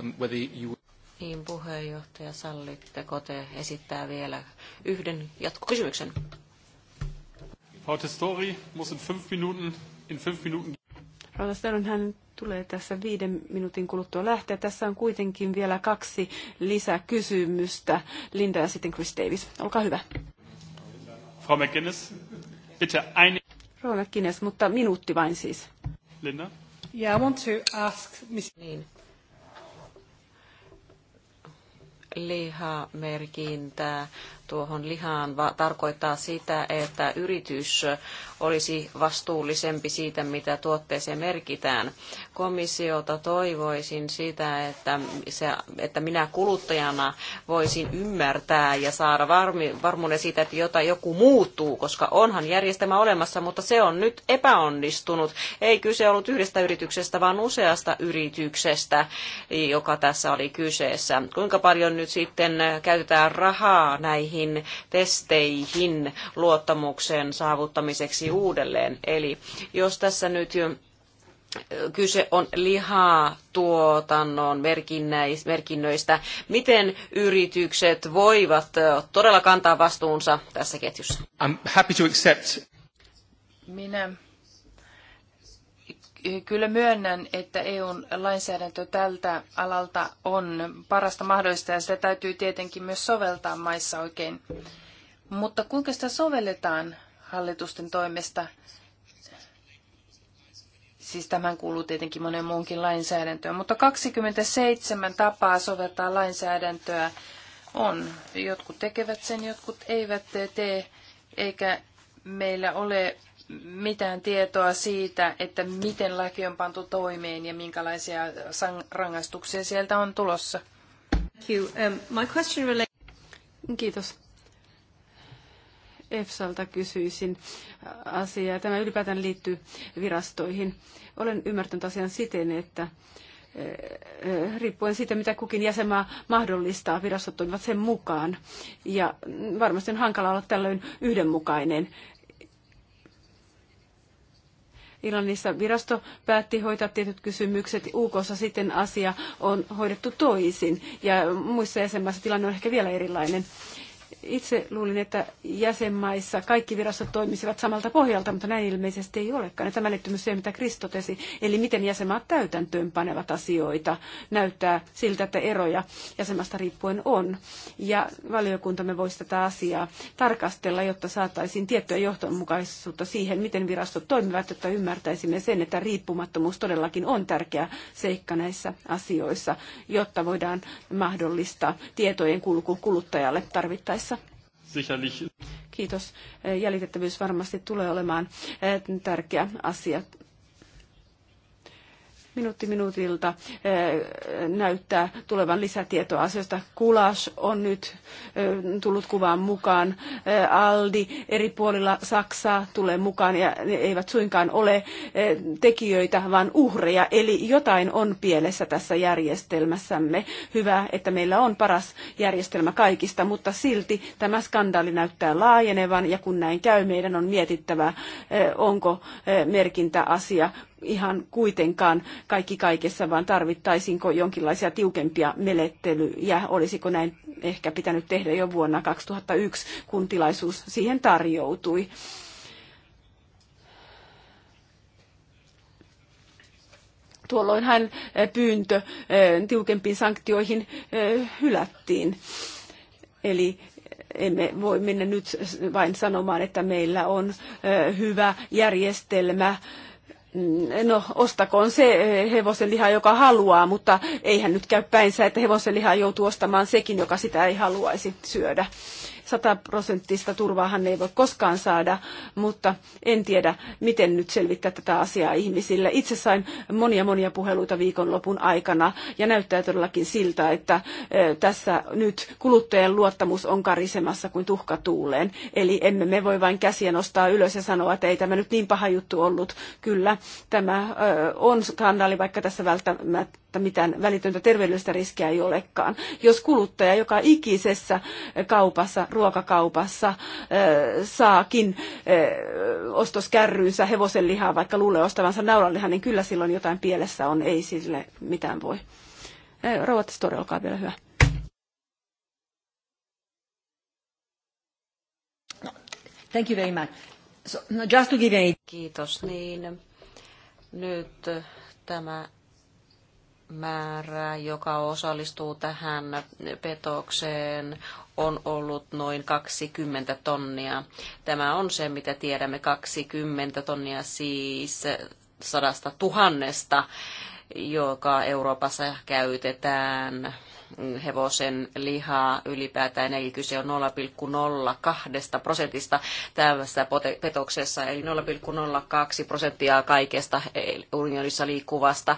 um, whether you... Niin, puheenjohtaja, sallitteko te esittää vielä yhden jatkokysymyksen? Frau Testori muss in fünf Minuten, in fünf Minuten. Frau hän tulee tässä viiden minuutin kuluttua lähteä. Tässä on kuitenkin vielä kaksi lisäkysymystä. Linda ja sitten Chris Davis. Olkaa hyvä. Frau McGinnis, bitte eine... Frau McGinnis, mutta minuutti vain siis. Linda? Yeah, I want to ask... Miss... Niin, lihamerkintää tuohon lihaan va- tarkoittaa sitä, että yritys olisi vastuullisempi siitä, mitä tuotteeseen merkitään. Komissiota toivoisin sitä, että, se, että minä kuluttajana voisin ymmärtää ja saada varmi, varmuuden siitä, että joku muuttuu, koska onhan järjestelmä olemassa, mutta se on nyt epäonnistunut. Ei kyse ollut yhdestä yrityksestä, vaan useasta yrityksestä, joka tässä oli kyseessä. Kuinka paljon nyt sitten käytetään rahaa näihin näihin testeihin luottamuksen saavuttamiseksi uudelleen. Eli jos tässä nyt kyse on lihatuotannon merkinnöistä. Miten yritykset voivat todella kantaa vastuunsa tässä ketjussa? I'm happy to accept. Minä Kyllä myönnän, että EUn lainsäädäntö tältä alalta on parasta mahdollista ja sitä täytyy tietenkin myös soveltaa maissa oikein. Mutta kuinka sitä sovelletaan hallitusten toimesta? Siis tämän kuuluu tietenkin monen muunkin lainsäädäntöön, mutta 27 tapaa soveltaa lainsäädäntöä on. Jotkut tekevät sen, jotkut eivät tee, eikä meillä ole mitään tietoa siitä, että miten laki on pantu toimeen ja minkälaisia rangaistuksia sieltä on tulossa. Um, Kiitos. EFSAlta kysyisin äh, asiaa. Tämä ylipäätään liittyy virastoihin. Olen ymmärtänyt asian siten, että äh, äh, riippuen siitä, mitä kukin jäsenmaa mahdollistaa, virastot toimivat sen mukaan. Ja mm, varmasti on hankala olla tällöin yhdenmukainen Irlannissa virasto päätti hoitaa tietyt kysymykset, UKssa sitten asia on hoidettu toisin ja muissa jäsenmaissa tilanne on ehkä vielä erilainen. Itse luulin, että jäsenmaissa kaikki virastot toimisivat samalta pohjalta, mutta näin ilmeisesti ei olekaan. Ja tämä liittyy myös siihen, mitä kristotesi. eli miten jäsenmaat täytäntöön panevat asioita. Näyttää siltä, että eroja jäsenmaasta riippuen on. Ja valiokuntamme voisi tätä asiaa tarkastella, jotta saataisiin tiettyä johtonmukaisuutta siihen, miten virastot toimivat, jotta ymmärtäisimme sen, että riippumattomuus todellakin on tärkeä seikka näissä asioissa, jotta voidaan mahdollistaa tietojen kulku kuluttajalle tarvittaessa sicherlich. Kiitos. Jäljitettävyys varmasti tulee olemaan tärkeä asia minuutti minuutilta eh, näyttää tulevan lisätietoa asioista. Kulas on nyt eh, tullut kuvaan mukaan. Eh, Aldi eri puolilla Saksaa tulee mukaan ja ne eivät suinkaan ole tekijöitä, vaan uhreja. Eli jotain on pielessä tässä järjestelmässämme. Hyvä, että meillä on paras järjestelmä kaikista, mutta silti tämä skandaali näyttää laajenevan ja kun näin käy, meidän on mietittävä, onko merkintäasia asia ihan kuitenkaan kaikki kaikessa, vaan tarvittaisinko jonkinlaisia tiukempia menettelyjä, olisiko näin ehkä pitänyt tehdä jo vuonna 2001, kun tilaisuus siihen tarjoutui. Tuolloinhan eh, pyyntö eh, tiukempiin sanktioihin eh, hylättiin. Eli emme voi mennä nyt vain sanomaan, että meillä on hyvä järjestelmä Mm, no ostakoon se eh, hevosen liha, joka haluaa, mutta eihän nyt käy päinsä, että hevosen lihaa joutuu ostamaan sekin, joka sitä ei haluaisi syödä. Sataprosenttista turvaahan ei voi koskaan saada, mutta en tiedä, miten nyt selvittää tätä asiaa ihmisille. Itse sain monia monia puheluita viikonlopun aikana ja näyttää todellakin siltä, että tässä nyt kuluttajien luottamus on karisemassa kuin tuhka tuuleen. Eli emme me voi vain käsiä nostaa ylös ja sanoa, että ei tämä nyt niin paha juttu ollut. Kyllä, tämä on skandaali, vaikka tässä välttämättä että mitään välitöntä terveydellistä riskiä ei olekaan. Jos kuluttaja joka ikisessä kaupassa, ruokakaupassa saakin ostoskärryynsä hevosen lihaa, vaikka luulee ostavansa naudanlihaa, niin kyllä silloin jotain pielessä on, ei sille mitään voi. Rouva Testori, olkaa vielä hyvä. Thank you very much. So, no, just to give a... Kiitos. Niin, nyt tämä määrä, joka osallistuu tähän petokseen, on ollut noin 20 tonnia. Tämä on se, mitä tiedämme, 20 tonnia siis sadasta tuhannesta, joka Euroopassa käytetään hevosen lihaa ylipäätään, eli kyse on 0,02 prosentista tässä petoksessa, eli 0,02 prosenttia kaikesta unionissa liikkuvasta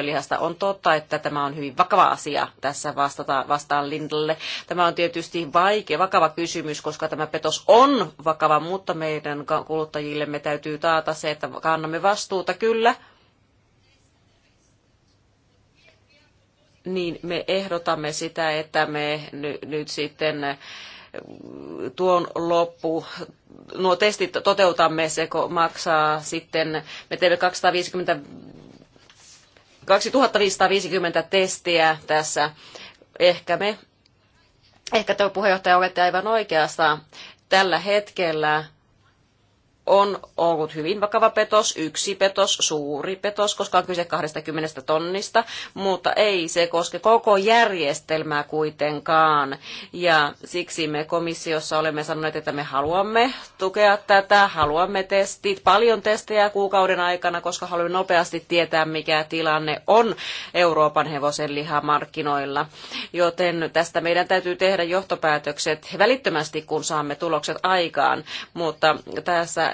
lihasta. On totta, että tämä on hyvin vakava asia tässä vastata, vastaan Lindalle. Tämä on tietysti vaikea, vakava kysymys, koska tämä petos on vakava, mutta meidän kuluttajillemme täytyy taata se, että kannamme vastuuta kyllä, niin me ehdotamme sitä, että me nyt sitten tuon loppu, nuo testit toteutamme, se maksaa sitten, me teemme 250, 2550 testiä tässä. Ehkä me, ehkä tuo puheenjohtaja olette aivan oikeassa, tällä hetkellä on ollut hyvin vakava petos, yksi petos, suuri petos, koska on kyse 20 tonnista, mutta ei se koske koko järjestelmää kuitenkaan. Ja siksi me komissiossa olemme sanoneet, että me haluamme tukea tätä, haluamme testit, paljon testejä kuukauden aikana, koska haluamme nopeasti tietää, mikä tilanne on Euroopan hevosen lihamarkkinoilla. Joten tästä meidän täytyy tehdä johtopäätökset välittömästi, kun saamme tulokset aikaan, mutta tässä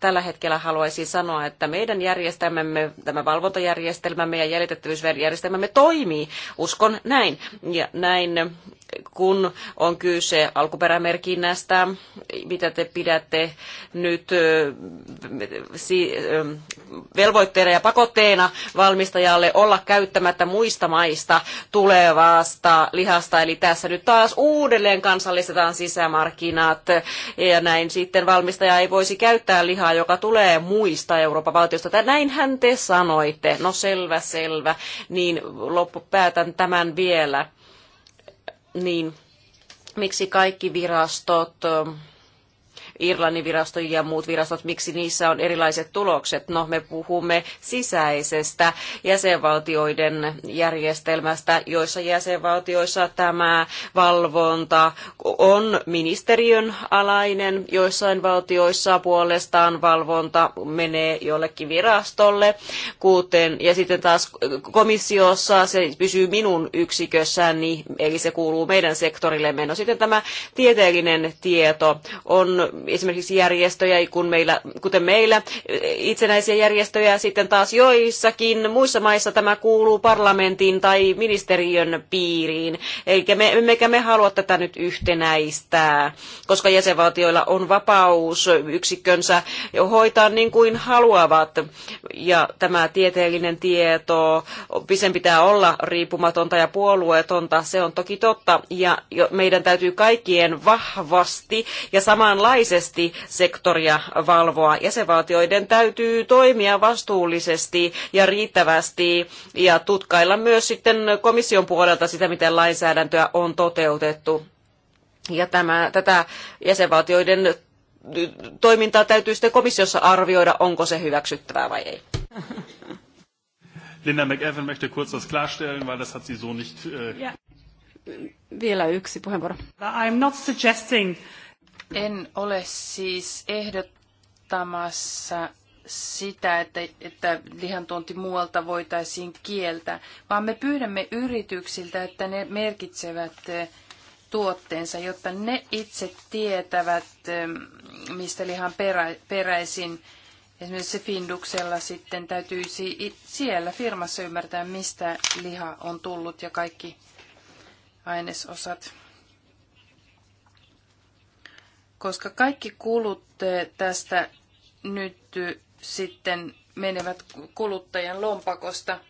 tällä hetkellä haluaisin sanoa, että meidän järjestelmämme, tämä valvontajärjestelmämme ja jäljitettävyysjärjestelmämme toimii. Uskon näin. Ja näin kun on kyse alkuperämerkinnästä, mitä te pidätte nyt velvoitteena ja pakotteena valmistajalle olla käyttämättä muista maista tulevasta lihasta. Eli tässä nyt taas uudelleen kansallistetaan sisämarkkinat ja näin sitten valmistaja ei voisi käyttää lihaa rahaa, joka tulee muista Euroopan valtiosta. Näinhän te sanoitte. No selvä, selvä. Niin loppupäätän tämän vielä. Niin miksi kaikki virastot Irlannin virasto ja muut virastot, miksi niissä on erilaiset tulokset? No, me puhumme sisäisestä jäsenvaltioiden järjestelmästä, joissa jäsenvaltioissa tämä valvonta on ministeriön alainen, joissain valtioissa puolestaan valvonta menee jollekin virastolle, kuten, ja sitten taas komissiossa se pysyy minun yksikössäni, eli se kuuluu meidän sektorillemme. No sitten tämä tieteellinen tieto on esimerkiksi järjestöjä, kun meillä, kuten meillä, itsenäisiä järjestöjä sitten taas joissakin muissa maissa tämä kuuluu parlamentin tai ministeriön piiriin. Eikä me, emmekä me halua tätä nyt yhtenäistää, koska jäsenvaltioilla on vapaus yksikkönsä hoitaa niin kuin haluavat. Ja tämä tieteellinen tieto, sen pitää olla riippumatonta ja puolueetonta, se on toki totta. Ja meidän täytyy kaikkien vahvasti ja samanlaisesti aktiivisesti sektoria valvoa. Jäsenvaltioiden täytyy toimia vastuullisesti ja riittävästi ja tutkailla myös sitten komission puolelta sitä, miten lainsäädäntöä on toteutettu. Ja tämä, tätä jäsenvaltioiden toimintaa täytyy sitten komissiossa arvioida, onko se hyväksyttävää vai ei. Linda McEvan, möchte kurz das klarstellen, weil das hat sie so nicht. Äh... Vielä yksi puheenvuoro. I'm not suggesting en ole siis ehdottamassa sitä, että, että lihantuonti muualta voitaisiin kieltää, vaan me pyydämme yrityksiltä, että ne merkitsevät eh, tuotteensa, jotta ne itse tietävät, eh, mistä lihan perä, peräisin. Esimerkiksi Finduksella sitten täytyisi siellä firmassa ymmärtää, mistä liha on tullut ja kaikki ainesosat koska kaikki kulut tästä nyt sitten menevät kuluttajan lompakosta.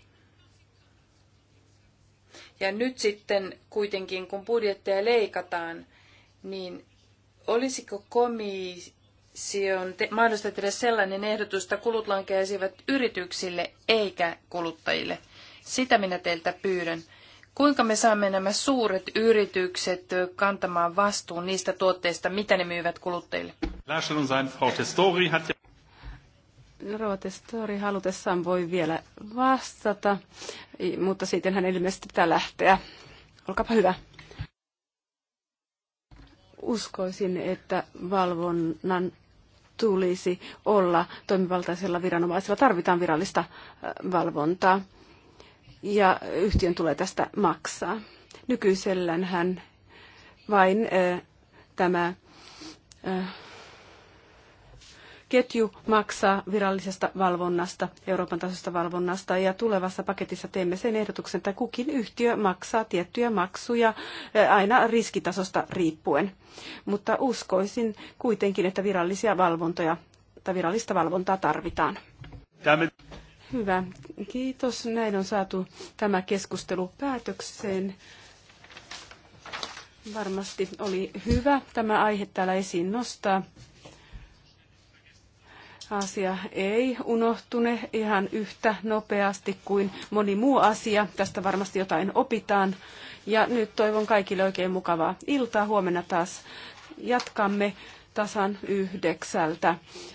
Ja nyt sitten kuitenkin, kun budjetteja leikataan, niin olisiko komission te- mahdollista tehdä sellainen ehdotus, että kulut lankeaisivat yrityksille eikä kuluttajille? Sitä minä teiltä pyydän. Kuinka me saamme nämä suuret yritykset kantamaan vastuun niistä tuotteista, mitä ne myyvät kuluttajille? Rova Testori halutessaan voi vielä vastata, mutta sitten hän ilmeisesti pitää lähteä. Olkaapa hyvä. Uskoisin, että valvonnan tulisi olla toimivaltaisella viranomaisella. Tarvitaan virallista valvontaa ja yhtiön tulee tästä maksaa. hän vain ö, tämä ö, ketju maksaa virallisesta valvonnasta, Euroopan tasosta valvonnasta, ja tulevassa paketissa teemme sen ehdotuksen, että kukin yhtiö maksaa tiettyjä maksuja aina riskitasosta riippuen. Mutta uskoisin kuitenkin, että virallisia valvontoja tai virallista valvontaa tarvitaan. Hyvä, kiitos. Näin on saatu tämä keskustelu päätökseen. Varmasti oli hyvä tämä aihe täällä esiin nostaa. Asia ei unohtune ihan yhtä nopeasti kuin moni muu asia. Tästä varmasti jotain opitaan. Ja nyt toivon kaikille oikein mukavaa iltaa. Huomenna taas jatkamme tasan yhdeksältä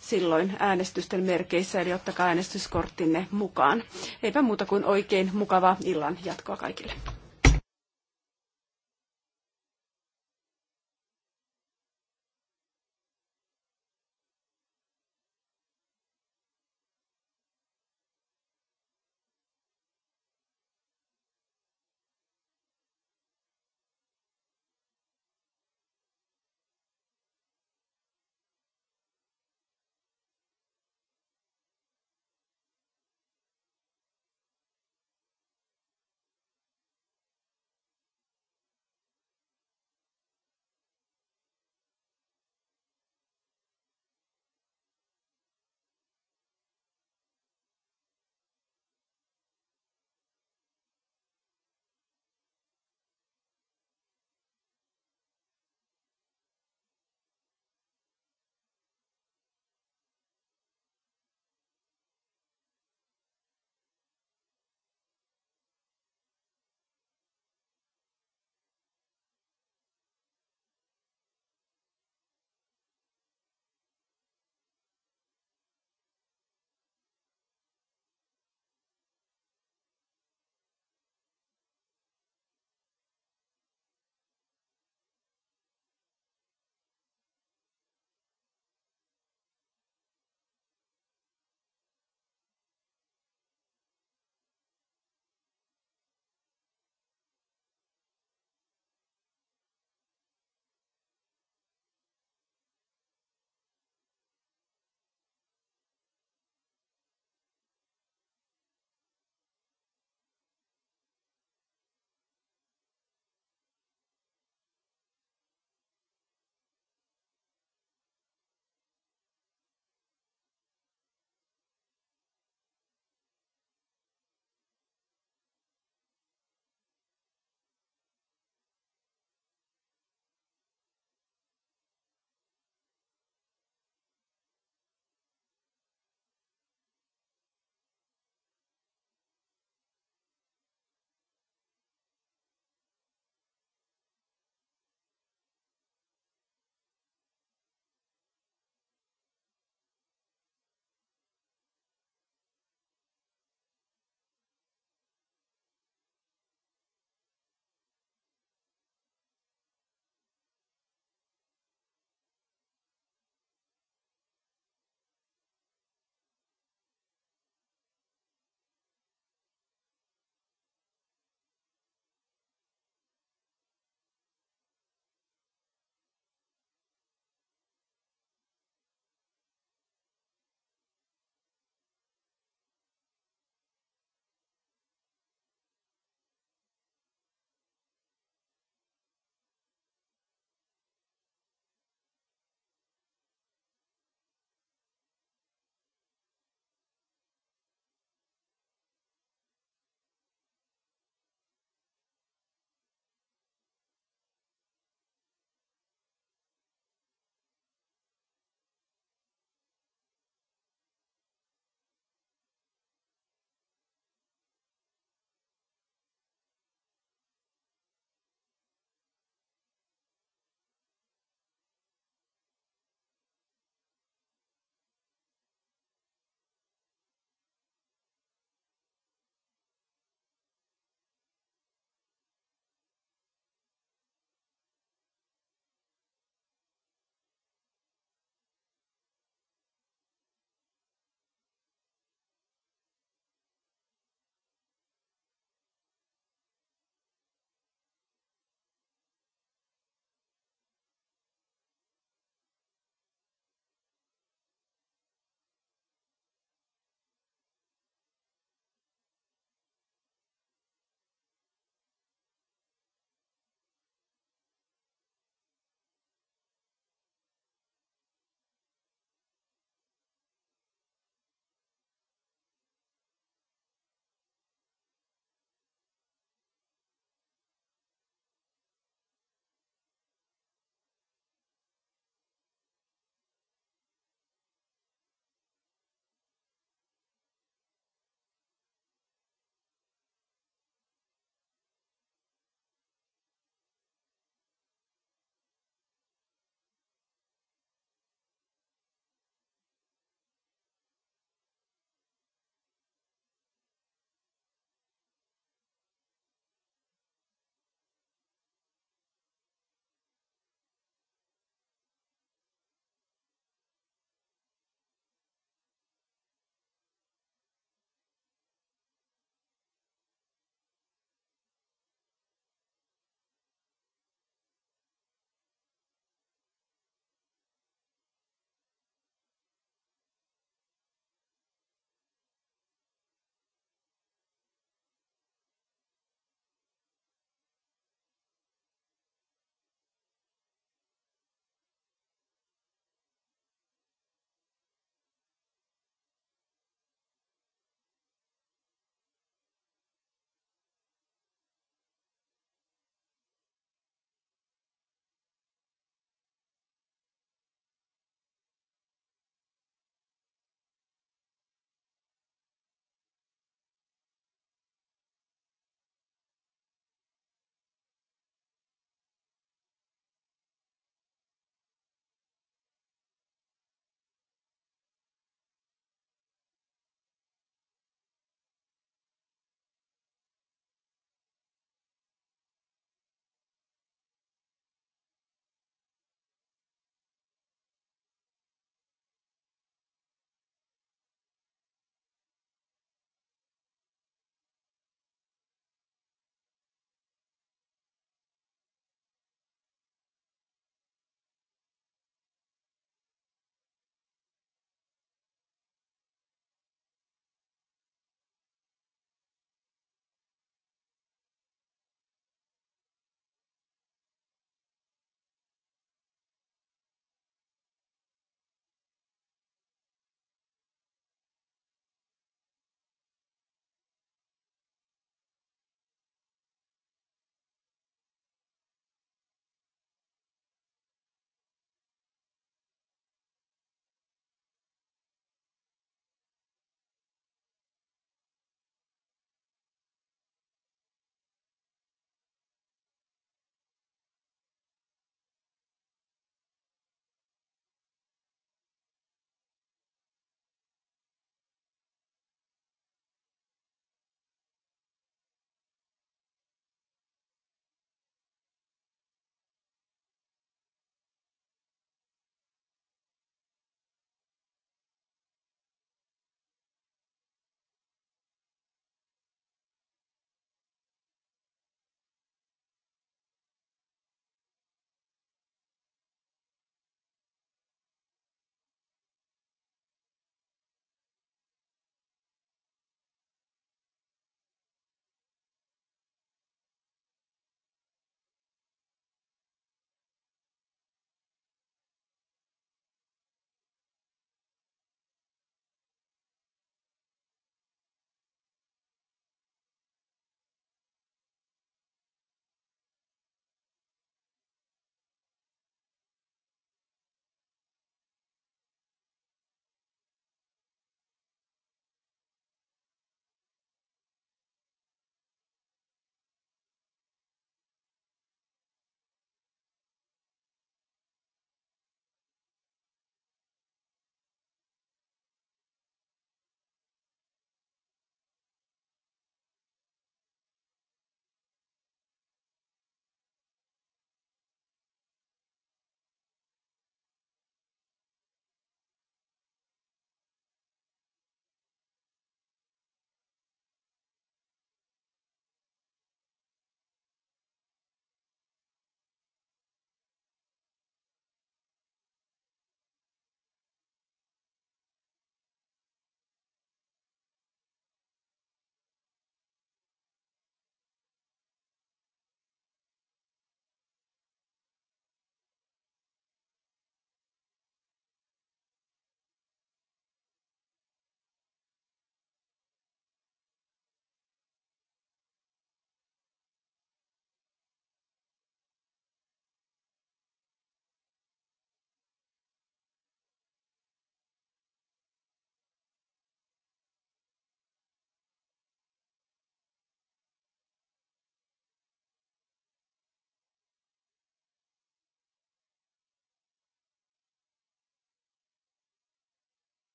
silloin äänestysten merkeissä, eli ottakaa äänestyskorttinne mukaan. Eipä muuta kuin oikein mukavaa illan jatkoa kaikille.